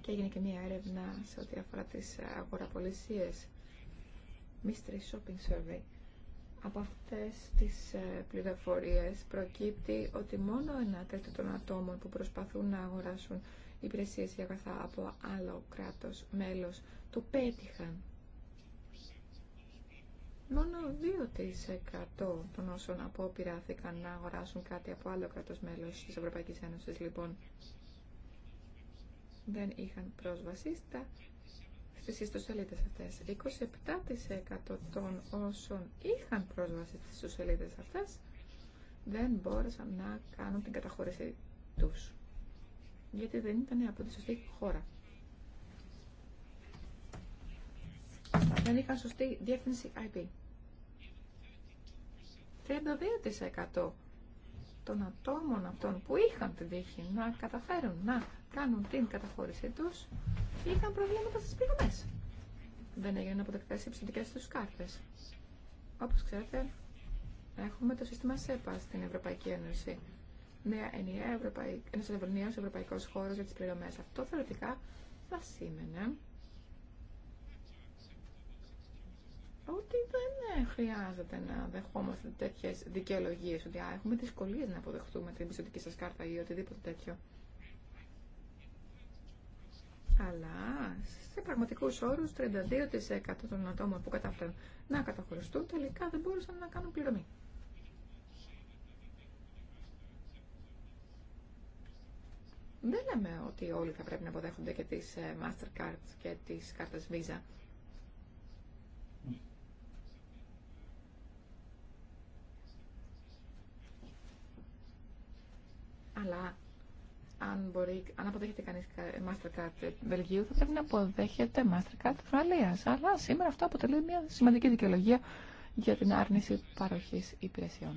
και έγινε και μία έρευνα σε ό,τι αφορά τις αγοραπολισίες mystery shopping survey. Από αυτές τις ε, πληροφορίες προκύπτει ότι μόνο ένα τέτοιο των ατόμων που προσπαθούν να αγοράσουν υπηρεσίες για αγαθά από άλλο κράτος μέλος το πέτυχαν. Μόνο 2% των όσων απόπειράθηκαν να αγοράσουν κάτι από άλλο κράτος μέλος της Ευρωπαϊκής Ένωσης λοιπόν δεν είχαν πρόσβαση στα στις ιστοσελίδες αυτές. 27% των όσων είχαν πρόσβαση στις ιστοσελίδες αυτές δεν μπόρεσαν να κάνουν την καταχώρηση τους. Γιατί δεν ήταν από τη σωστή χώρα. Δεν είχαν σωστή διεύθυνση IP. 32% των ατόμων αυτών που είχαν την τύχη να καταφέρουν να κάνουν την καταχώρησή του είχαν προβλήματα στι πληρωμέ. Δεν έγιναν αποδεκτέ οι ψηφιακές του κάρτες. Όπως ξέρετε, έχουμε το σύστημα ΣΕΠΑ στην Ευρωπαϊκή Ένωση. Μια ενιαία Ευρωπαϊκό Χώρο για τι πληρωμέ. Αυτό θεωρητικά θα σήμαινε ότι δεν χρειάζεται να δεχόμαστε τέτοιε δικαιολογίε ότι α, έχουμε δυσκολίε να αποδεχτούμε την πιστοτική σα κάρτα ή οτιδήποτε τέτοιο. Αλλά σε πραγματικού όρου 32% των ατόμων που κατάφεραν να καταχωριστούν τελικά δεν μπορούσαν να κάνουν πληρωμή. Δεν λέμε ότι όλοι θα πρέπει να αποδέχονται και τις ε, Mastercard και τις κάρτες Visa. Αλλά αν, μπορεί, αν αποδέχεται κανεί Mastercard Βελγίου, θα πρέπει να αποδέχεται Mastercard Γαλλία. Αλλά σήμερα αυτό αποτελεί μια σημαντική δικαιολογία για την άρνηση παροχή υπηρεσιών.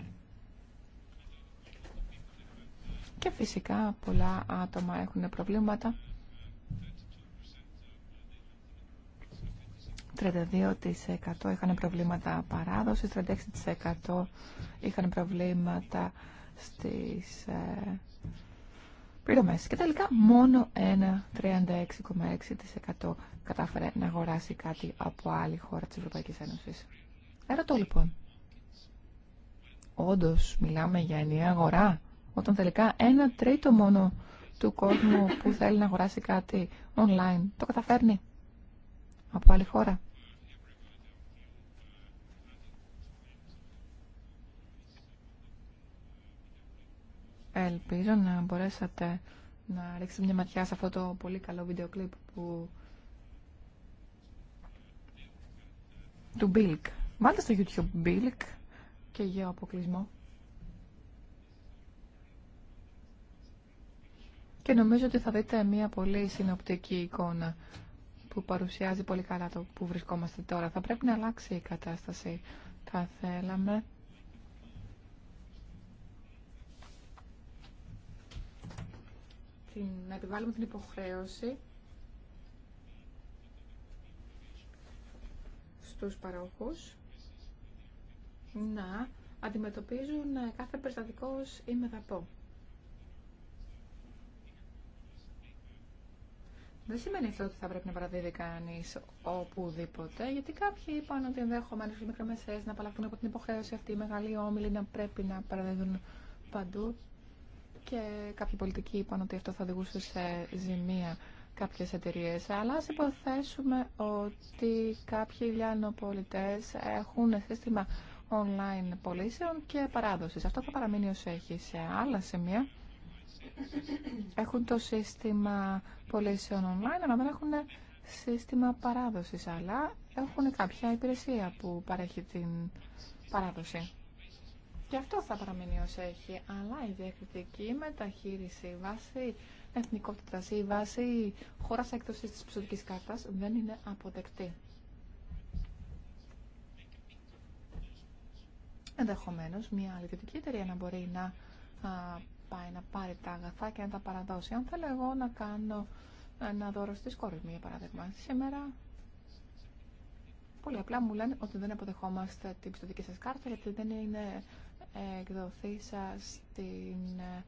Και φυσικά πολλά άτομα έχουν προβλήματα. 32% είχαν προβλήματα παράδοση 36% είχαν προβλήματα στις ε, πληρωμές. Και τελικά μόνο ένα 36,6% κατάφερε να αγοράσει κάτι από άλλη χώρα της Ευρωπαϊκής Ένωσης. Ερωτώ λοιπόν. Όντω μιλάμε για ενιαία αγορά, όταν τελικά ένα τρίτο μόνο του κόσμου που θέλει να αγοράσει κάτι online το καταφέρνει από άλλη χώρα. Ελπίζω να μπορέσατε να ρίξετε μια ματιά σε αυτό το πολύ καλό βίντεο κλιπ που... του Μπίλκ. Βάλτε στο YouTube Μπίλκ και για αποκλεισμό. Και νομίζω ότι θα δείτε μια πολύ συνοπτική εικόνα που παρουσιάζει πολύ καλά το που βρισκόμαστε τώρα. Θα πρέπει να αλλάξει η κατάσταση. Θα θέλαμε την, να επιβάλλουμε την υποχρέωση στους παρόχους να αντιμετωπίζουν κάθε περιστατικό ή μεταπό. Δεν σημαίνει αυτό ότι θα πρέπει να παραδίδει κανεί οπουδήποτε, γιατί κάποιοι είπαν ότι ενδεχομένω οι μικρομεσαίε να απαλλαχθούν από την υποχρέωση αυτή, οι μεγάλοι όμιλοι να πρέπει να παραδίδουν παντού και κάποιοι πολιτικοί είπαν ότι αυτό θα οδηγούσε σε ζημία κάποιες εταιρείε. Αλλά α υποθέσουμε ότι κάποιοι λιανοπολιτέ έχουν σύστημα online πωλήσεων και παράδοσης. Αυτό θα παραμείνει ως έχει σε άλλα σημεία. Έχουν το σύστημα πωλήσεων online, αλλά δεν έχουν σύστημα παράδοσης. Αλλά έχουν κάποια υπηρεσία που παρέχει την παράδοση. Και αυτό θα παραμείνει όσο έχει. Αλλά η διακριτική μεταχείριση βάσει εθνικότητα ή βάσει χώρα έκδοση τη ψηφιακής κάρτα δεν είναι αποδεκτή. Ενδεχομένω, μια άλλη εταιρεία να μπορεί να α, πάει να πάρει τα αγαθά και να τα παραδώσει. Αν θέλω εγώ να κάνω ένα δώρο στι κόρε μου, για παράδειγμα, σήμερα πολύ απλά μου λένε ότι δεν αποδεχόμαστε την πιστοτική σας κάρτα γιατί δεν είναι εκδοθεί σα στην ε,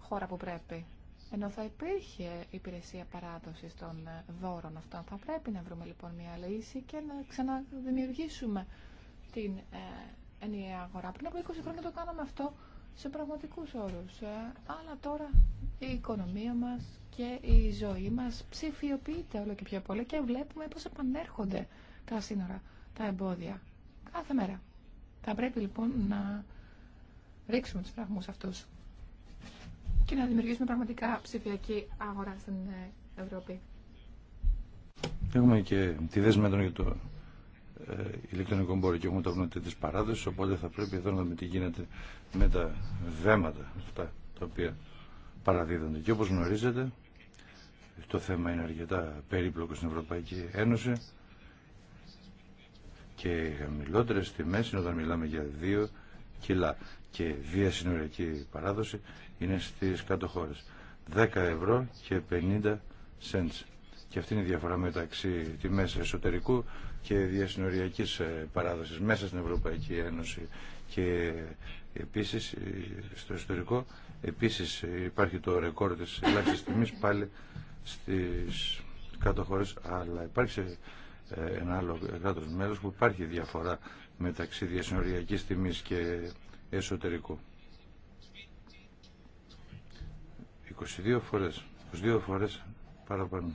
χώρα που πρέπει. Ενώ θα υπήρχε υπηρεσία παράδοση των ε, δώρων αυτών. Θα πρέπει να βρούμε λοιπόν μια λύση και να ξαναδημιουργήσουμε την ε, ενιαία αγορά. Πριν από 20 χρόνια το κάναμε αυτό σε πραγματικούς όρους. Αλλά τώρα η οικονομία μας και η ζωή μας ψηφιοποιείται όλο και πιο πολύ και βλέπουμε πω επανέρχονται τα σύνορα, τα εμπόδια κάθε μέρα. Θα πρέπει λοιπόν να ρίξουμε τους φραγμούς αυτούς και να δημιουργήσουμε πραγματικά ψηφιακή αγορά στην ε, Ευρώπη. Έχουμε και τη δέσμη για το ε, ηλεκτρονικό μπόρο και έχουμε το γνωτή της παράδοσης, οπότε θα πρέπει εδώ να δούμε τι γίνεται με τα βέματα αυτά τα οποία παραδίδονται. Και όπω γνωρίζετε, το θέμα είναι αρκετά περίπλοκο στην Ευρωπαϊκή Ένωση και οι χαμηλότερε τιμέ είναι όταν μιλάμε για 2 κιλά και διασυνοριακή παράδοση είναι στις κάτω χώρες. 10 ευρώ και 50 cents. Και αυτή είναι η διαφορά μεταξύ τιμές εσωτερικού και διασυνοριακής ε, παράδοσης μέσα στην Ευρωπαϊκή Ένωση και επίσης ε, στο εσωτερικό επίσης ε, υπάρχει το ρεκόρ της ελάχιστης τιμής πάλι στις κάτω χώρες αλλά υπάρχει ένα άλλο κράτος μέρος που υπάρχει διαφορά μεταξύ διασυνοριακής τιμής και εσωτερικό. 22 φορές, 22 φορές παραπάνω.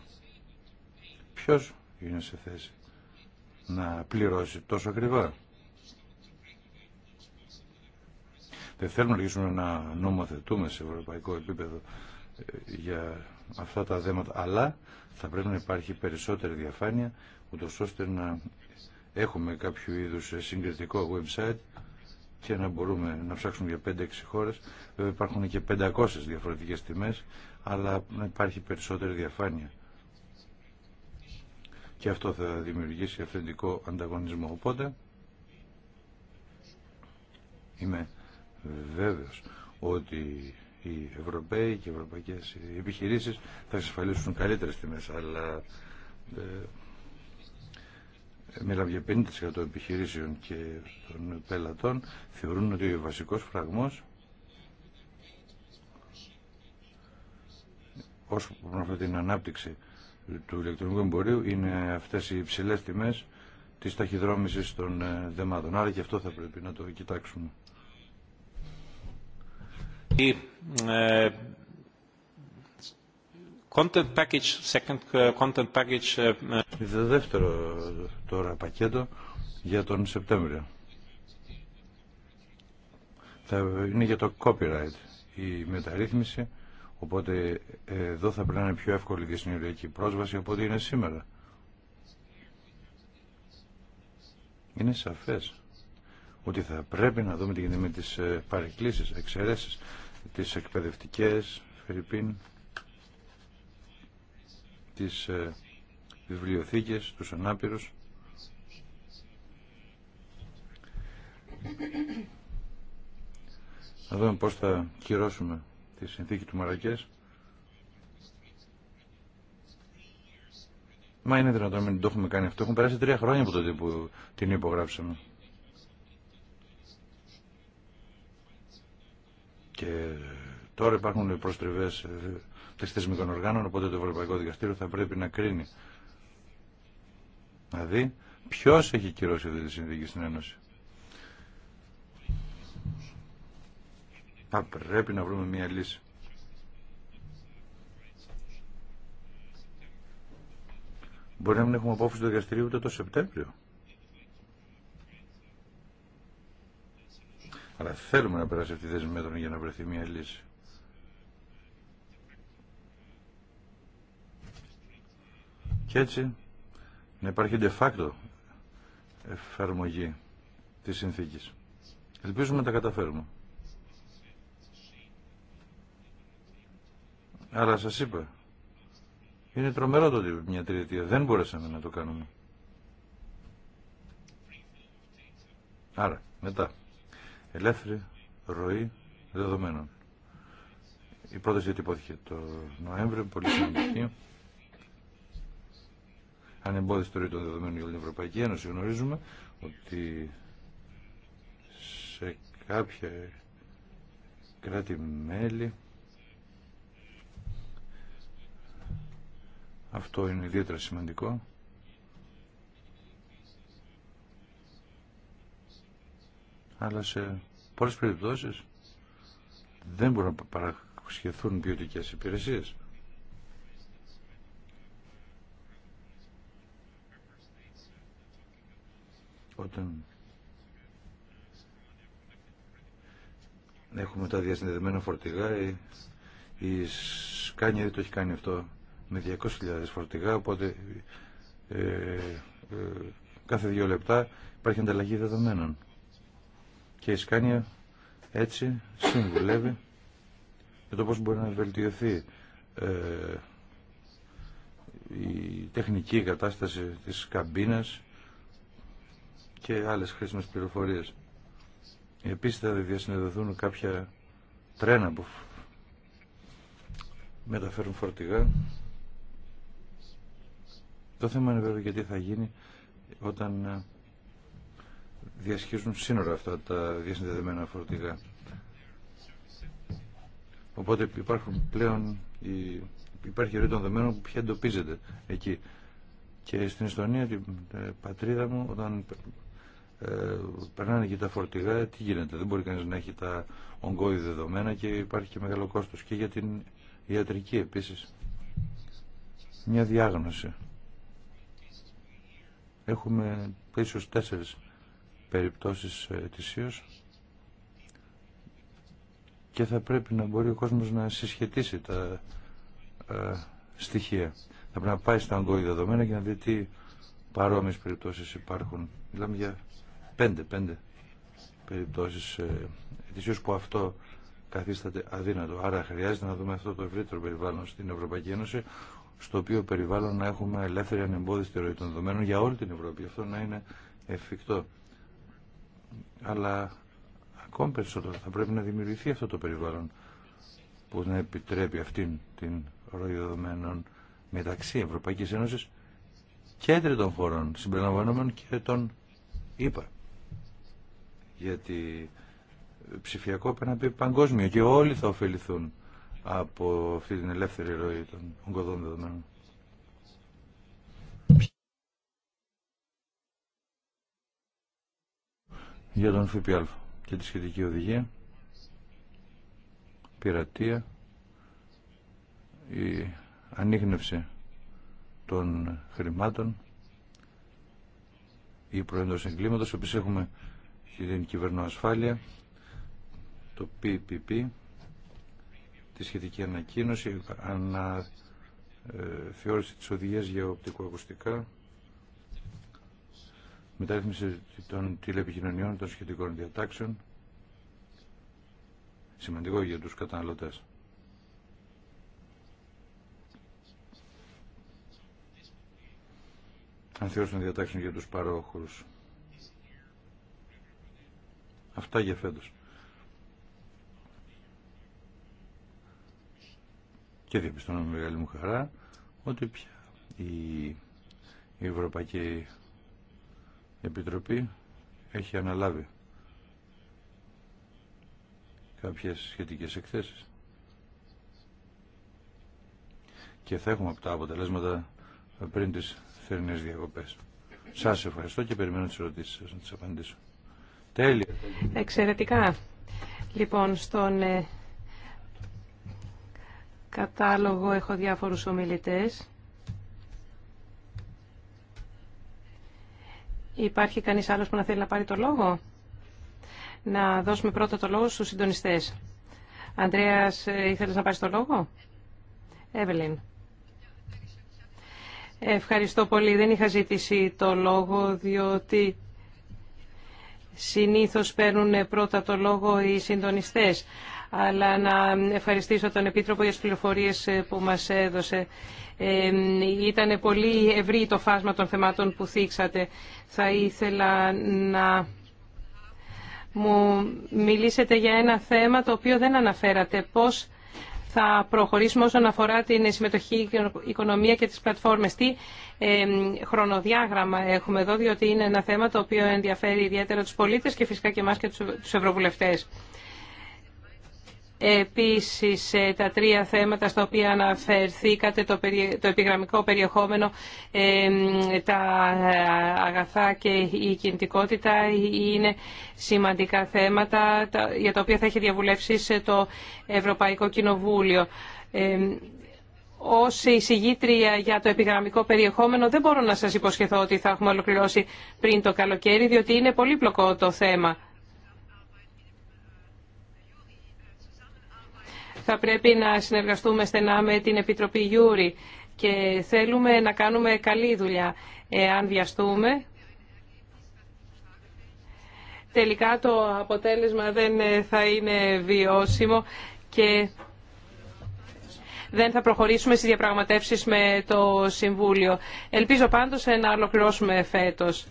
Ποιος είναι σε θέση να πληρώσει τόσο ακριβά. Δεν θέλουμε να αρχίσουμε να νομοθετούμε σε ευρωπαϊκό επίπεδο ε, για αυτά τα θέματα, αλλά θα πρέπει να υπάρχει περισσότερη διαφάνεια, ούτως ώστε να έχουμε κάποιο είδους συγκριτικό website και να μπορούμε να ψάξουμε για 5-6 χώρες. Βέβαια υπάρχουν και 500 διαφορετικές τιμές, αλλά να υπάρχει περισσότερη διαφάνεια. Και αυτό θα δημιουργήσει αυθεντικό ανταγωνισμό. Οπότε είμαι βέβαιος ότι οι Ευρωπαίοι και οι ευρωπαϊκές επιχειρήσεις θα εξασφαλίσουν καλύτερες τιμές, αλλά ε, μιλάμε για 50% επιχειρήσεων και των πελατών θεωρούν ότι ο βασικός φραγμός όσο προς την ανάπτυξη του ηλεκτρονικού εμπορίου είναι αυτές οι υψηλές τιμές της ταχυδρόμησης των ε, δεμάτων. Άρα και αυτό θα πρέπει να το κοιτάξουμε. Ε, Content uh, uh, uh, Δεύτερο τώρα πακέτο για τον Σεπτέμβριο. Θα είναι για το copyright η μεταρρύθμιση, οπότε εδώ θα πρέπει να είναι πιο εύκολη και συνεργειακή πρόσβαση από ό,τι είναι σήμερα. Είναι σαφές ότι θα πρέπει να δούμε τη γίνεται με τις ε, παρεκκλήσεις, εξαιρέσεις, τις εκπαιδευτικές, Φερρυπίν, τις ε, βιβλιοθήκες, τους ανάπηρους. Να δούμε πώς θα κυρώσουμε τη συνθήκη του Μαρακές. Μα είναι δυνατόν να μην το έχουμε κάνει αυτό. Έχουν περάσει τρία χρόνια από τότε που την υπογράψαμε. Και τώρα υπάρχουν προστριβές ε, της θεσμικών οργάνων, οπότε το Ευρωπαϊκό Δικαστήριο θα πρέπει να κρίνει. Δηλαδή, ποιος έχει κυρώσει αυτή τη συνθήκη στην Ένωση. Θα πρέπει να βρούμε μια λύση. Μπορεί να μην έχουμε απόφαση του δικαστηρίου ούτε το Σεπτέμβριο. Αλλά θέλουμε να περάσει αυτή η δεσμή μέτρων για να βρεθεί μια λύση. και έτσι να υπάρχει de facto εφαρμογή της συνθήκης. Ελπίζουμε να τα καταφέρουμε. Αλλά σας είπα, είναι τρομερό το ότι μια τριετία δεν μπορέσαμε να το κάνουμε. Άρα, μετά, ελεύθερη ροή δεδομένων. Η πρόταση διατυπώθηκε το Νοέμβριο, πολύ σημαντική ανεμπόδιση ροή των δεδομένων για την Ευρωπαϊκή Ένωση. Γνωρίζουμε ότι σε κάποια κράτη-μέλη αυτό είναι ιδιαίτερα σημαντικό. Αλλά σε πολλές περιπτώσεις δεν μπορούν να παρασχεθούν ποιοτικές υπηρεσίες. Όταν έχουμε τα διασυνδεδεμένα φορτηγά, η, η Σκάνια δεν το έχει κάνει αυτό με 200.000 φορτηγά, οπότε ε, ε, κάθε δύο λεπτά υπάρχει ανταλλαγή δεδομένων. Και η Σκάνια έτσι συμβουλεύει για το πώς μπορεί να βελτιωθεί ε, η τεχνική κατάσταση της καμπίνας και άλλες χρήσιμες πληροφορίες. Επίσης θα διασυνδεθούν κάποια τρένα που μεταφέρουν φορτηγά. Το θέμα είναι βέβαια γιατί θα γίνει όταν ε, διασχίζουν σύνορα αυτά τα διασυνδεδεμένα φορτηγά. Οπότε υπάρχουν πλέον οι, υπάρχει ροή των δεμένων που πια εντοπίζεται εκεί. Και στην Ιστονία, την ε, πατρίδα μου, όταν ε, περνάνε και τα φορτηγά, τι γίνεται, δεν μπορεί κανείς να έχει τα ογκώδη δεδομένα και υπάρχει και μεγάλο κόστος και για την ιατρική επίσης. Μια διάγνωση. Έχουμε ίσως τέσσερις περιπτώσεις ε, ετησίως και θα πρέπει να μπορεί ο κόσμος να συσχετίσει τα ε, στοιχεία. Θα πρέπει να πάει στα ογκώδη δεδομένα και να δει τι παρόμοιες περιπτώσεις υπάρχουν. Μιλάμε Πέντε, πέντε περιπτώσεις ε, ετησίως που αυτό καθίσταται αδύνατο. Άρα χρειάζεται να δούμε αυτό το ευρύτερο περιβάλλον στην Ευρωπαϊκή Ένωση, στο οποίο περιβάλλον να έχουμε ελεύθερη ανεμπόδιστη ροή των δεδομένων για όλη την Ευρώπη. Αυτό να είναι εφικτό. Αλλά ακόμη περισσότερο θα πρέπει να δημιουργηθεί αυτό το περιβάλλον που να επιτρέπει αυτήν την ροή δεδομένων μεταξύ Ευρωπαϊκής Ένωσης και των χωρών, συμπεριλαμβανομένων και των ΗΠΑ γιατί ψηφιακό πρέπει να πει παγκόσμιο και όλοι θα ωφεληθούν από αυτή την ελεύθερη ροή των ογκωδών δεδομένων. Για τον ΦΠΑ και τη σχετική οδηγία, πειρατεία, η ανείχνευση των χρημάτων, η προέντωση εγκλήματος, όπως έχουμε την κυβερνοασφάλεια, το PPP, τη σχετική ανακοίνωση, αναθεώρηση ε, της οδηγίας για οπτικοακουστικά, μετάρρυθμιση των τηλεπικοινωνιών των σχετικών διατάξεων, σημαντικό για τους καταναλωτές. Αν θεώρησαν για τους παρόχους Αυτά για φέτος. Και διαπιστώνω με μεγάλη μου χαρά ότι πια η Ευρωπαϊκή Επιτροπή έχει αναλάβει κάποιες σχετικές εκθέσεις. Και θα έχουμε από τα αποτελέσματα πριν τις θερινές διακοπές. Σας ευχαριστώ και περιμένω τις ερωτήσεις σας να τις απαντήσω. Εξαιρετικά. Λοιπόν, στον ε, κατάλογο έχω διάφορους ομιλητές. Υπάρχει κανείς άλλος που να θέλει να πάρει το λόγο. Να δώσουμε πρώτα το λόγο στους συντονιστές. Ανδρέας, ε, ήθελες να πάρεις το λόγο. Εύελιν. Ευχαριστώ πολύ. Δεν είχα ζητήσει το λόγο διότι Συνήθως παίρνουν πρώτα το λόγο οι συντονιστές, αλλά να ευχαριστήσω τον Επίτροπο για τις πληροφορίες ε, που μας έδωσε. Ε, ήταν πολύ ευρύ το φάσμα των θεμάτων που θίξατε. Θα ήθελα να μου μιλήσετε για ένα θέμα το οποίο δεν αναφέρατε. Πώς θα προχωρήσουμε όσον αφορά την συμμετοχή οικονομία και τις πλατφόρμες. Τι χρονοδιάγραμμα έχουμε εδώ, διότι είναι ένα θέμα το οποίο ενδιαφέρει ιδιαίτερα τους πολίτες και φυσικά και εμάς και τους ευρωβουλευτές. Επίσης, ε, τα τρία θέματα στα οποία αναφερθήκατε, το, το επιγραμμικό περιεχόμενο, ε, τα αγαθά και η κινητικότητα είναι σημαντικά θέματα για τα οποία θα έχει διαβουλεύσει το Ευρωπαϊκό Κοινοβούλιο. Ε, ως εισηγήτρια για το επιγραμμικό περιεχόμενο δεν μπορώ να σας υποσχεθώ ότι θα έχουμε ολοκληρώσει πριν το καλοκαίρι, διότι είναι πολύπλοκο το θέμα. Θα πρέπει να συνεργαστούμε στενά με την Επιτροπή Γιούρη και θέλουμε να κάνουμε καλή δουλειά. Εάν βιαστούμε, τελικά το αποτέλεσμα δεν ε, θα είναι βιώσιμο και δεν θα προχωρήσουμε στις διαπραγματεύσεις με το Συμβούλιο. Ελπίζω πάντως ε, να ολοκληρώσουμε φέτος.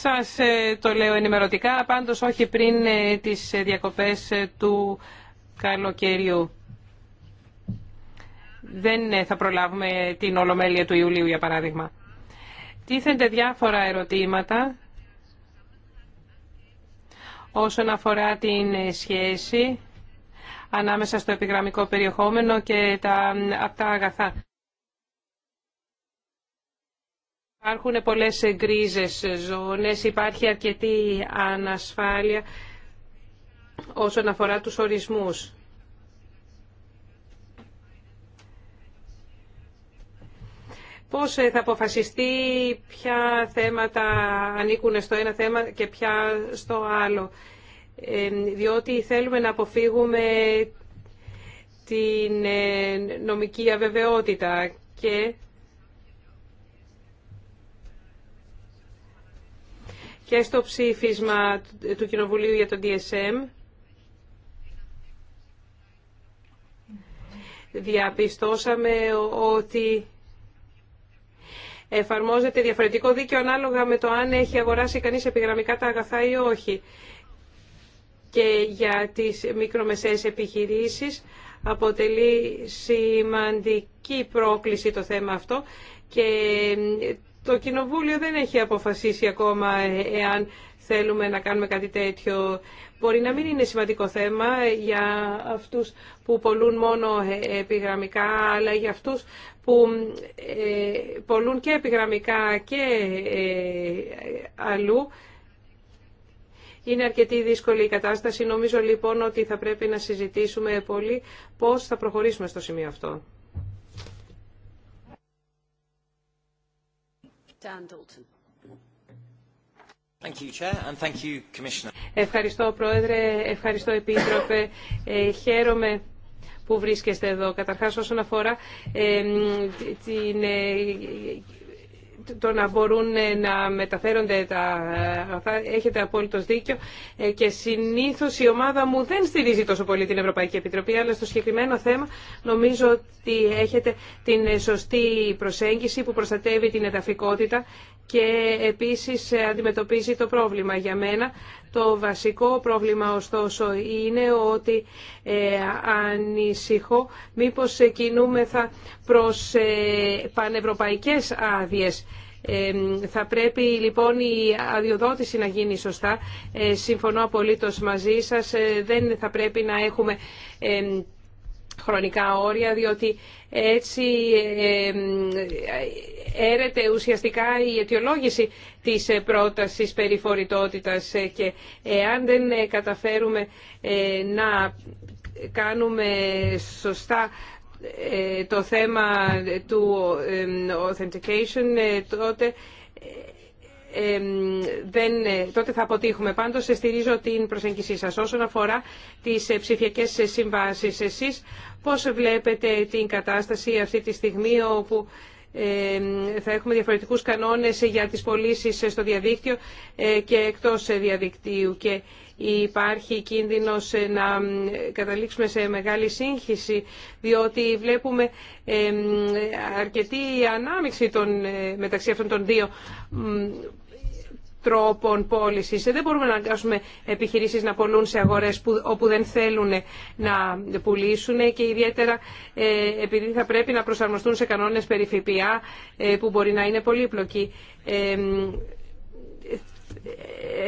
Σας ε, το λέω ενημερωτικά, πάντως όχι πριν ε, τις ε, διακοπές του καλοκαιριού. Δεν θα προλάβουμε την Ολομέλεια του Ιουλίου, για παράδειγμα. Τίθενται διάφορα ερωτήματα όσον αφορά την σχέση ανάμεσα στο επιγραμμικό περιεχόμενο και τα αυτά αγαθά. Υπάρχουν πολλές γκρίζες ζώνες, υπάρχει αρκετή ανασφάλεια όσον αφορά τους ορισμούς. Πώς ε, θα αποφασιστεί ποια θέματα ανήκουν στο ένα θέμα και ποια στο άλλο. Ε, διότι θέλουμε να αποφύγουμε την ε, νομική αβεβαιότητα και και στο ψήφισμα του Κοινοβουλίου για το DSM. Διαπιστώσαμε ότι εφαρμόζεται διαφορετικό δίκαιο ανάλογα με το αν έχει αγοράσει κανείς επιγραμμικά τα αγαθά ή όχι. Και για τις μικρομεσαίες επιχειρήσεις αποτελεί σημαντική πρόκληση το θέμα αυτό και το Κοινοβούλιο δεν έχει αποφασίσει ακόμα εάν θέλουμε να κάνουμε κάτι τέτοιο. Μπορεί να μην είναι σημαντικό θέμα για αυτούς που πολλούν μόνο ε, επιγραμμικά, αλλά για αυτούς που ε, πολλούν και επιγραμμικά και ε, αλλού, είναι αρκετή δύσκολη η κατάσταση. Νομίζω λοιπόν ότι θα πρέπει να συζητήσουμε πολύ πώς θα προχωρήσουμε στο σημείο αυτό. Ευχαριστώ, Πρόεδρε. Ευχαριστώ, Επίτροπε. Ε, χαίρομαι που βρίσκεστε εδώ. Καταρχάς, όσον αφορά ε, την ε, το να μπορούν ε, να μεταφέρονται τα ε, Έχετε απόλυτο δίκιο. Ε, και συνήθω η ομάδα μου δεν στηρίζει τόσο πολύ την Ευρωπαϊκή Επιτροπή, αλλά στο συγκεκριμένο θέμα νομίζω ότι έχετε την σωστή προσέγγιση που προστατεύει την εδαφικότητα και επίσης αντιμετωπίζει το πρόβλημα. Για μένα το βασικό πρόβλημα ωστόσο είναι ότι ε, ανησυχώ μήπως κινούμεθα προς ε, πανευρωπαϊκές άδειες. Ε, θα πρέπει λοιπόν η αδειοδότηση να γίνει σωστά. Ε, συμφωνώ απολύτως μαζί σας. Ε, δεν θα πρέπει να έχουμε χρονικά όρια, διότι έτσι ε, ε, έρεται ουσιαστικά η αιτιολόγηση της ε, πρότασης περιφορητότητας και εάν δεν καταφέρουμε να κάνουμε σωστά το θέμα του authentication, τότε δεν, ε, τότε θα αποτύχουμε. Πάντως στηρίζω την προσέγγιση σας όσον αφορά τις ε, ψηφιακέ συμβάσει Εσείς πώς βλέπετε την κατάσταση αυτή τη στιγμή όπου θα έχουμε διαφορετικούς κανόνες για τι πωλήσει στο διαδίκτυο ε, και εκτός διαδικτύου και υπάρχει κίνδυνος να καταλήξουμε σε μεγάλη σύγχυση διότι βλέπουμε αρκετή ανάμειξη των, μεταξύ αυτών των δύο τρόπων πώληση. Ε, δεν μπορούμε να αναγκάσουμε επιχειρήσεις να πολλούν σε αγορές όπου δεν θέλουν να πουλήσουν και ιδιαίτερα ε, επειδή θα πρέπει να προσαρμοστούν σε κανόνες περί ΦΠΑ ε, που μπορεί να είναι πολύπλοκοι.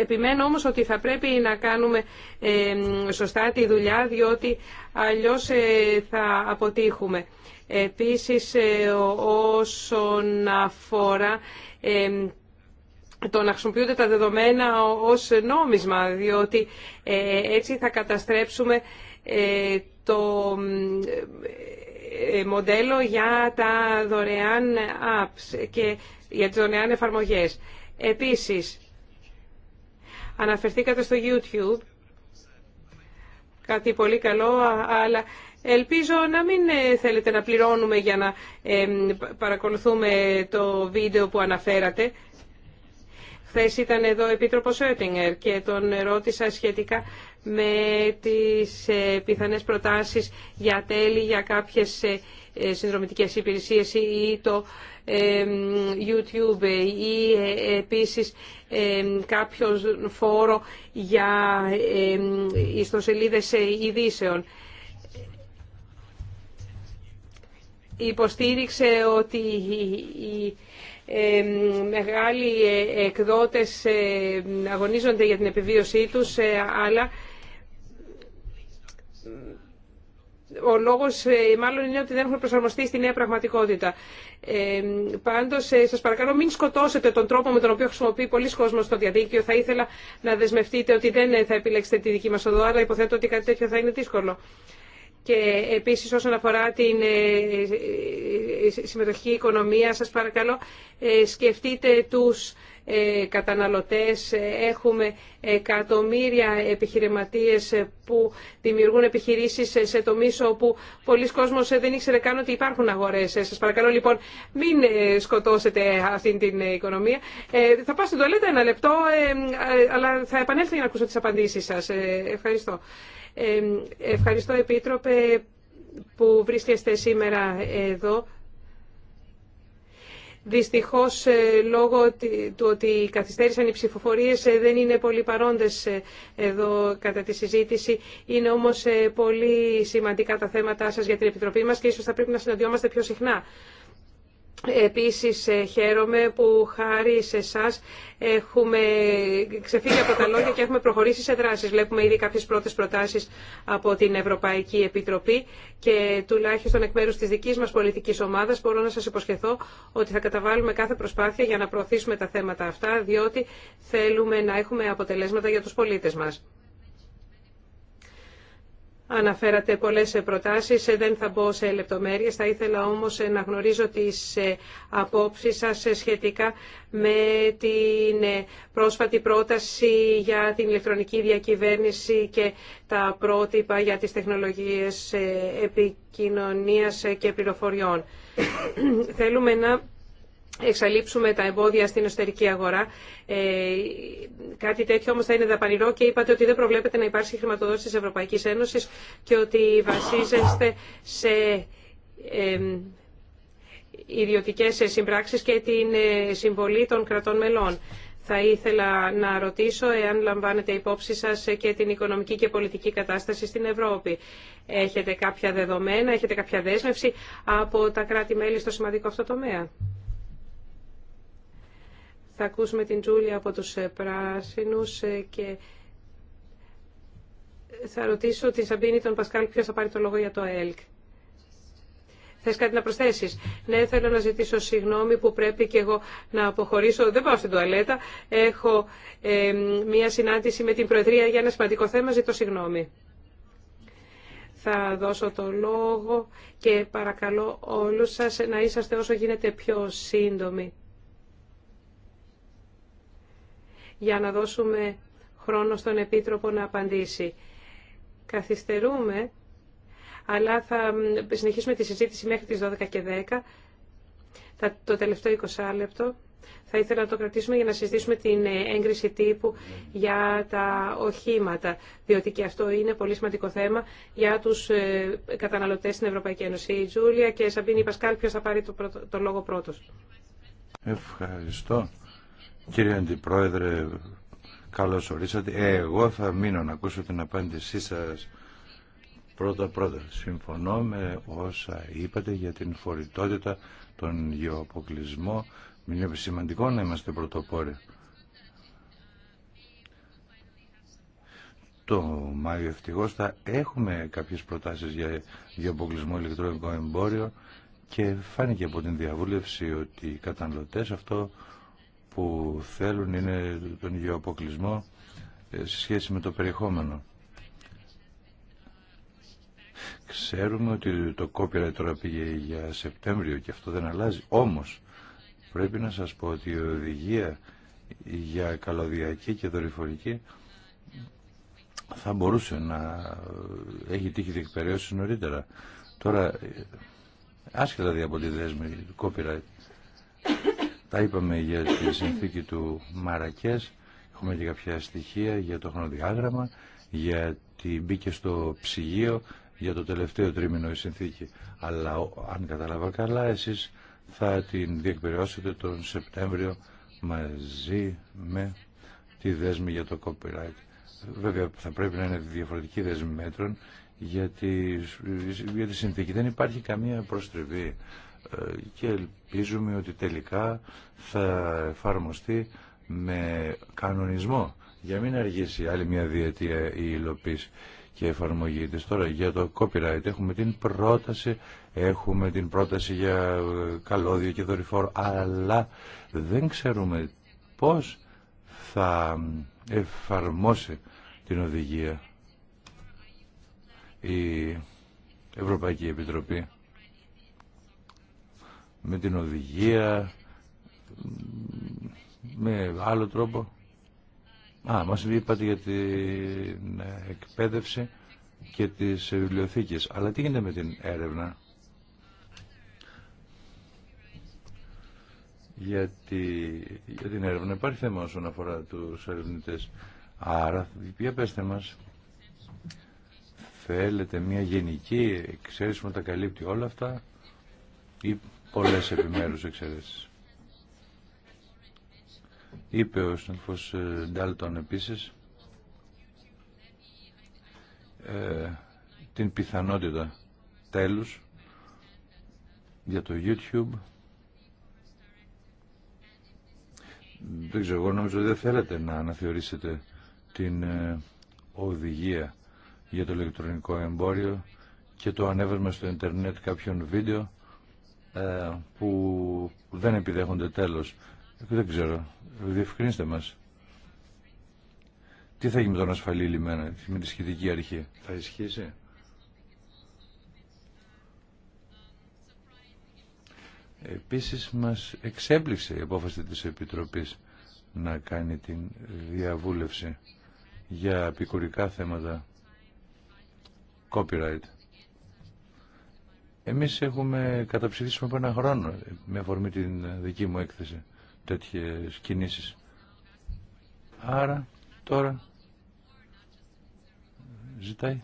Επιμένω όμως ότι θα πρέπει να κάνουμε σωστά τη δουλειά διότι αλλιώς θα αποτύχουμε. Επίσης όσον αφορά το να χρησιμοποιούνται τα δεδομένα ως νόμισμα, διότι ε, έτσι θα καταστρέψουμε ε, το ε, μοντέλο για τα δωρεάν apps και για τις δωρεάν εφαρμογές. Επίσης, αναφερθήκατε στο YouTube, κάτι πολύ καλό, αλλά ελπίζω να μην θέλετε να πληρώνουμε για να παρακολουθούμε το βίντεο που αναφέρατε. Χθε ήταν εδώ ο επίτροπο Σότιγκερ και τον ρώτησα σχετικά με τις ε, πιθανές προτάσεις για τέλη για κάποιες ε, ε, συνδρομητικές υπηρεσίες ή το YouTube ή επίσης κάποιο φόρο για ιστοσελίδες ειδήσεων. Υποστήριξε ότι η μεγάλοι ε, εκδότες ε, αγωνίζονται για την επιβίωσή τους, ε, αλλά ο λόγος μάλλον είναι ότι δεν έχουν προσαρμοστεί στη νέα πραγματικότητα. Ε, Πάντω, σα παρακαλώ, μην σκοτώσετε τον τρόπο με τον οποίο χρησιμοποιεί πολλοί κόσμο στο διαδίκτυο. Θα ήθελα να δεσμευτείτε ότι δεν θα επιλέξετε τη δική μα οδό, αλλά υποθέτω ότι κάτι τέτοιο θα είναι δύσκολο και επίσης όσον αφορά την ε, ε, ε, συμμετοχή οικονομία, σας παρακαλώ σκεφτείτε τους καταναλωτές. Έχουμε εκατομμύρια επιχειρηματίες που δημιουργούν επιχειρήσεις σε τομείς όπου πολλοί κόσμος δεν ήξερε καν ότι υπάρχουν αγορές. Σας παρακαλώ λοιπόν μην σκοτώσετε αυτή την οικονομία. Θα πάω στην τολέτα ένα λεπτό, αλλά θα επανέλθω για να ακούσω τις απαντήσεις σας. Ευχαριστώ. Ευχαριστώ, Επίτροπε, που βρίσκεστε σήμερα εδώ. Δυστυχώς, ε, λόγω του ότι καθυστέρησαν οι ψηφοφορίες, ε, δεν είναι πολύ παρόντες ε, εδώ κατά τη συζήτηση. Είναι όμως πολύ σημαντικά τα θέματα σας για την Επιτροπή μας και ίσως θα πρέπει να συναντιόμαστε πιο συχνά. Επίσης ε, χαίρομαι που χάρη σε εσά έχουμε ξεφύγει από τα λόγια και έχουμε προχωρήσει σε δράσεις. Βλέπουμε ήδη κάποιες πρώτες προτάσεις από την Ευρωπαϊκή Επιτροπή και τουλάχιστον εκ μέρους της δικής μας πολιτικής ομάδας μπορώ να σας υποσχεθώ ότι θα καταβάλουμε κάθε προσπάθεια για να προωθήσουμε τα θέματα αυτά διότι θέλουμε να έχουμε αποτελέσματα για τους πολίτες μας. Αναφέρατε πολλές προτάσεις, ε, δεν θα μπω σε λεπτομέρειες, θα ήθελα όμως ε, να γνωρίζω τις ε, απόψεις σας σχετικά με την πρόσφατη πρόταση για την ηλεκτρονική διακυβέρνηση και τα πρότυπα για τις τεχνολογίες επικοινωνίας και πληροφοριών. *clears throat* Θέλουμε να εξαλείψουμε τα εμπόδια στην εσωτερική αγορά. Ε, κάτι τέτοιο όμως θα είναι δαπανηρό και είπατε ότι δεν προβλέπετε να υπάρξει χρηματοδότηση της Ευρωπαϊκής Ένωσης και ότι βασίζεστε σε ε, ιδιωτικές συμπράξεις και την ε, συμβολή των κρατών μελών. Θα ήθελα να ρωτήσω εάν λαμβάνετε υπόψη σας και την οικονομική και πολιτική κατάσταση στην Ευρώπη. Έχετε κάποια δεδομένα, έχετε κάποια δέσμευση από τα κράτη-μέλη στο σημαντικό αυτό τομέα. Θα ακούσουμε την Τζούλια από τους ε, Πράσινους ε, και θα ρωτήσω την Σαμπίνη τον Πασκάλ ποιος θα πάρει το λόγο για το ΕΛΚ. Θε κάτι να προσθέσει. Ναι, θέλω να ζητήσω συγγνώμη που πρέπει και εγώ να αποχωρήσω. Δεν πάω στην τουαλέτα. Έχω ε, μία συνάντηση με την Προεδρία για ένα σημαντικό θέμα. Ζητώ συγγνώμη. Θα δώσω το λόγο και παρακαλώ όλους σας να είσαστε όσο γίνεται πιο σύντομοι. για να δώσουμε χρόνο στον Επίτροπο να απαντήσει. Καθυστερούμε, αλλά θα συνεχίσουμε τη συζήτηση μέχρι τις 12 και 10, το τελευταίο 20 λεπτό. Θα ήθελα να το κρατήσουμε για να συζητήσουμε την έγκριση τύπου για τα οχήματα, διότι και αυτό είναι πολύ σημαντικό θέμα για τους ε, καταναλωτές στην Ευρωπαϊκή Ένωση. Η Τζούλια και η Σαμπίνη Πασκάλ, ποιος θα πάρει το, το λόγο πρώτος. Ευχαριστώ. Κύριε Αντιπρόεδρε, καλώς ορίσατε. Ε, εγώ θα μείνω να ακούσω την απάντησή σας πρώτα-πρώτα. Συμφωνώ με όσα είπατε για την φορητότητα, τον Μην Είναι σημαντικό να είμαστε πρωτοπόροι. Το Μάιο ευτυχώ θα έχουμε κάποιες προτάσεις για γεωποκλεισμό ηλεκτρονικό εμπόριο και φάνηκε από την διαβούλευση ότι οι καταναλωτές αυτό που θέλουν είναι τον αποκλεισμό ε, σε σχέση με το περιεχόμενο. Ξέρουμε ότι το copyright τώρα πήγε για Σεπτέμβριο και αυτό δεν αλλάζει. Όμως πρέπει να σας πω ότι η οδηγία για καλωδιακή και δορυφορική θα μπορούσε να ε, έχει τύχει διεκπαιρέωση νωρίτερα. Τώρα, ε, άσχετα δηλαδή από τη δέσμη copyright, τα είπαμε για τη συνθήκη του Μαρακές, έχουμε και κάποια στοιχεία για το χρονοδιάγραμμα, γιατί μπήκε στο ψυγείο για το τελευταίο τρίμηνο η συνθήκη. Αλλά αν κατάλαβα καλά, εσείς θα την διεκπαιρεώσετε τον Σεπτέμβριο μαζί με τη δέσμη για το copyright. Βέβαια θα πρέπει να είναι διαφορετική δέσμη μέτρων γιατί για τη συνθήκη δεν υπάρχει καμία προστριβή. Ε, και ελπίζουμε ότι τελικά θα εφαρμοστεί με κανονισμό για μην αργήσει άλλη μια διετία η υλοποίηση και εφαρμογή της. Τώρα για το copyright έχουμε την πρόταση, έχουμε την πρόταση για ε, καλώδιο και δορυφόρο, αλλά δεν ξέρουμε πώς θα εφαρμόσει την οδηγία η Ευρωπαϊκή Επιτροπή με την οδηγία, με άλλο τρόπο. Α, μας είπατε για την εκπαίδευση και τις βιβλιοθήκες. Αλλά τι γίνεται με την έρευνα. Γιατί για την έρευνα υπάρχει θέμα όσον αφορά τους ερευνητές. Άρα, για πέστε μας, θέλετε μια γενική εξαίρεση που τα καλύπτει όλα αυτά ή πολλές επιμέρους εξαιρέσεις. Είπε ο συνάδελφος ε, Ντάλτον επίσης ε, την πιθανότητα τέλους για το YouTube. Δεν ξέρω, εγώ νομίζω δεν θέλετε να αναθεωρήσετε την ε, οδηγία για το ηλεκτρονικό εμπόριο και το ανέβασμα στο ίντερνετ κάποιων βίντεο ε, που δεν επιδέχονται τέλος. Δεν ξέρω. Διευκρινίστε μας. Τι θα γίνει με τον ασφαλή λιμένα, με τη σχετική αρχή. Θα ισχύσει. Επίσης μας εξέπληξε η απόφαση της Επιτροπής να κάνει την διαβούλευση για επικουρικά θέματα copyright. Εμείς έχουμε καταψηφίσει από ένα χρόνο με αφορμή την δική μου έκθεση τέτοιε κινήσει. Άρα τώρα ζητάει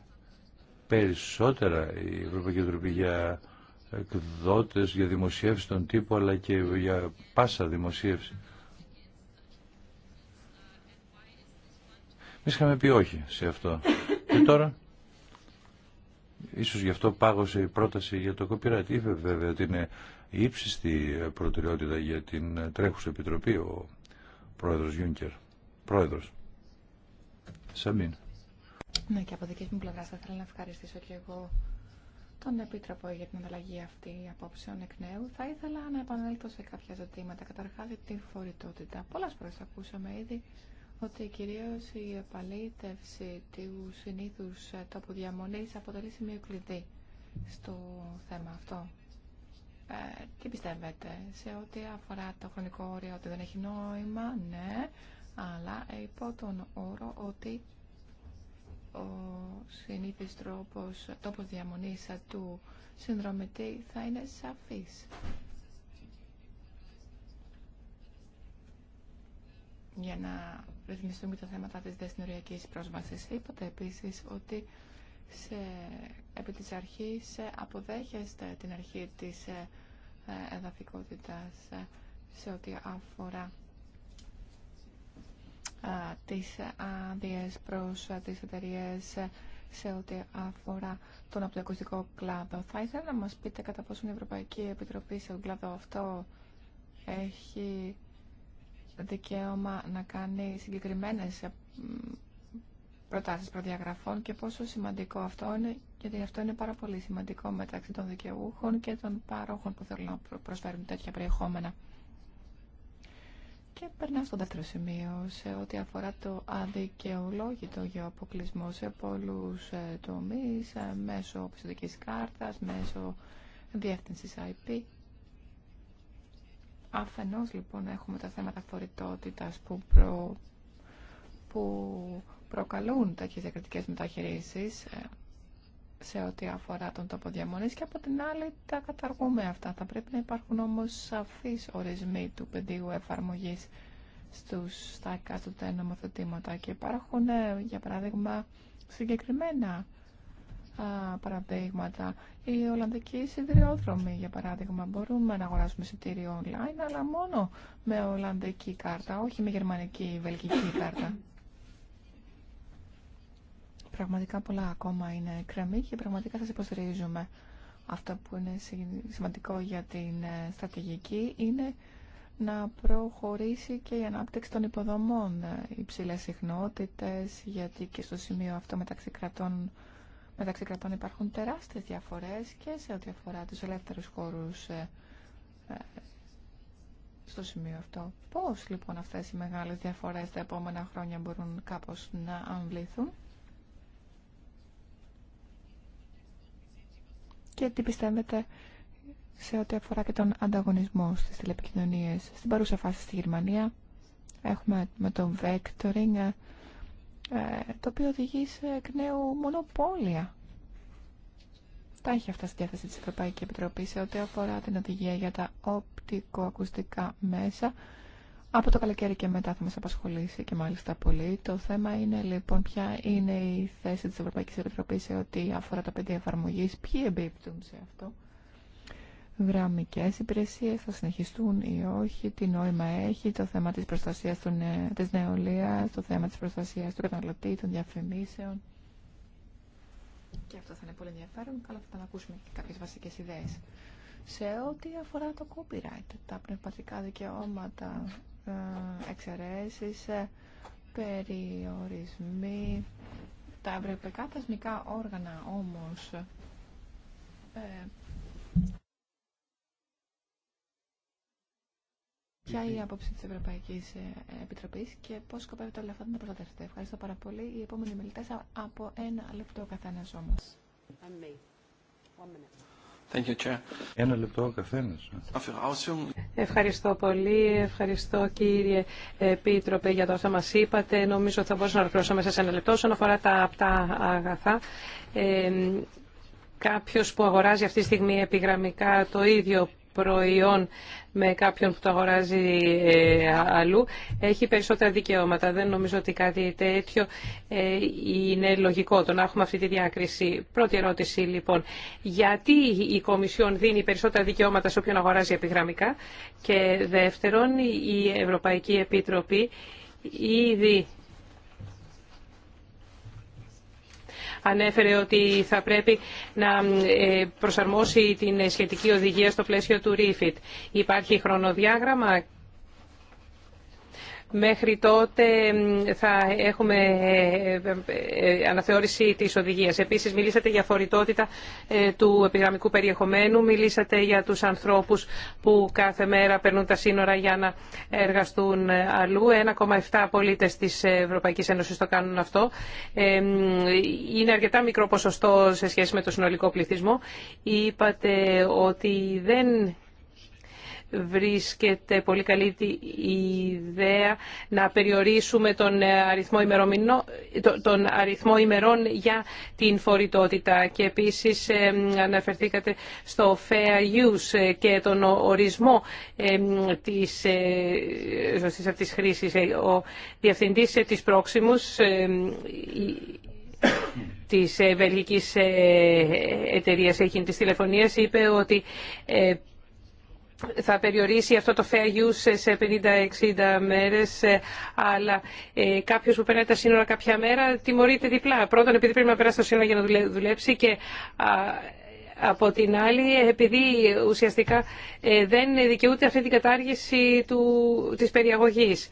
περισσότερα η Ευρωπαϊκή Επιτροπή για εκδότε για δημοσίευση των τύπων αλλά και για πάσα δημοσίευση. Εμεί είχαμε πει όχι σε αυτό. Και τώρα Ίσως γι' αυτό πάγωσε η πρόταση για το copyright. Είπε βέβαια ότι είναι η ύψιστη προτεραιότητα για την τρέχουσα επιτροπή ο πρόεδρος Γιούνκερ. Πρόεδρος. Σαμίν. Ναι, και από δική μου πλευρά θα ήθελα να ευχαριστήσω και εγώ τον Επίτροπο για την ανταλλαγή αυτή απόψεων εκ νέου. Θα ήθελα να επανέλθω σε κάποια ζητήματα. Καταρχάς, την φορητότητα. Πολλές φορές ακούσαμε ήδη ότι κυρίως η επαλήτευση του συνήθους τόπου διαμονής αποτελεί σημείο κλειδί στο θέμα αυτό. Ε, τι πιστεύετε σε ό,τι αφορά το χρονικό όριο ότι δεν έχει νόημα, ναι, αλλά υπό τον όρο ότι ο συνήθις τρόπος, τόπος διαμονής του συνδρομητή θα είναι σαφής. για να ρυθμιστούν και τα θέματα της δεσμευριακής πρόσβασης. Είπατε επίσης ότι σε, επί της αρχής ε, αποδέχεστε την αρχή της ε, ε, εδαφικότητας σε ό,τι αφορά τις άδειε προς τις εταιρείε σε ό,τι αφορά τον οπτικοακουστικό κλάδο. Θα ήθελα να μας πείτε κατά πόσο η Ευρωπαϊκή Επιτροπή σε τον κλάδο αυτό έχει δικαίωμα να κάνει συγκεκριμένες ε, προτάσεις προδιαγραφών και πόσο σημαντικό αυτό είναι, γιατί αυτό είναι πάρα πολύ σημαντικό μεταξύ των δικαιούχων και των παρόχων που θέλουν να προσφέρουν τέτοια περιεχόμενα. Και περνάω στο δεύτερο σημείο, σε ό,τι αφορά το αδικαιολόγητο γεωποκλεισμό σε πολλούς ε, τομείς, ε, μέσω ψηφιακή κάρτα, μέσω διεύθυνση IP Αφενός λοιπόν έχουμε τα θέματα φορητότητας που, προ... που προκαλούν τέτοιες διακριτικές μεταχειρήσεις ε, σε ό,τι αφορά τον τόπο και από την άλλη τα καταργούμε αυτά. Θα πρέπει να υπάρχουν όμως σαφείς ορισμοί του πεδίου εφαρμογής στους, στα εκάστοτε νομοθετήματα και υπάρχουν ε, για παράδειγμα συγκεκριμένα α, παραδείγματα. Οι Ολλανδικοί σιδηρόδρομοι, για παράδειγμα, μπορούμε να αγοράσουμε εισιτήριο online, αλλά μόνο με Ολλανδική κάρτα, όχι με Γερμανική ή Βελγική κάρτα. Πραγματικά πολλά ακόμα είναι κρεμή και πραγματικά σας υποστηρίζουμε. Αυτό που είναι σημαντικό για την ε, στρατηγική είναι να προχωρήσει και η ανάπτυξη των υποδομών, ε, υψηλές συχνότητες, γιατί και στο σημείο αυτό μεταξύ κρατών μεταξύ κρατών υπάρχουν τεράστιες διαφορές και σε ό,τι αφορά τους ελεύθερους χώρους ε, ε, στο σημείο αυτό. Πώς λοιπόν αυτές οι μεγάλες διαφορές τα επόμενα χρόνια μπορούν κάπως να αμβληθούν και τι πιστεύετε σε ό,τι αφορά και τον ανταγωνισμό στις τηλεπικοινωνίες. Στην παρούσα φάση στη Γερμανία έχουμε με τον vectoring ε, ε, το οποίο οδηγεί σε εκ νέου μονοπόλια. Τα έχει αυτά στη διάθεση της Ευρωπαϊκής Επιτροπής σε ό,τι αφορά την οδηγία για τα οπτικοακουστικά μέσα. Από το καλοκαίρι και μετά θα μας απασχολήσει και μάλιστα πολύ. Το θέμα είναι λοιπόν ποια είναι η θέση της Ευρωπαϊκής Επιτροπής σε ό,τι αφορά τα πέντε εφαρμογής, ποιοι εμπίπτουν σε αυτό γραμμικές υπηρεσίες θα συνεχιστούν ή όχι, τι νόημα έχει το θέμα της προστασίας των, της νεολείας το θέμα της προστασίας του καταναλωτή, των διαφημίσεων. Και αυτό θα είναι πολύ ενδιαφέρον. Καλά θα τα ακούσουμε και κάποιες βασικές ιδέες. Σε ό,τι αφορά το copyright, τα πνευματικά δικαιώματα, ε, εξαιρέσεις, ε, περιορισμοί, τα ευρωπαϊκά θεσμικά όργανα όμως ε, Ποια είναι η άποψη τη Ευρωπαϊκή ε, Επιτροπή και πώ σκοπεύετε όλα αυτά να προστατεύσετε. Ευχαριστώ πάρα πολύ. Οι επόμενοι μιλητέ από ένα λεπτό καθένα όμω. Ένα λεπτό ο καθένα. Ευχαριστώ πολύ. Ευχαριστώ κύριε Επίτροπε για το όσα μα είπατε. Νομίζω ότι θα μπορούσα να ολοκληρώσω μέσα σε ένα λεπτό. Όσον αφορά τα απτά αγαθά, ε, κάποιο που αγοράζει αυτή τη στιγμή επιγραμμικά το ίδιο προϊόν με κάποιον που το αγοράζει ε, αλλού έχει περισσότερα δικαιώματα. Δεν νομίζω ότι κάτι τέτοιο ε, είναι λογικό το να έχουμε αυτή τη διάκριση. Πρώτη ερώτηση λοιπόν. Γιατί η Κομισιόν δίνει περισσότερα δικαιώματα σε όποιον αγοράζει επιγραμμικά και δεύτερον η Ευρωπαϊκή Επίτροπη ήδη ανέφερε ότι θα πρέπει να ε, προσαρμόσει την σχετική οδηγία στο πλαίσιο του REFIT. Υπάρχει χρονοδιάγραμμα Μέχρι τότε θα έχουμε ε, ε, αναθεώρηση της οδηγίας. Επίσης, μιλήσατε για φορητότητα ε, του επιγραμμικού περιεχομένου, μιλήσατε για τους ανθρώπους που κάθε μέρα περνούν τα σύνορα για να εργαστούν αλλού. 1,7 πολίτε τη Ευρωπαϊκή Ένωση το κάνουν αυτό. Είναι αρκετά μικρό ποσοστό σε σχέση με το συνολικό πληθυσμό. Είπατε ότι δεν βρίσκεται πολύ καλή η ιδέα να περιορίσουμε τον αριθμό, τον αριθμό ημερών για την φορητότητα. Και επίσης ε, αναφερθήκατε στο fair use και τον ορισμό ε, της ζωστής ε, χρήσης. Ο διευθυντής της Πρόξιμους της βελγικής εταιρείας εκείνη της τηλεφωνίας είπε ότι θα περιορίσει αυτό το fair use σε 50-60 μέρες, ε, αλλά ε, κάποιος που περνάει τα σύνορα κάποια μέρα τιμωρείται διπλά. Πρώτον, επειδή πρέπει να περάσει το σύνορα για να δουλέψει και α, από την άλλη, επειδή ουσιαστικά ε, δεν δικαιούται αυτή την κατάργηση του, της περιαγωγής.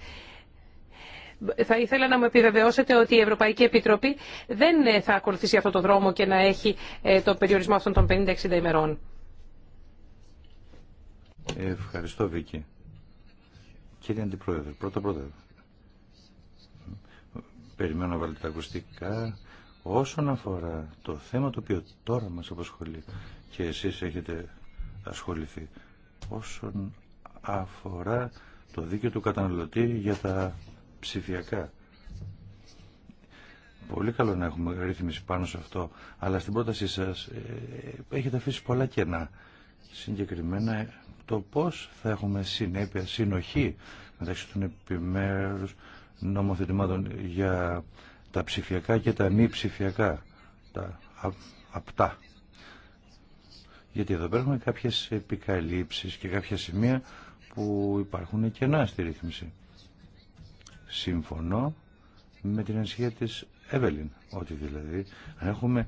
Θα ήθελα να μου επιβεβαιώσετε ότι η Ευρωπαϊκή Επιτροπή δεν θα ακολουθήσει αυτό το δρόμο και να έχει ε, το περιορισμό αυτών των 50-60 ημερών. Ευχαριστώ, Βίκη. Κύριε Αντιπρόεδρε, πρώτα-πρώτα. Περιμένω να βάλετε τα ακουστικά. Όσον αφορά το θέμα το οποίο τώρα μας απασχολεί και εσείς έχετε ασχοληθεί, όσον αφορά το δίκαιο του καταναλωτή για τα ψηφιακά. Πολύ καλό να έχουμε ρύθμιση πάνω σε αυτό, αλλά στην πρότασή σας ε, έχετε αφήσει πολλά κενά. Συγκεκριμένα το πώς θα έχουμε συνέπεια, συνοχή μεταξύ των επιμέρους νομοθετημάτων για τα ψηφιακά και τα μη ψηφιακά, τα απτά. Γιατί εδώ πέρα έχουμε κάποιες επικαλύψεις και κάποια σημεία που υπάρχουν κενά στη ρύθμιση. Συμφωνώ με την ανησυχία της Εύελιν, ότι δηλαδή αν έχουμε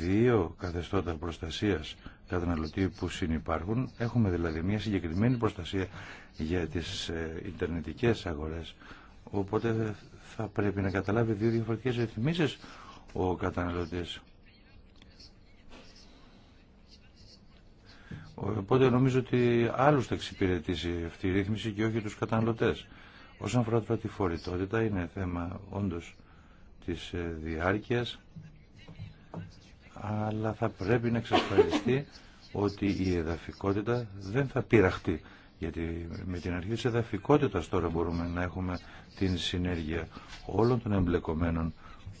δύο καθεστώτα προστασίας καταναλωτή που συνεπάρχουν. Έχουμε δηλαδή μια συγκεκριμένη προστασία για τις ε, ιντερνετικές αγορές. Οπότε θα πρέπει να καταλάβει δύο διαφορετικές ρυθμίσεις ο καταναλωτής. Οπότε νομίζω ότι άλλους θα εξυπηρετήσει αυτή η ρύθμιση και όχι τους καταναλωτές. Όσον αφορά τη φορητότητα είναι θέμα όντως της ε, διάρκειας αλλά θα πρέπει να εξασφαλιστεί ότι η εδαφικότητα δεν θα πειραχτεί. Γιατί με την αρχή της εδαφικότητας τώρα μπορούμε να έχουμε την συνέργεια όλων των εμπλεκομένων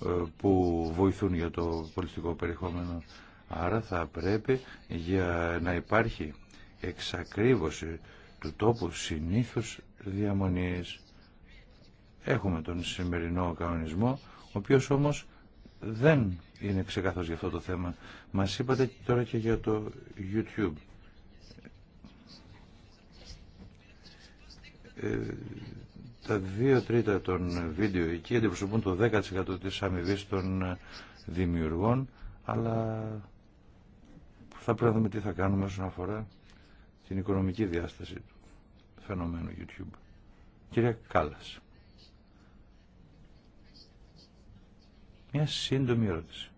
ε, που βοηθούν για το πολιτικό περιεχόμενο. Άρα θα πρέπει για να υπάρχει εξακρίβωση του τόπου συνήθους διαμονής. Έχουμε τον σημερινό κανονισμό, ο οποίος όμως δεν είναι ξεκάθαρο για αυτό το θέμα. Μας είπατε τώρα και για το YouTube. Ε, τα δύο τρίτα των βίντεο εκεί αντιπροσωπούν το 10% της αμοιβή των δημιουργών, αλλά θα πρέπει να δούμε τι θα κάνουμε όσον αφορά την οικονομική διάσταση του φαινομένου YouTube. Κυρία Κάλλας. Μια σύντομη ερώτηση.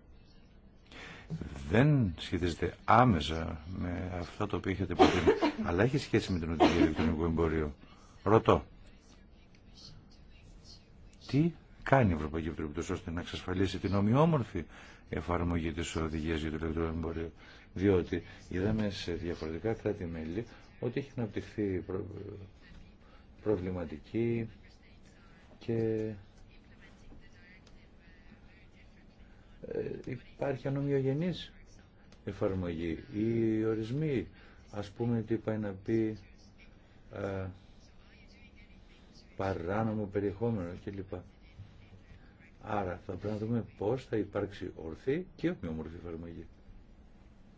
Δεν σχετίζεται άμεσα με αυτά τα οποία είχατε προτείνει, αλλά έχει σχέση με την οδηγία ηλεκτρονικού εμπορίου. Ρωτώ, τι κάνει η Ευρωπαϊκή Επιτροπή ώστε να εξασφαλίσει την ομοιόμορφη εφαρμογή τη οδηγία για το ηλεκτρονικό εμπορίο. Διότι είδαμε σε διαφορετικά κράτη-μέλη ότι έχει αναπτυχθεί προβληματική και Ε, υπάρχει ανομοιογενής εφαρμογή ή ορισμοί ας πούμε τι πάει να πει ε, παράνομο περιεχόμενο κλπ. Άρα θα πρέπει να δούμε πώς θα υπάρξει ορθή και ομοιόμορφη εφαρμογή.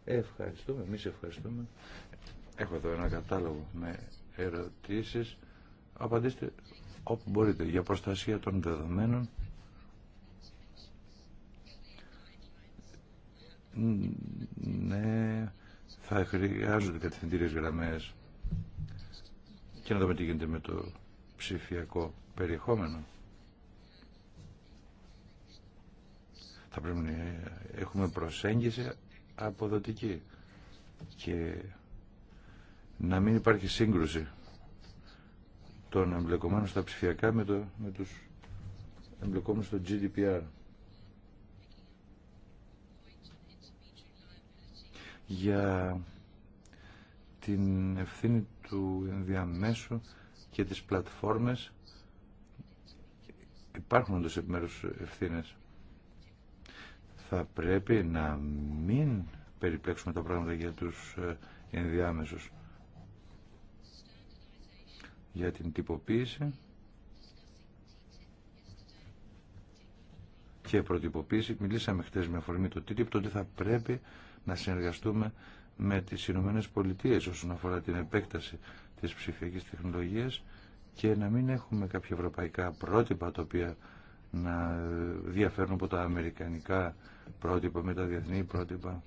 Ευχαριστούμε, εμείς ευχαριστούμε. Έχω εδώ ένα κατάλογο με ερωτήσεις. Απαντήστε όπου μπορείτε για προστασία των δεδομένων Ναι, θα χρειάζονται κατευθυντήριε γραμμέ και να δούμε τι γίνεται με το ψηφιακό περιεχόμενο. Θα πρέπει να έχουμε προσέγγιση αποδοτική και να μην υπάρχει σύγκρουση των εμπλεκομένων στα ψηφιακά με, το, με τους εμπλεκόμενους στο GDPR. για την ευθύνη του ενδιαμέσου και τις πλατφόρμες υπάρχουν όντως επιμέρους ευθύνες. Θα πρέπει να μην περιπλέξουμε τα πράγματα για τους ε, ενδιάμεσους. Για την τυποποίηση και προτυποποίηση. Μιλήσαμε χτες με αφορμή το TTIP, τότε θα πρέπει να συνεργαστούμε με τις Ηνωμένες Πολιτείες όσον αφορά την επέκταση της ψηφιακής τεχνολογίας και να μην έχουμε κάποια ευρωπαϊκά πρότυπα τα οποία να διαφέρουν από τα αμερικανικά πρότυπα με τα διεθνή πρότυπα.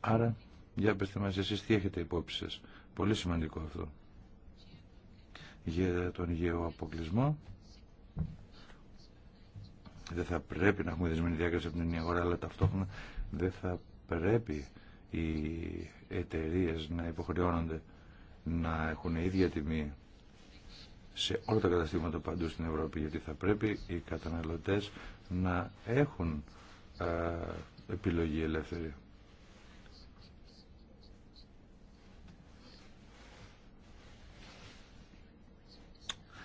Άρα, για πετε μας εσείς τι έχετε υπόψη σας. Πολύ σημαντικό αυτό. Για τον γεωαποκλεισμό δεν θα πρέπει να έχουμε δεσμενή διάκριση από την ενιαία αγορά, αλλά ταυτόχρονα δεν θα πρέπει οι εταιρείε να υποχρεώνονται να έχουν ίδια τιμή σε όλα τα καταστήματα παντού στην Ευρώπη, γιατί θα πρέπει οι καταναλωτές να έχουν επιλογή ελεύθερη.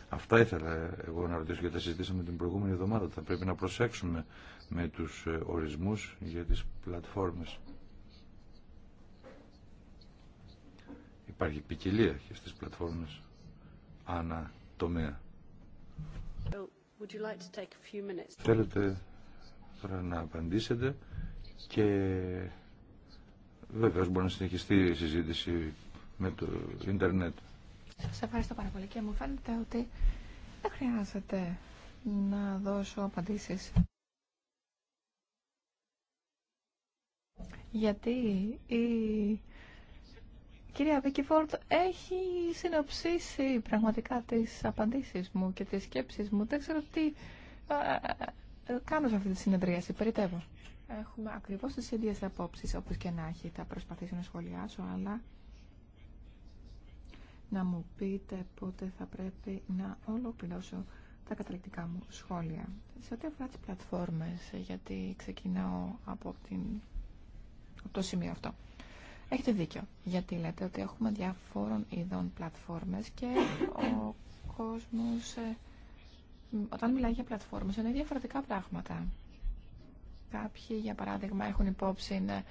Αυτά ήθελα εγώ να ρωτήσω γιατί τα συζητήσαμε την προηγούμενη εβδομάδα. Θα πρέπει να προσέξουμε με τους ε, ορισμούς για τις πλατφόρμες. Υπάρχει ποικιλία και στις πλατφόρμες ανά τομέα. Θέλετε τώρα να απαντήσετε και βεβαίω μπορεί να συνεχιστεί η συζήτηση με το ίντερνετ. Σας ευχαριστώ πάρα πολύ και μου φαίνεται ότι δεν χρειάζεται να δώσω απαντήσεις. Γιατί η κυρία Βίκη Φόρτ έχει συνοψίσει πραγματικά τις απαντήσεις μου και τις σκέψεις μου. Δεν ξέρω τι κάνω σε αυτή τη συνεδρίαση. Περιτεύω. Έχουμε ακριβώς τις ίδιες απόψεις όπως και να έχει. Θα προσπαθήσω να σχολιάσω, αλλά να μου πείτε πότε θα πρέπει να ολοκληρώσω τα καταληκτικά μου σχόλια. Σε ό,τι αφορά τις πλατφόρμες, γιατί ξεκινάω από, την... το σημείο αυτό. Έχετε δίκιο, γιατί λέτε ότι έχουμε διαφόρων ειδών πλατφόρμες και ο κόσμος, ε, όταν μιλάει για πλατφόρμες, είναι διαφορετικά πράγματα. Κάποιοι, για παράδειγμα, έχουν υπόψη ε,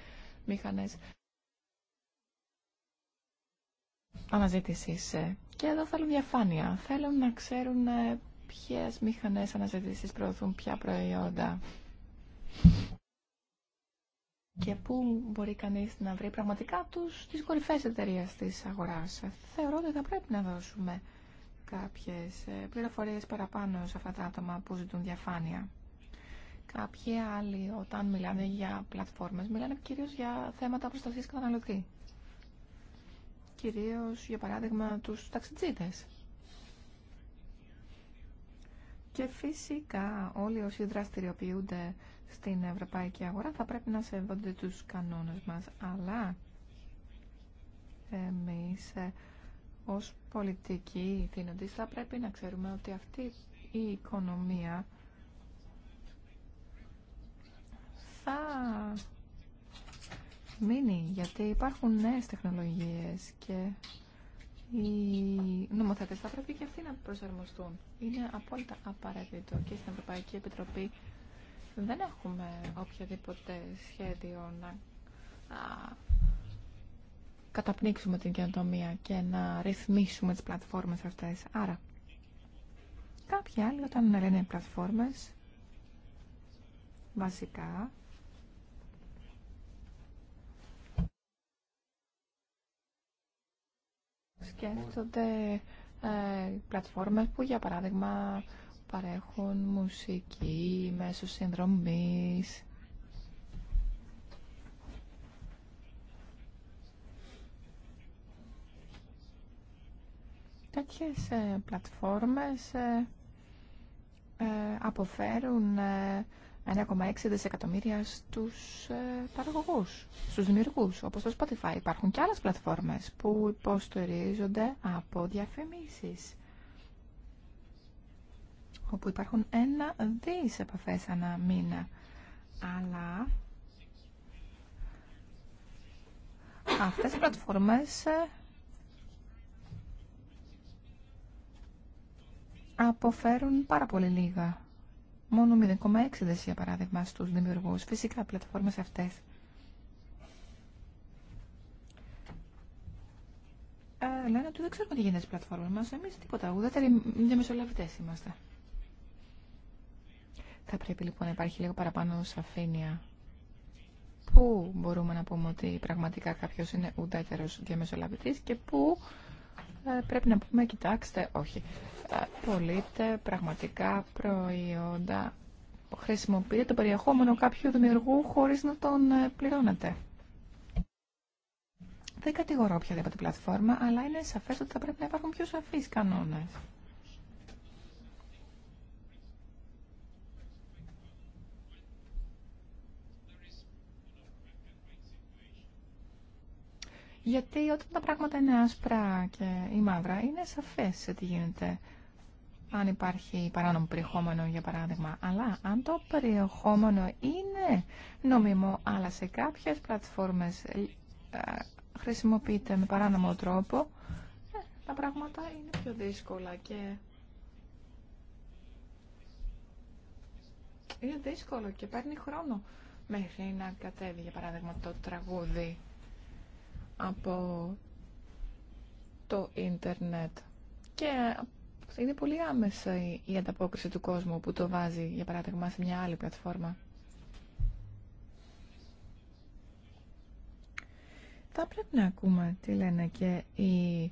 μηχανές αναζήτησης. Ε, και εδώ θέλουν διαφάνεια. Θέλουν να ξέρουν ε, ποιες μηχανές αναζήτησης προωθούν ποια προϊόντα. Και πού μπορεί κανείς να βρει πραγματικά τους, τις κορυφές τη της αγοράς. Θεωρώ ότι θα πρέπει να δώσουμε κάποιες ε, πληροφορίες παραπάνω σε αυτά τα άτομα που ζητούν διαφάνεια. Κάποιοι άλλοι όταν μιλάνε για πλατφόρμες μιλάνε κυρίως για θέματα προστασίας καταναλωτή κυρίως για παράδειγμα τους ταξιτζίδες. Και φυσικά όλοι όσοι δραστηριοποιούνται στην ευρωπαϊκή αγορά θα πρέπει να σεβόνται τους κανόνες μας. Αλλά εμείς ε, ως πολιτικοί θύνοντες θα πρέπει να ξέρουμε ότι αυτή η οικονομία θα μείνει, γιατί υπάρχουν νέες τεχνολογίες και οι νομοθέτες θα πρέπει και αυτοί να προσαρμοστούν. Είναι απόλυτα απαραίτητο και στην Ευρωπαϊκή Επιτροπή δεν έχουμε οποιαδήποτε σχέδιο να καταπνίξουμε την καινοτομία και να ρυθμίσουμε τις πλατφόρμες αυτές. Άρα, κάποιοι άλλοι όταν λένε πλατφόρμες, βασικά σκέφτονται ε, πλατφόρμες που για παράδειγμα παρέχουν μουσική μέσω συνδρομής. Τέτοιες ε, πλατφόρμες ε, ε, αποφέρουν ε, 1,6 δισεκατομμύρια στους ε, παραγωγούς, στους δημιουργούς, όπως το Spotify. Υπάρχουν και άλλες πλατφόρμες που υποστηρίζονται από διαφημίσεις, όπου υπάρχουν ένα δις επαφές ανά μήνα. Αλλά αυτές οι πλατφόρμες ε, αποφέρουν πάρα πολύ λίγα μόνο 0,6 για παράδειγμα στους δημιουργούς. Φυσικά, πλατφόρμες αυτές ε, λένε ότι δεν ξέρουμε τι γίνεται στις πλατφόρμες μας. Εμείς τίποτα, ουδέτεροι διαμεσολαβητές είμαστε. Θα πρέπει λοιπόν να υπάρχει λίγο παραπάνω σαφήνεια. Πού μπορούμε να πούμε ότι πραγματικά κάποιος είναι ουδέτερος διαμεσολαβητής και πού ε, πρέπει να πούμε, κοιτάξτε, όχι, ε, Πωλείτε πραγματικά προϊόντα χρησιμοποιείτε το περιεχόμενο κάποιου δημιουργού χωρίς να τον ε, πληρώνετε. Δεν κατηγορώ οποιαδήποτε πλατφόρμα, αλλά είναι σαφές ότι θα πρέπει να υπάρχουν πιο σαφείς κανόνες. Γιατί όταν τα πράγματα είναι άσπρα και η μαύρα, είναι σαφές τι γίνεται. Αν υπάρχει παράνομο περιεχόμενο, για παράδειγμα. Αλλά αν το περιεχόμενο είναι νομιμό, αλλά σε κάποιες πλατφόρμες ε, χρησιμοποιείται με παράνομο τρόπο, ε, τα πράγματα είναι πιο δύσκολα και είναι δύσκολο και παίρνει χρόνο μέχρι να κατέβει για παράδειγμα το τραγούδι από το ίντερνετ. Και είναι πολύ άμεσα η ανταπόκριση του κόσμου που το βάζει, για παράδειγμα, σε μια άλλη πλατφόρμα. Θα πρέπει να ακούμε τι λένε και οι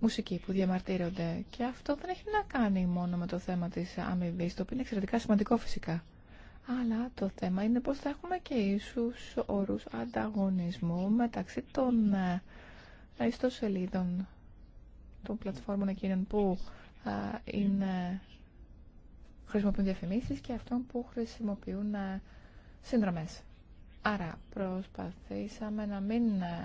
μουσικοί που διαμαρτύρονται. Και αυτό δεν έχει να κάνει μόνο με το θέμα της αμοιβή, το οποίο είναι εξαιρετικά σημαντικό φυσικά. Αλλά το θέμα είναι πώς θα έχουμε και ίσους όρους ανταγωνισμού μεταξύ των ε, ιστοσελίδων των πλατφόρμων εκείνων που ε, χρησιμοποιούν διαφημίσεις και αυτών που χρησιμοποιούν ε, σύνδρομες. Άρα προσπαθήσαμε να μην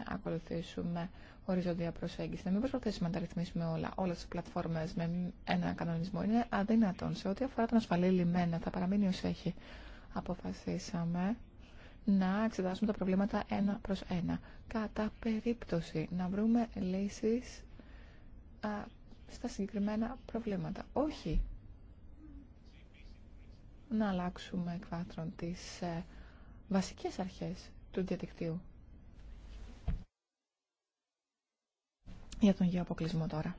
ακολουθήσουμε οριζόντια προσέγγιση, να μην προσπαθήσουμε να τα ρυθμίσουμε όλα, όλες τις πλατφόρμες με ένα κανονισμό. Είναι αδύνατον. Σε ό,τι αφορά τον ασφαλή λιμένα θα παραμείνει ως έχει αποφασίσαμε να εξετάσουμε τα προβλήματα ένα προς ένα. Κατά περίπτωση να βρούμε λύσεις στα συγκεκριμένα προβλήματα. Όχι να αλλάξουμε εκβάθρον τις ε, βασικές αρχές του διαδικτύου. Για τον γεωποκλεισμό τώρα.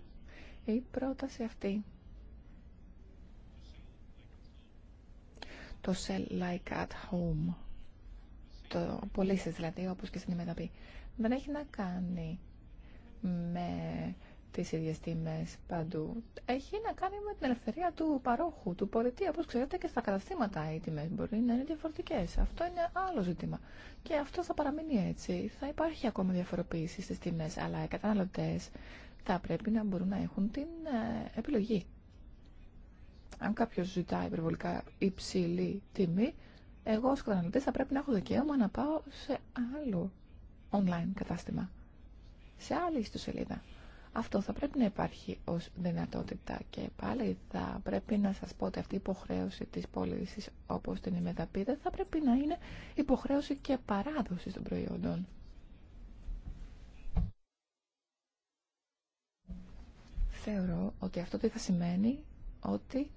Η πρόταση αυτή το sell like at home, το πωλήσει δηλαδή όπω και στην ημεταπή, δεν έχει να κάνει με τι ίδιε τιμέ παντού. Έχει να κάνει με την ελευθερία του παρόχου, του πολιτή. όπω ξέρετε και στα καταστήματα οι τιμέ μπορεί να είναι διαφορετικέ. Αυτό είναι άλλο ζήτημα. Και αυτό θα παραμείνει έτσι. Θα υπάρχει ακόμα διαφοροποίηση στι τιμέ, αλλά οι καταναλωτέ θα πρέπει να μπορούν να έχουν την ε, επιλογή. Αν κάποιο ζητά υπερβολικά υψηλή τιμή, εγώ ως καταναλωτή θα πρέπει να έχω δικαίωμα να πάω σε άλλο online κατάστημα, σε άλλη ιστοσελίδα. Αυτό θα πρέπει να υπάρχει ως δυνατότητα και πάλι θα πρέπει να σας πω ότι αυτή η υποχρέωση της πώληση όπως την ημεδαπίδα θα πρέπει να είναι υποχρέωση και παράδοση των προϊόντων. Θεωρώ ότι αυτό τι θα σημαίνει ότι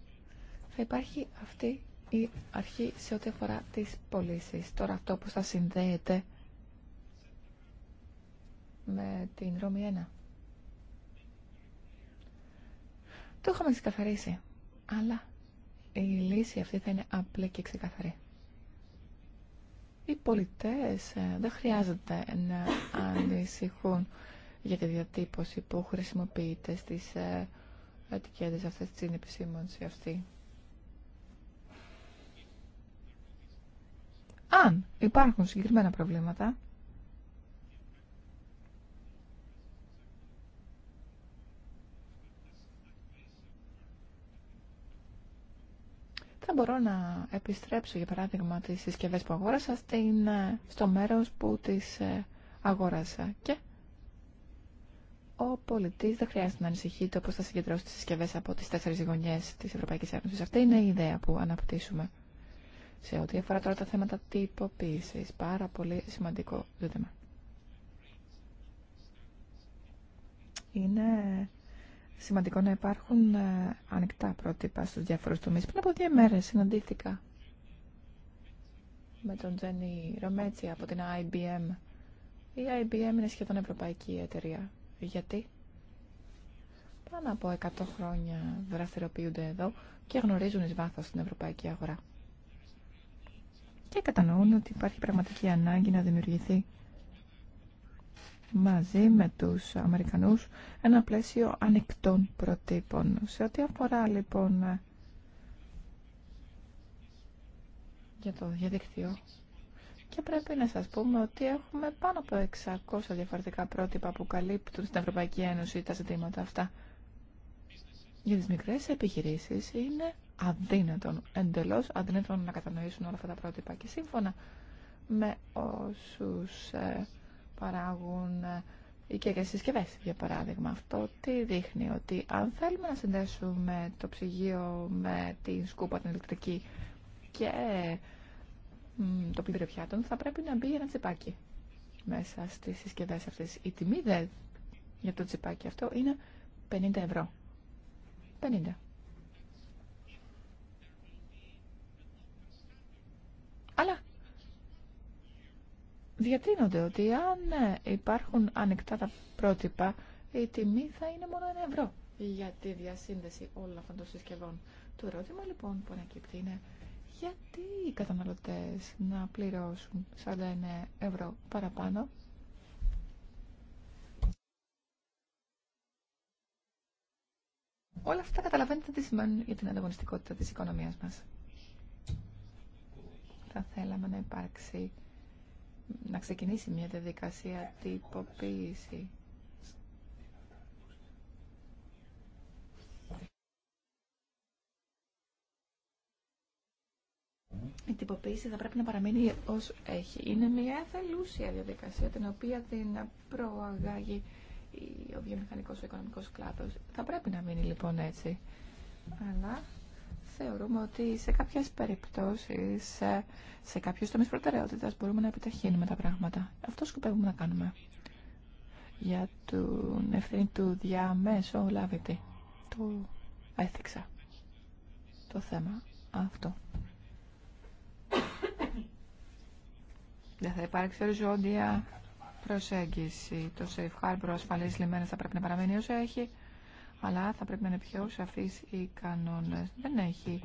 θα υπάρχει αυτή η αρχή σε ό,τι αφορά τις πωλήσει. Τώρα αυτό που θα συνδέεται με την Ρώμη 1. Το είχαμε ξεκαθαρίσει, αλλά η λύση αυτή θα είναι απλή και ξεκαθαρή. Οι πολιτές ε, δεν χρειάζεται να ανησυχούν για τη διατύπωση που χρησιμοποιείται στις ε, ετικέτες αυτές της επισήμωση αυτή. αν υπάρχουν συγκεκριμένα προβλήματα, θα μπορώ να επιστρέψω, για παράδειγμα, τις συσκευές που αγόρασα στην, ε, στο μέρος που τις ε, αγόρασα. Και ο πολιτής δεν χρειάζεται να ανησυχεί το πώς θα συγκεντρώσει τις συσκευές από τις τέσσερις γωνιές της Ευρωπαϊκής Ένωσης. Αυτή είναι η ιδέα που αναπτύσσουμε. Σε ό,τι αφορά τώρα τα θέματα τυποποίησης, πάρα πολύ σημαντικό ζήτημα. Είναι σημαντικό να υπάρχουν ε, ανοιχτά πρότυπα στους διάφορους τομείς. Πριν από δύο μέρες συναντήθηκα με τον Τζένι Ρομέτσι από την IBM. Η IBM είναι σχεδόν ευρωπαϊκή εταιρεία. Γιατί? Πάνω από 100 χρόνια δραστηριοποιούνται εδώ και γνωρίζουν εις βάθος την ευρωπαϊκή αγορά και κατανοούν ότι υπάρχει πραγματική ανάγκη να δημιουργηθεί μαζί με τους Αμερικανούς ένα πλαίσιο ανοιχτών προτύπων. Σε ό,τι αφορά λοιπόν για το διαδικτύο και πρέπει να σας πούμε ότι έχουμε πάνω από 600 διαφορετικά πρότυπα που καλύπτουν στην Ευρωπαϊκή Ένωση τα ζητήματα αυτά. Για τις μικρές επιχειρήσεις είναι αδύνατον, εντελώς αδύνατον να κατανοήσουν όλα αυτά τα πρότυπα. Και σύμφωνα με όσους ε, παράγουν ε, και συσκευέ. για παράδειγμα, αυτό τι δείχνει, ότι αν θέλουμε να συνδέσουμε το ψυγείο με την σκούπα την ηλεκτρική και το πλήρω πιάτων, θα πρέπει να μπει ένα τσιπάκι μέσα στις συσκευές αυτές. Η τιμή δε για το τσιπάκι αυτό είναι 50 ευρώ. 50. διατείνονται ότι αν ε, υπάρχουν ανοιχτά τα πρότυπα, η τιμή θα είναι μόνο ένα ευρώ για τη διασύνδεση όλων αυτών των συσκευών. Το ερώτημα λοιπόν που ανακύπτει είναι γιατί οι καταναλωτές να πληρώσουν 49 ευρώ παραπάνω Όλα αυτά καταλαβαίνετε τι σημαίνουν για την ανταγωνιστικότητα της οικονομίας μας. Θα θέλαμε να υπάρξει να ξεκινήσει μια διαδικασία τυποποίηση. Η τυποποίηση θα πρέπει να παραμείνει όσο έχει. Είναι μια εθελούσια διαδικασία την οποία την προαγάγει ο βιομηχανικός ο οικονομικός κλάδος. Θα πρέπει να μείνει λοιπόν έτσι. Αλλά θεωρούμε ότι σε κάποιε περιπτώσει σε, σε κάποιους τομείς προτεραιότητας μπορούμε να επιταχύνουμε τα πράγματα. Αυτό σκοπεύουμε να κάνουμε για την ευθύνη του διαμέσου λάβετε, Το έθιξα το θέμα αυτό. Δεν θα υπάρξει οριζόντια προσέγγιση. Το safe harbor ασφαλής λιμένες θα πρέπει να παραμείνει όσο έχει αλλά θα πρέπει να είναι πιο σαφείς οι κανόνες. Δεν έχει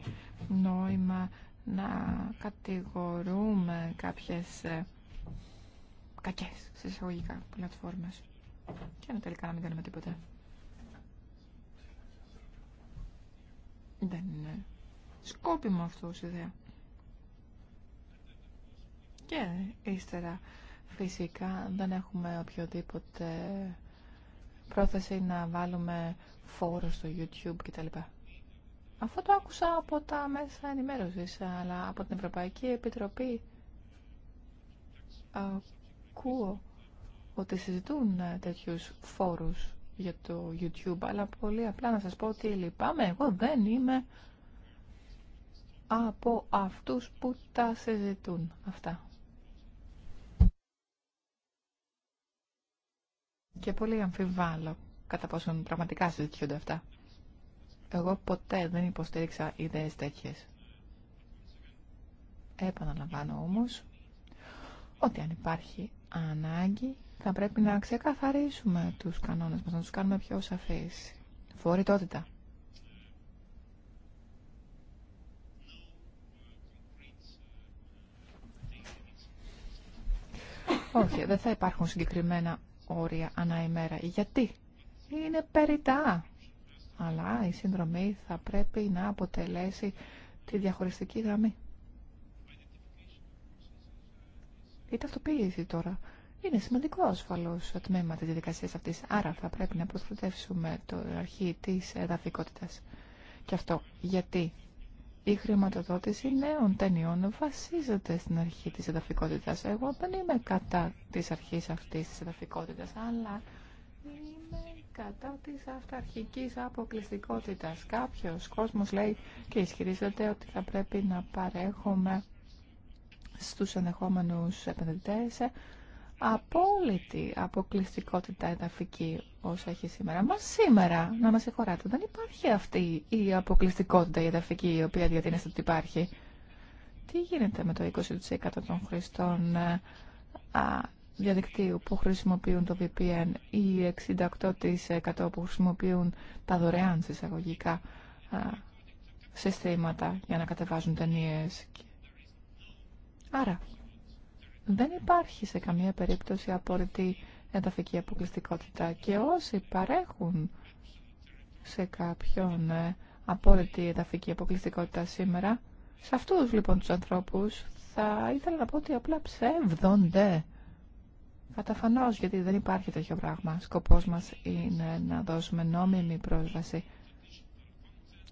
νόημα να κατηγορούμε κάποιες ε, κακές, σε εισαγωγικά, πλατφόρμες. Και να τελικά να μην κάνουμε τίποτα. Δεν είναι σκόπιμο αυτό ως ιδέα. Και ύστερα φυσικά δεν έχουμε οποιοδήποτε πρόθεση να βάλουμε φόρο στο YouTube κτλ. Αυτό το άκουσα από τα μέσα ενημέρωσης, αλλά από την Ευρωπαϊκή Επιτροπή ακούω ότι συζητούν τέτοιους φόρους για το YouTube, αλλά πολύ απλά να σας πω ότι λυπάμαι, εγώ δεν είμαι από αυτούς που τα συζητούν αυτά. Και πολύ αμφιβάλλω κατά πόσον πραγματικά συζητιούνται αυτά. Εγώ ποτέ δεν υποστήριξα ιδέες τέτοιες. Επαναλαμβάνω όμως ότι αν υπάρχει ανάγκη θα πρέπει να ξεκαθαρίσουμε τους κανόνες μας, να τους κάνουμε πιο σαφείς. Φορητότητα. Όχι, δεν θα υπάρχουν συγκεκριμένα όρια ανά ημέρα. Γιατί είναι περιτά. Αλλά η συνδρομή θα πρέπει να αποτελέσει τη διαχωριστική γραμμή. Η ταυτοποίηση τώρα είναι σημαντικό ασφαλώ τμήμα τη διαδικασία αυτή. Άρα θα πρέπει να προστατεύσουμε το αρχή τη εδαφικότητα. Και αυτό γιατί η χρηματοδότηση νέων ταινιών βασίζεται στην αρχή της εδαφικότητας. Εγώ δεν είμαι κατά της αρχής αυτής της εδαφικότητας, αλλά είμαι κατά της αυταρχικής αποκλειστικότητας. Κάποιος κόσμος λέει και ισχυρίζεται ότι θα πρέπει να παρέχουμε στους ενεχόμενους επενδυτές απόλυτη αποκλειστικότητα εδαφική όσο έχει σήμερα. Μα σήμερα, να μας συγχωράτε, δεν υπάρχει αυτή η αποκλειστικότητα η εδαφική η οποία διατείνεται ότι υπάρχει. Τι γίνεται με το 20% των χρηστών ε, διαδικτύου που χρησιμοποιούν το VPN ή 68% που χρησιμοποιούν τα δωρεάν α, συστήματα για να κατεβάζουν ταινίε. Άρα, δεν υπάρχει σε καμία περίπτωση απορριτή εδαφική αποκλειστικότητα και όσοι παρέχουν σε κάποιον ε, απόρριτη εδαφική αποκλειστικότητα σήμερα. Σε αυτούς λοιπόν τους ανθρώπους θα ήθελα να πω ότι απλά ψεύδονται. Καταφανώς γιατί δεν υπάρχει τέτοιο πράγμα. Σκοπός μας είναι να δώσουμε νόμιμη πρόσβαση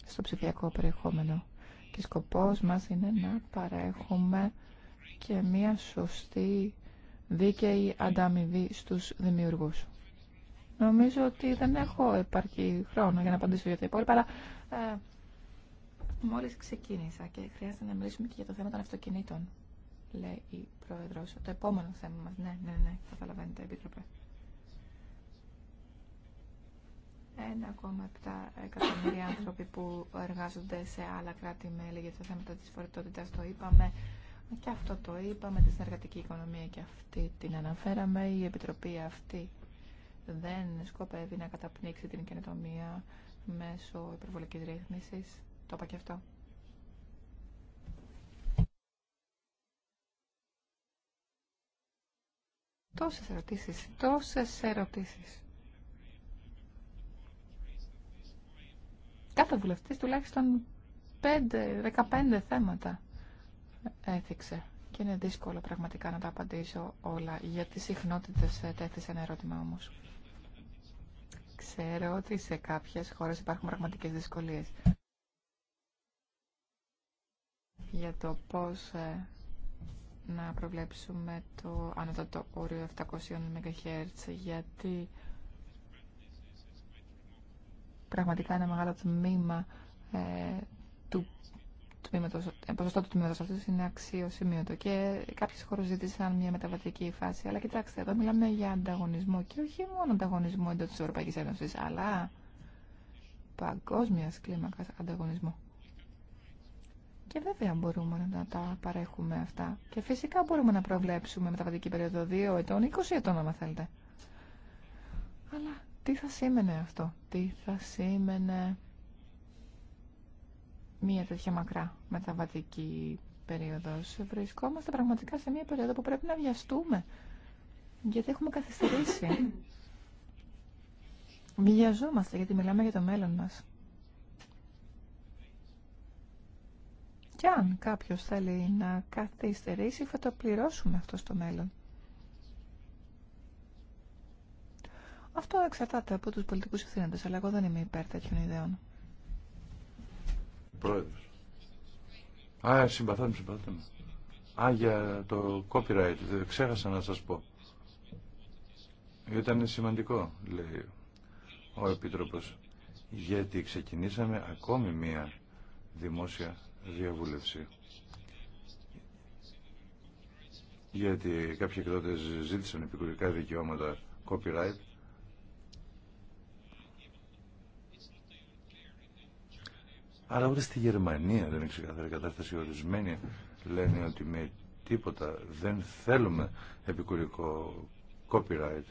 στο ψηφιακό περιεχόμενο. Και σκοπός μας είναι να παρέχουμε και μία σωστή δίκαιη ανταμοιβή στους δημιουργούς. Νομίζω ότι δεν έχω επαρκή χρόνο για να απαντήσω για τα υπόλοιπα, αλλά ε, μόλις ξεκίνησα και χρειάζεται να μιλήσουμε και για το θέμα των αυτοκινήτων, λέει η Πρόεδρος. Το επόμενο θέμα μας, ναι, ναι, ναι, καταλαβαίνετε, Επίτροπε. 1,7 εκατομμύρια άνθρωποι που εργάζονται σε άλλα κράτη-μέλη για το θέμα της φορητότητας, το είπαμε. Ε, και αυτό το είπαμε, τη συνεργατική οικονομία και αυτή την αναφέραμε. Η Επιτροπή αυτή δεν σκοπεύει να καταπνίξει την καινοτομία μέσω υπερβολικής ρύθμισης. Το είπα και αυτό. Τόσες ερωτήσεις, τόσες ερωτήσεις. Κάθε βουλευτής τουλάχιστον 5-15 θέματα έθιξε. Και είναι δύσκολο πραγματικά να τα απαντήσω όλα, γιατί συχνότητες τέθησε ένα ερώτημα όμω. Ξέρω ότι σε κάποιες χώρες υπάρχουν πραγματικές δυσκολίες. Για το πώς ε, να προβλέψουμε το ανώτατο όριο 700 MHz, γιατί πραγματικά ένα μεγάλο τμήμα ε, του το ε, ποσοστό του τμήματο αυτού είναι αξιοσημείωτο και κάποιε χώρε ζήτησαν μια μεταβατική φάση. Αλλά κοιτάξτε, εδώ μιλάμε για ανταγωνισμό και όχι μόνο ανταγωνισμό εντό τη Ευρωπαϊκή Ένωση, αλλά παγκόσμιας κλίμακα ανταγωνισμό. Και βέβαια μπορούμε να τα παρέχουμε αυτά. Και φυσικά μπορούμε να προβλέψουμε μεταβατική περίοδο 2 ετών, 20 ετών άμα θέλετε. Αλλά τι θα σήμαινε αυτό, τι θα σήμαινε μία τέτοια μακρά μεταβατική περίοδος. Βρισκόμαστε πραγματικά σε μία περίοδο που πρέπει να βιαστούμε, γιατί έχουμε καθυστερήσει. Βιαζόμαστε γιατί μιλάμε για το μέλλον μας. Και αν κάποιος θέλει να καθυστερήσει, θα το πληρώσουμε αυτό στο μέλλον. Αυτό εξαρτάται από τους πολιτικούς ευθύνοντες, αλλά εγώ δεν είμαι υπέρ τέτοιων ιδεών. Πρόεδρος. Α, συμπαθάτε συμπαθάτε Α, για το copyright. Δεν ξέχασα να σας πω. Ήταν σημαντικό, λέει ο Επίτροπος, γιατί ξεκινήσαμε ακόμη μία δημόσια διαβούλευση. Γιατί κάποιοι εκδότες ζήτησαν επικουρικά δικαιώματα copyright Αλλά ούτε στη Γερμανία δεν είναι ξεκαθαρή κατάσταση. Ορισμένοι λένε ότι με τίποτα δεν θέλουμε επικουρικό copyright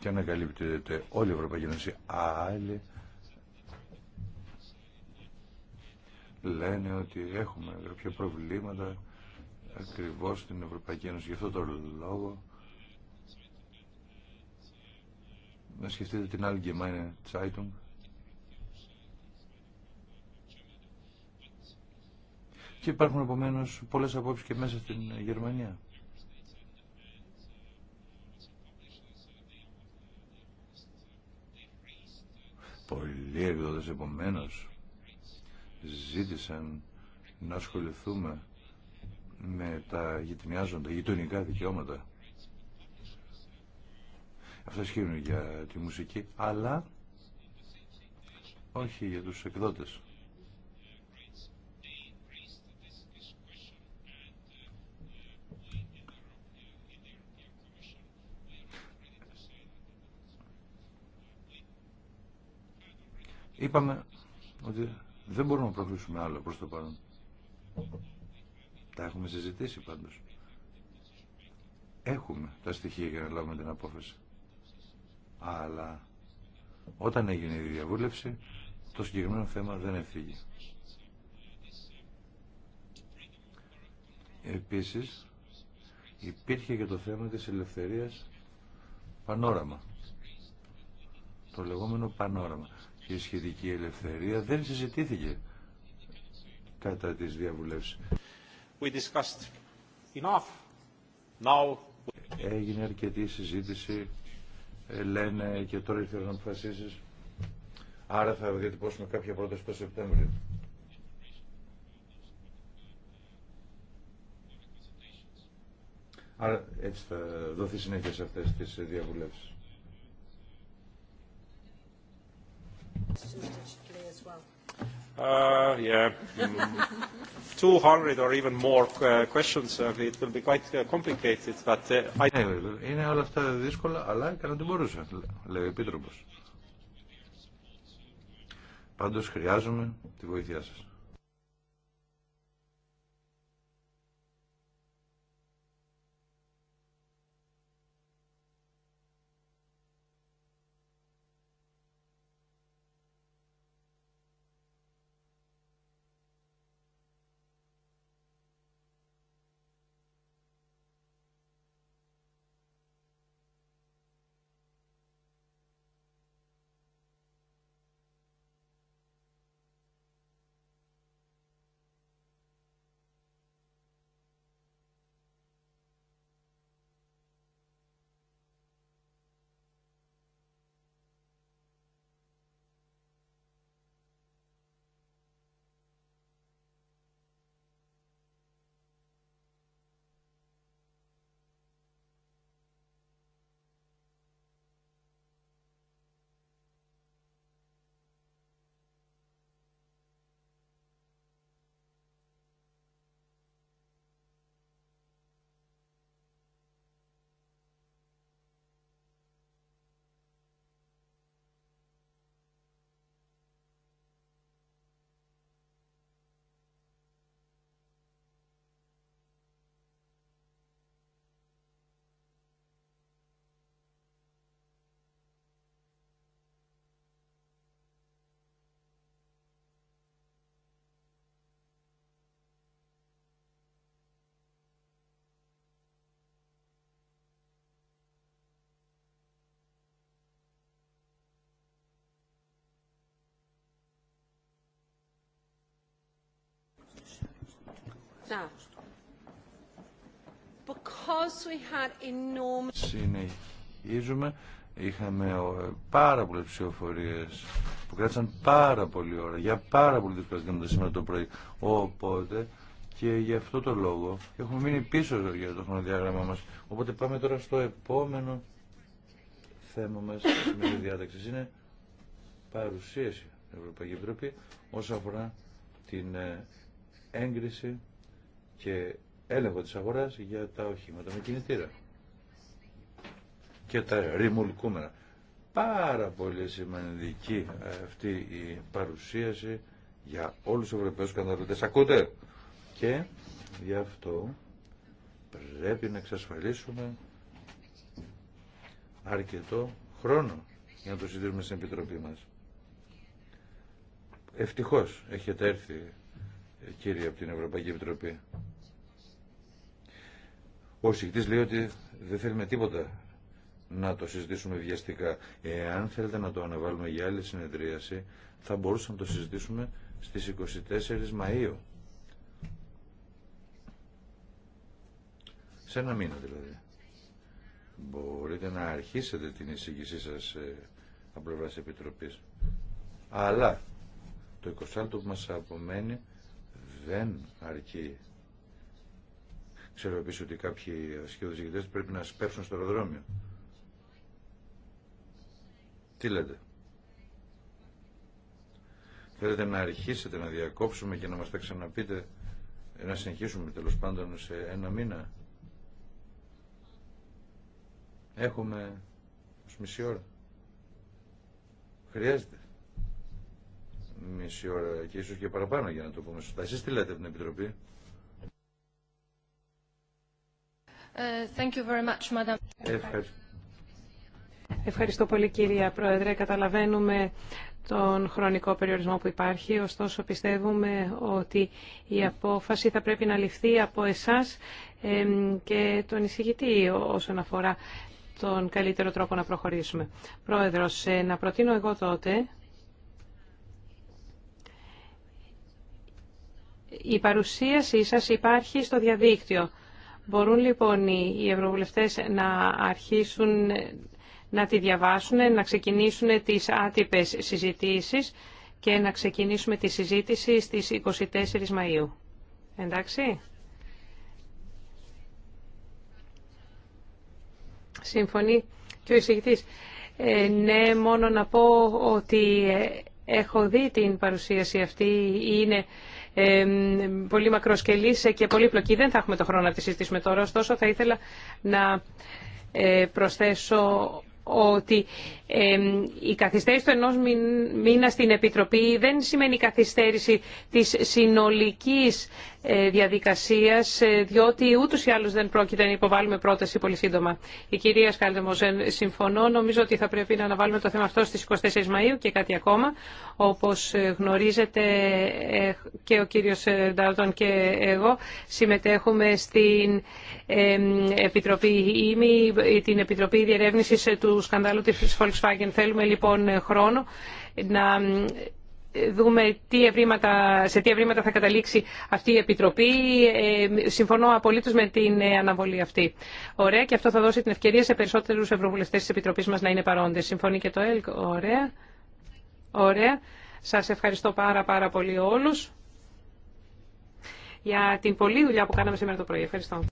και ανακαλύπτεται όλη η Ευρωπαϊκή Ένωση. Άλλοι λένε ότι έχουμε κάποια προβλήματα ακριβώς στην Ευρωπαϊκή Ένωση. Γι' αυτό το λόγο να σκεφτείτε την άλλη Gemeine Zeitung Και υπάρχουν επομένω πολλέ απόψει και μέσα στην Γερμανία. Πολλοί εκδότε επομένω ζήτησαν να ασχοληθούμε με τα γειτονιάζοντα, γειτονικά δικαιώματα. Αυτά ισχύουν για τη μουσική, αλλά όχι για τους εκδότες. είπαμε ότι δεν μπορούμε να προχωρήσουμε άλλο προς το παρόν. Τα έχουμε συζητήσει πάντως. Έχουμε τα στοιχεία για να λάβουμε την απόφαση. Αλλά όταν έγινε η διαβούλευση, το συγκεκριμένο θέμα δεν έφυγε. Επίσης, υπήρχε και το θέμα της ελευθερίας πανόραμα. Το λεγόμενο πανόραμα η σχετική ελευθερία δεν συζητήθηκε κατά τις διαβουλεύσεις. We discussed enough. Now... Έγινε αρκετή συζήτηση, ε, λένε και τώρα ήρθε να αποφασίσει. Άρα θα διατυπώσουμε κάποια πρόταση το Σεπτέμβριο. Άρα έτσι θα δοθεί συνέχεια σε αυτές τις διαβουλεύσεις. 200 uh, *laughs* uh, uh, ε, Είναι όλα αυτά δύσκολα, αλλά έκανα ό,τι μπορούσα, λέει ο Επίτροπος. Πάντως χρειάζομαι τη βοήθειά σας. Συνεχίζουμε. Είχαμε ε, πάρα πολλές ψηφοφορίες που κράτησαν πάρα πολλή ώρα, για πάρα πολλή δυσκολίες σήμερα το πρωί. Οπότε και γι' αυτό το λόγο έχουμε μείνει πίσω για το χρονοδιάγραμμα μας. Οπότε πάμε τώρα στο επόμενο θέμα μας με τη διάταξη. Είναι παρουσίαση Ευρωπαϊκή Επιτροπή όσον αφορά την ε, έγκριση και έλεγχο της αγοράς για τα οχήματα με κινητήρα και τα ρημουλκούμενα. Πάρα πολύ σημαντική αυτή η παρουσίαση για όλους τους Ευρωπαίους καταναλωτές. Ακούτε! Και γι' αυτό πρέπει να εξασφαλίσουμε αρκετό χρόνο για να το συντηρούμε στην Επιτροπή μας. Ευτυχώς έχετε έρθει κύριε από την Ευρωπαϊκή Επιτροπή. Ο συχτής λέει ότι δεν θέλουμε τίποτα να το συζητήσουμε βιαστικά. Εάν θέλετε να το αναβάλουμε για άλλη συνεδρίαση, θα μπορούσαμε να το συζητήσουμε στις 24 Μαΐου. Σε ένα μήνα δηλαδή. Μπορείτε να αρχίσετε την εισήγησή σας ε, από πλευρά Επιτροπής. Αλλά το 20 που μας απομένει δεν αρκεί. Ξέρω επίση ότι κάποιοι ασχεδόν ηγητέ πρέπει να σπέψουν στο αεροδρόμιο. Τι λέτε. Θέλετε να αρχίσετε να διακόψουμε και να μας τα ξαναπείτε, ε, να συνεχίσουμε τέλο πάντων σε ένα μήνα. Έχουμε ως μισή ώρα. Χρειάζεται μισή ώρα και ίσως και παραπάνω για να το πούμε σωστά. Εσείς τι λέτε από την Επιτροπή. Thank you very Ευχαριστώ. πολύ κυρία Πρόεδρε. Καταλαβαίνουμε τον χρονικό περιορισμό που υπάρχει, ωστόσο πιστεύουμε ότι η απόφαση θα πρέπει να ληφθεί από εσάς και τον εισηγητή όσον αφορά τον καλύτερο τρόπο να προχωρήσουμε. Πρόεδρος, ε, να προτείνω εγώ τότε η παρουσίασή σας υπάρχει στο διαδίκτυο. Μπορούν λοιπόν οι ευρωβουλευτές να αρχίσουν να τη διαβάσουν, να ξεκινήσουν τις άτυπες συζητήσεις και να ξεκινήσουμε τη συζήτηση στις 24 Μαΐου. Εντάξει. Συμφωνεί και ο εισηγητής. Ε, ναι, μόνο να πω ότι ε, έχω δει την παρουσίαση αυτή. Είναι πολύ μακροσκελής και πλοκή. Δεν θα έχουμε το χρόνο να τη συζητήσουμε τώρα, ωστόσο θα ήθελα να ε, προσθέσω ότι η καθυστέρηση του ενός μήνα στην Επιτροπή δεν σημαίνει καθυστέρηση της συνολικής ε, διαδικασίας, ε, διότι ούτως ή άλλως δεν πρόκειται να υποβάλουμε πρόταση πολύ σύντομα. Η κυρία Σκάλτεμοζεν, συμφωνώ, νομίζω ότι θα πρέπει να αναβάλουμε το θέμα αυτό στις 24 Μαΐου και κάτι ακόμα. Όπως ε, γνωρίζετε και ο κύριος Ντάλτον και εγώ συμμετέχουμε στην Επιτροπή ΙΜΗ, την Επιτροπή διερεύνηση του σκανδάλου τη Volkswagen. Θέλουμε λοιπόν χρόνο να δούμε τι ευρήματα, σε τι ευρήματα θα καταλήξει αυτή η Επιτροπή. Ε, συμφωνώ απολύτω με την αναβολή αυτή. Ωραία και αυτό θα δώσει την ευκαιρία σε περισσότερους ευρωβουλευτές τη Επιτροπής μας να είναι παρόντες. Συμφωνεί και το ΕΛΚ. Ωραία. Ωραία. Σας ευχαριστώ πάρα πάρα πολύ όλους για την πολλή δουλειά που κάναμε σήμερα το πρωί. Ευχαριστώ.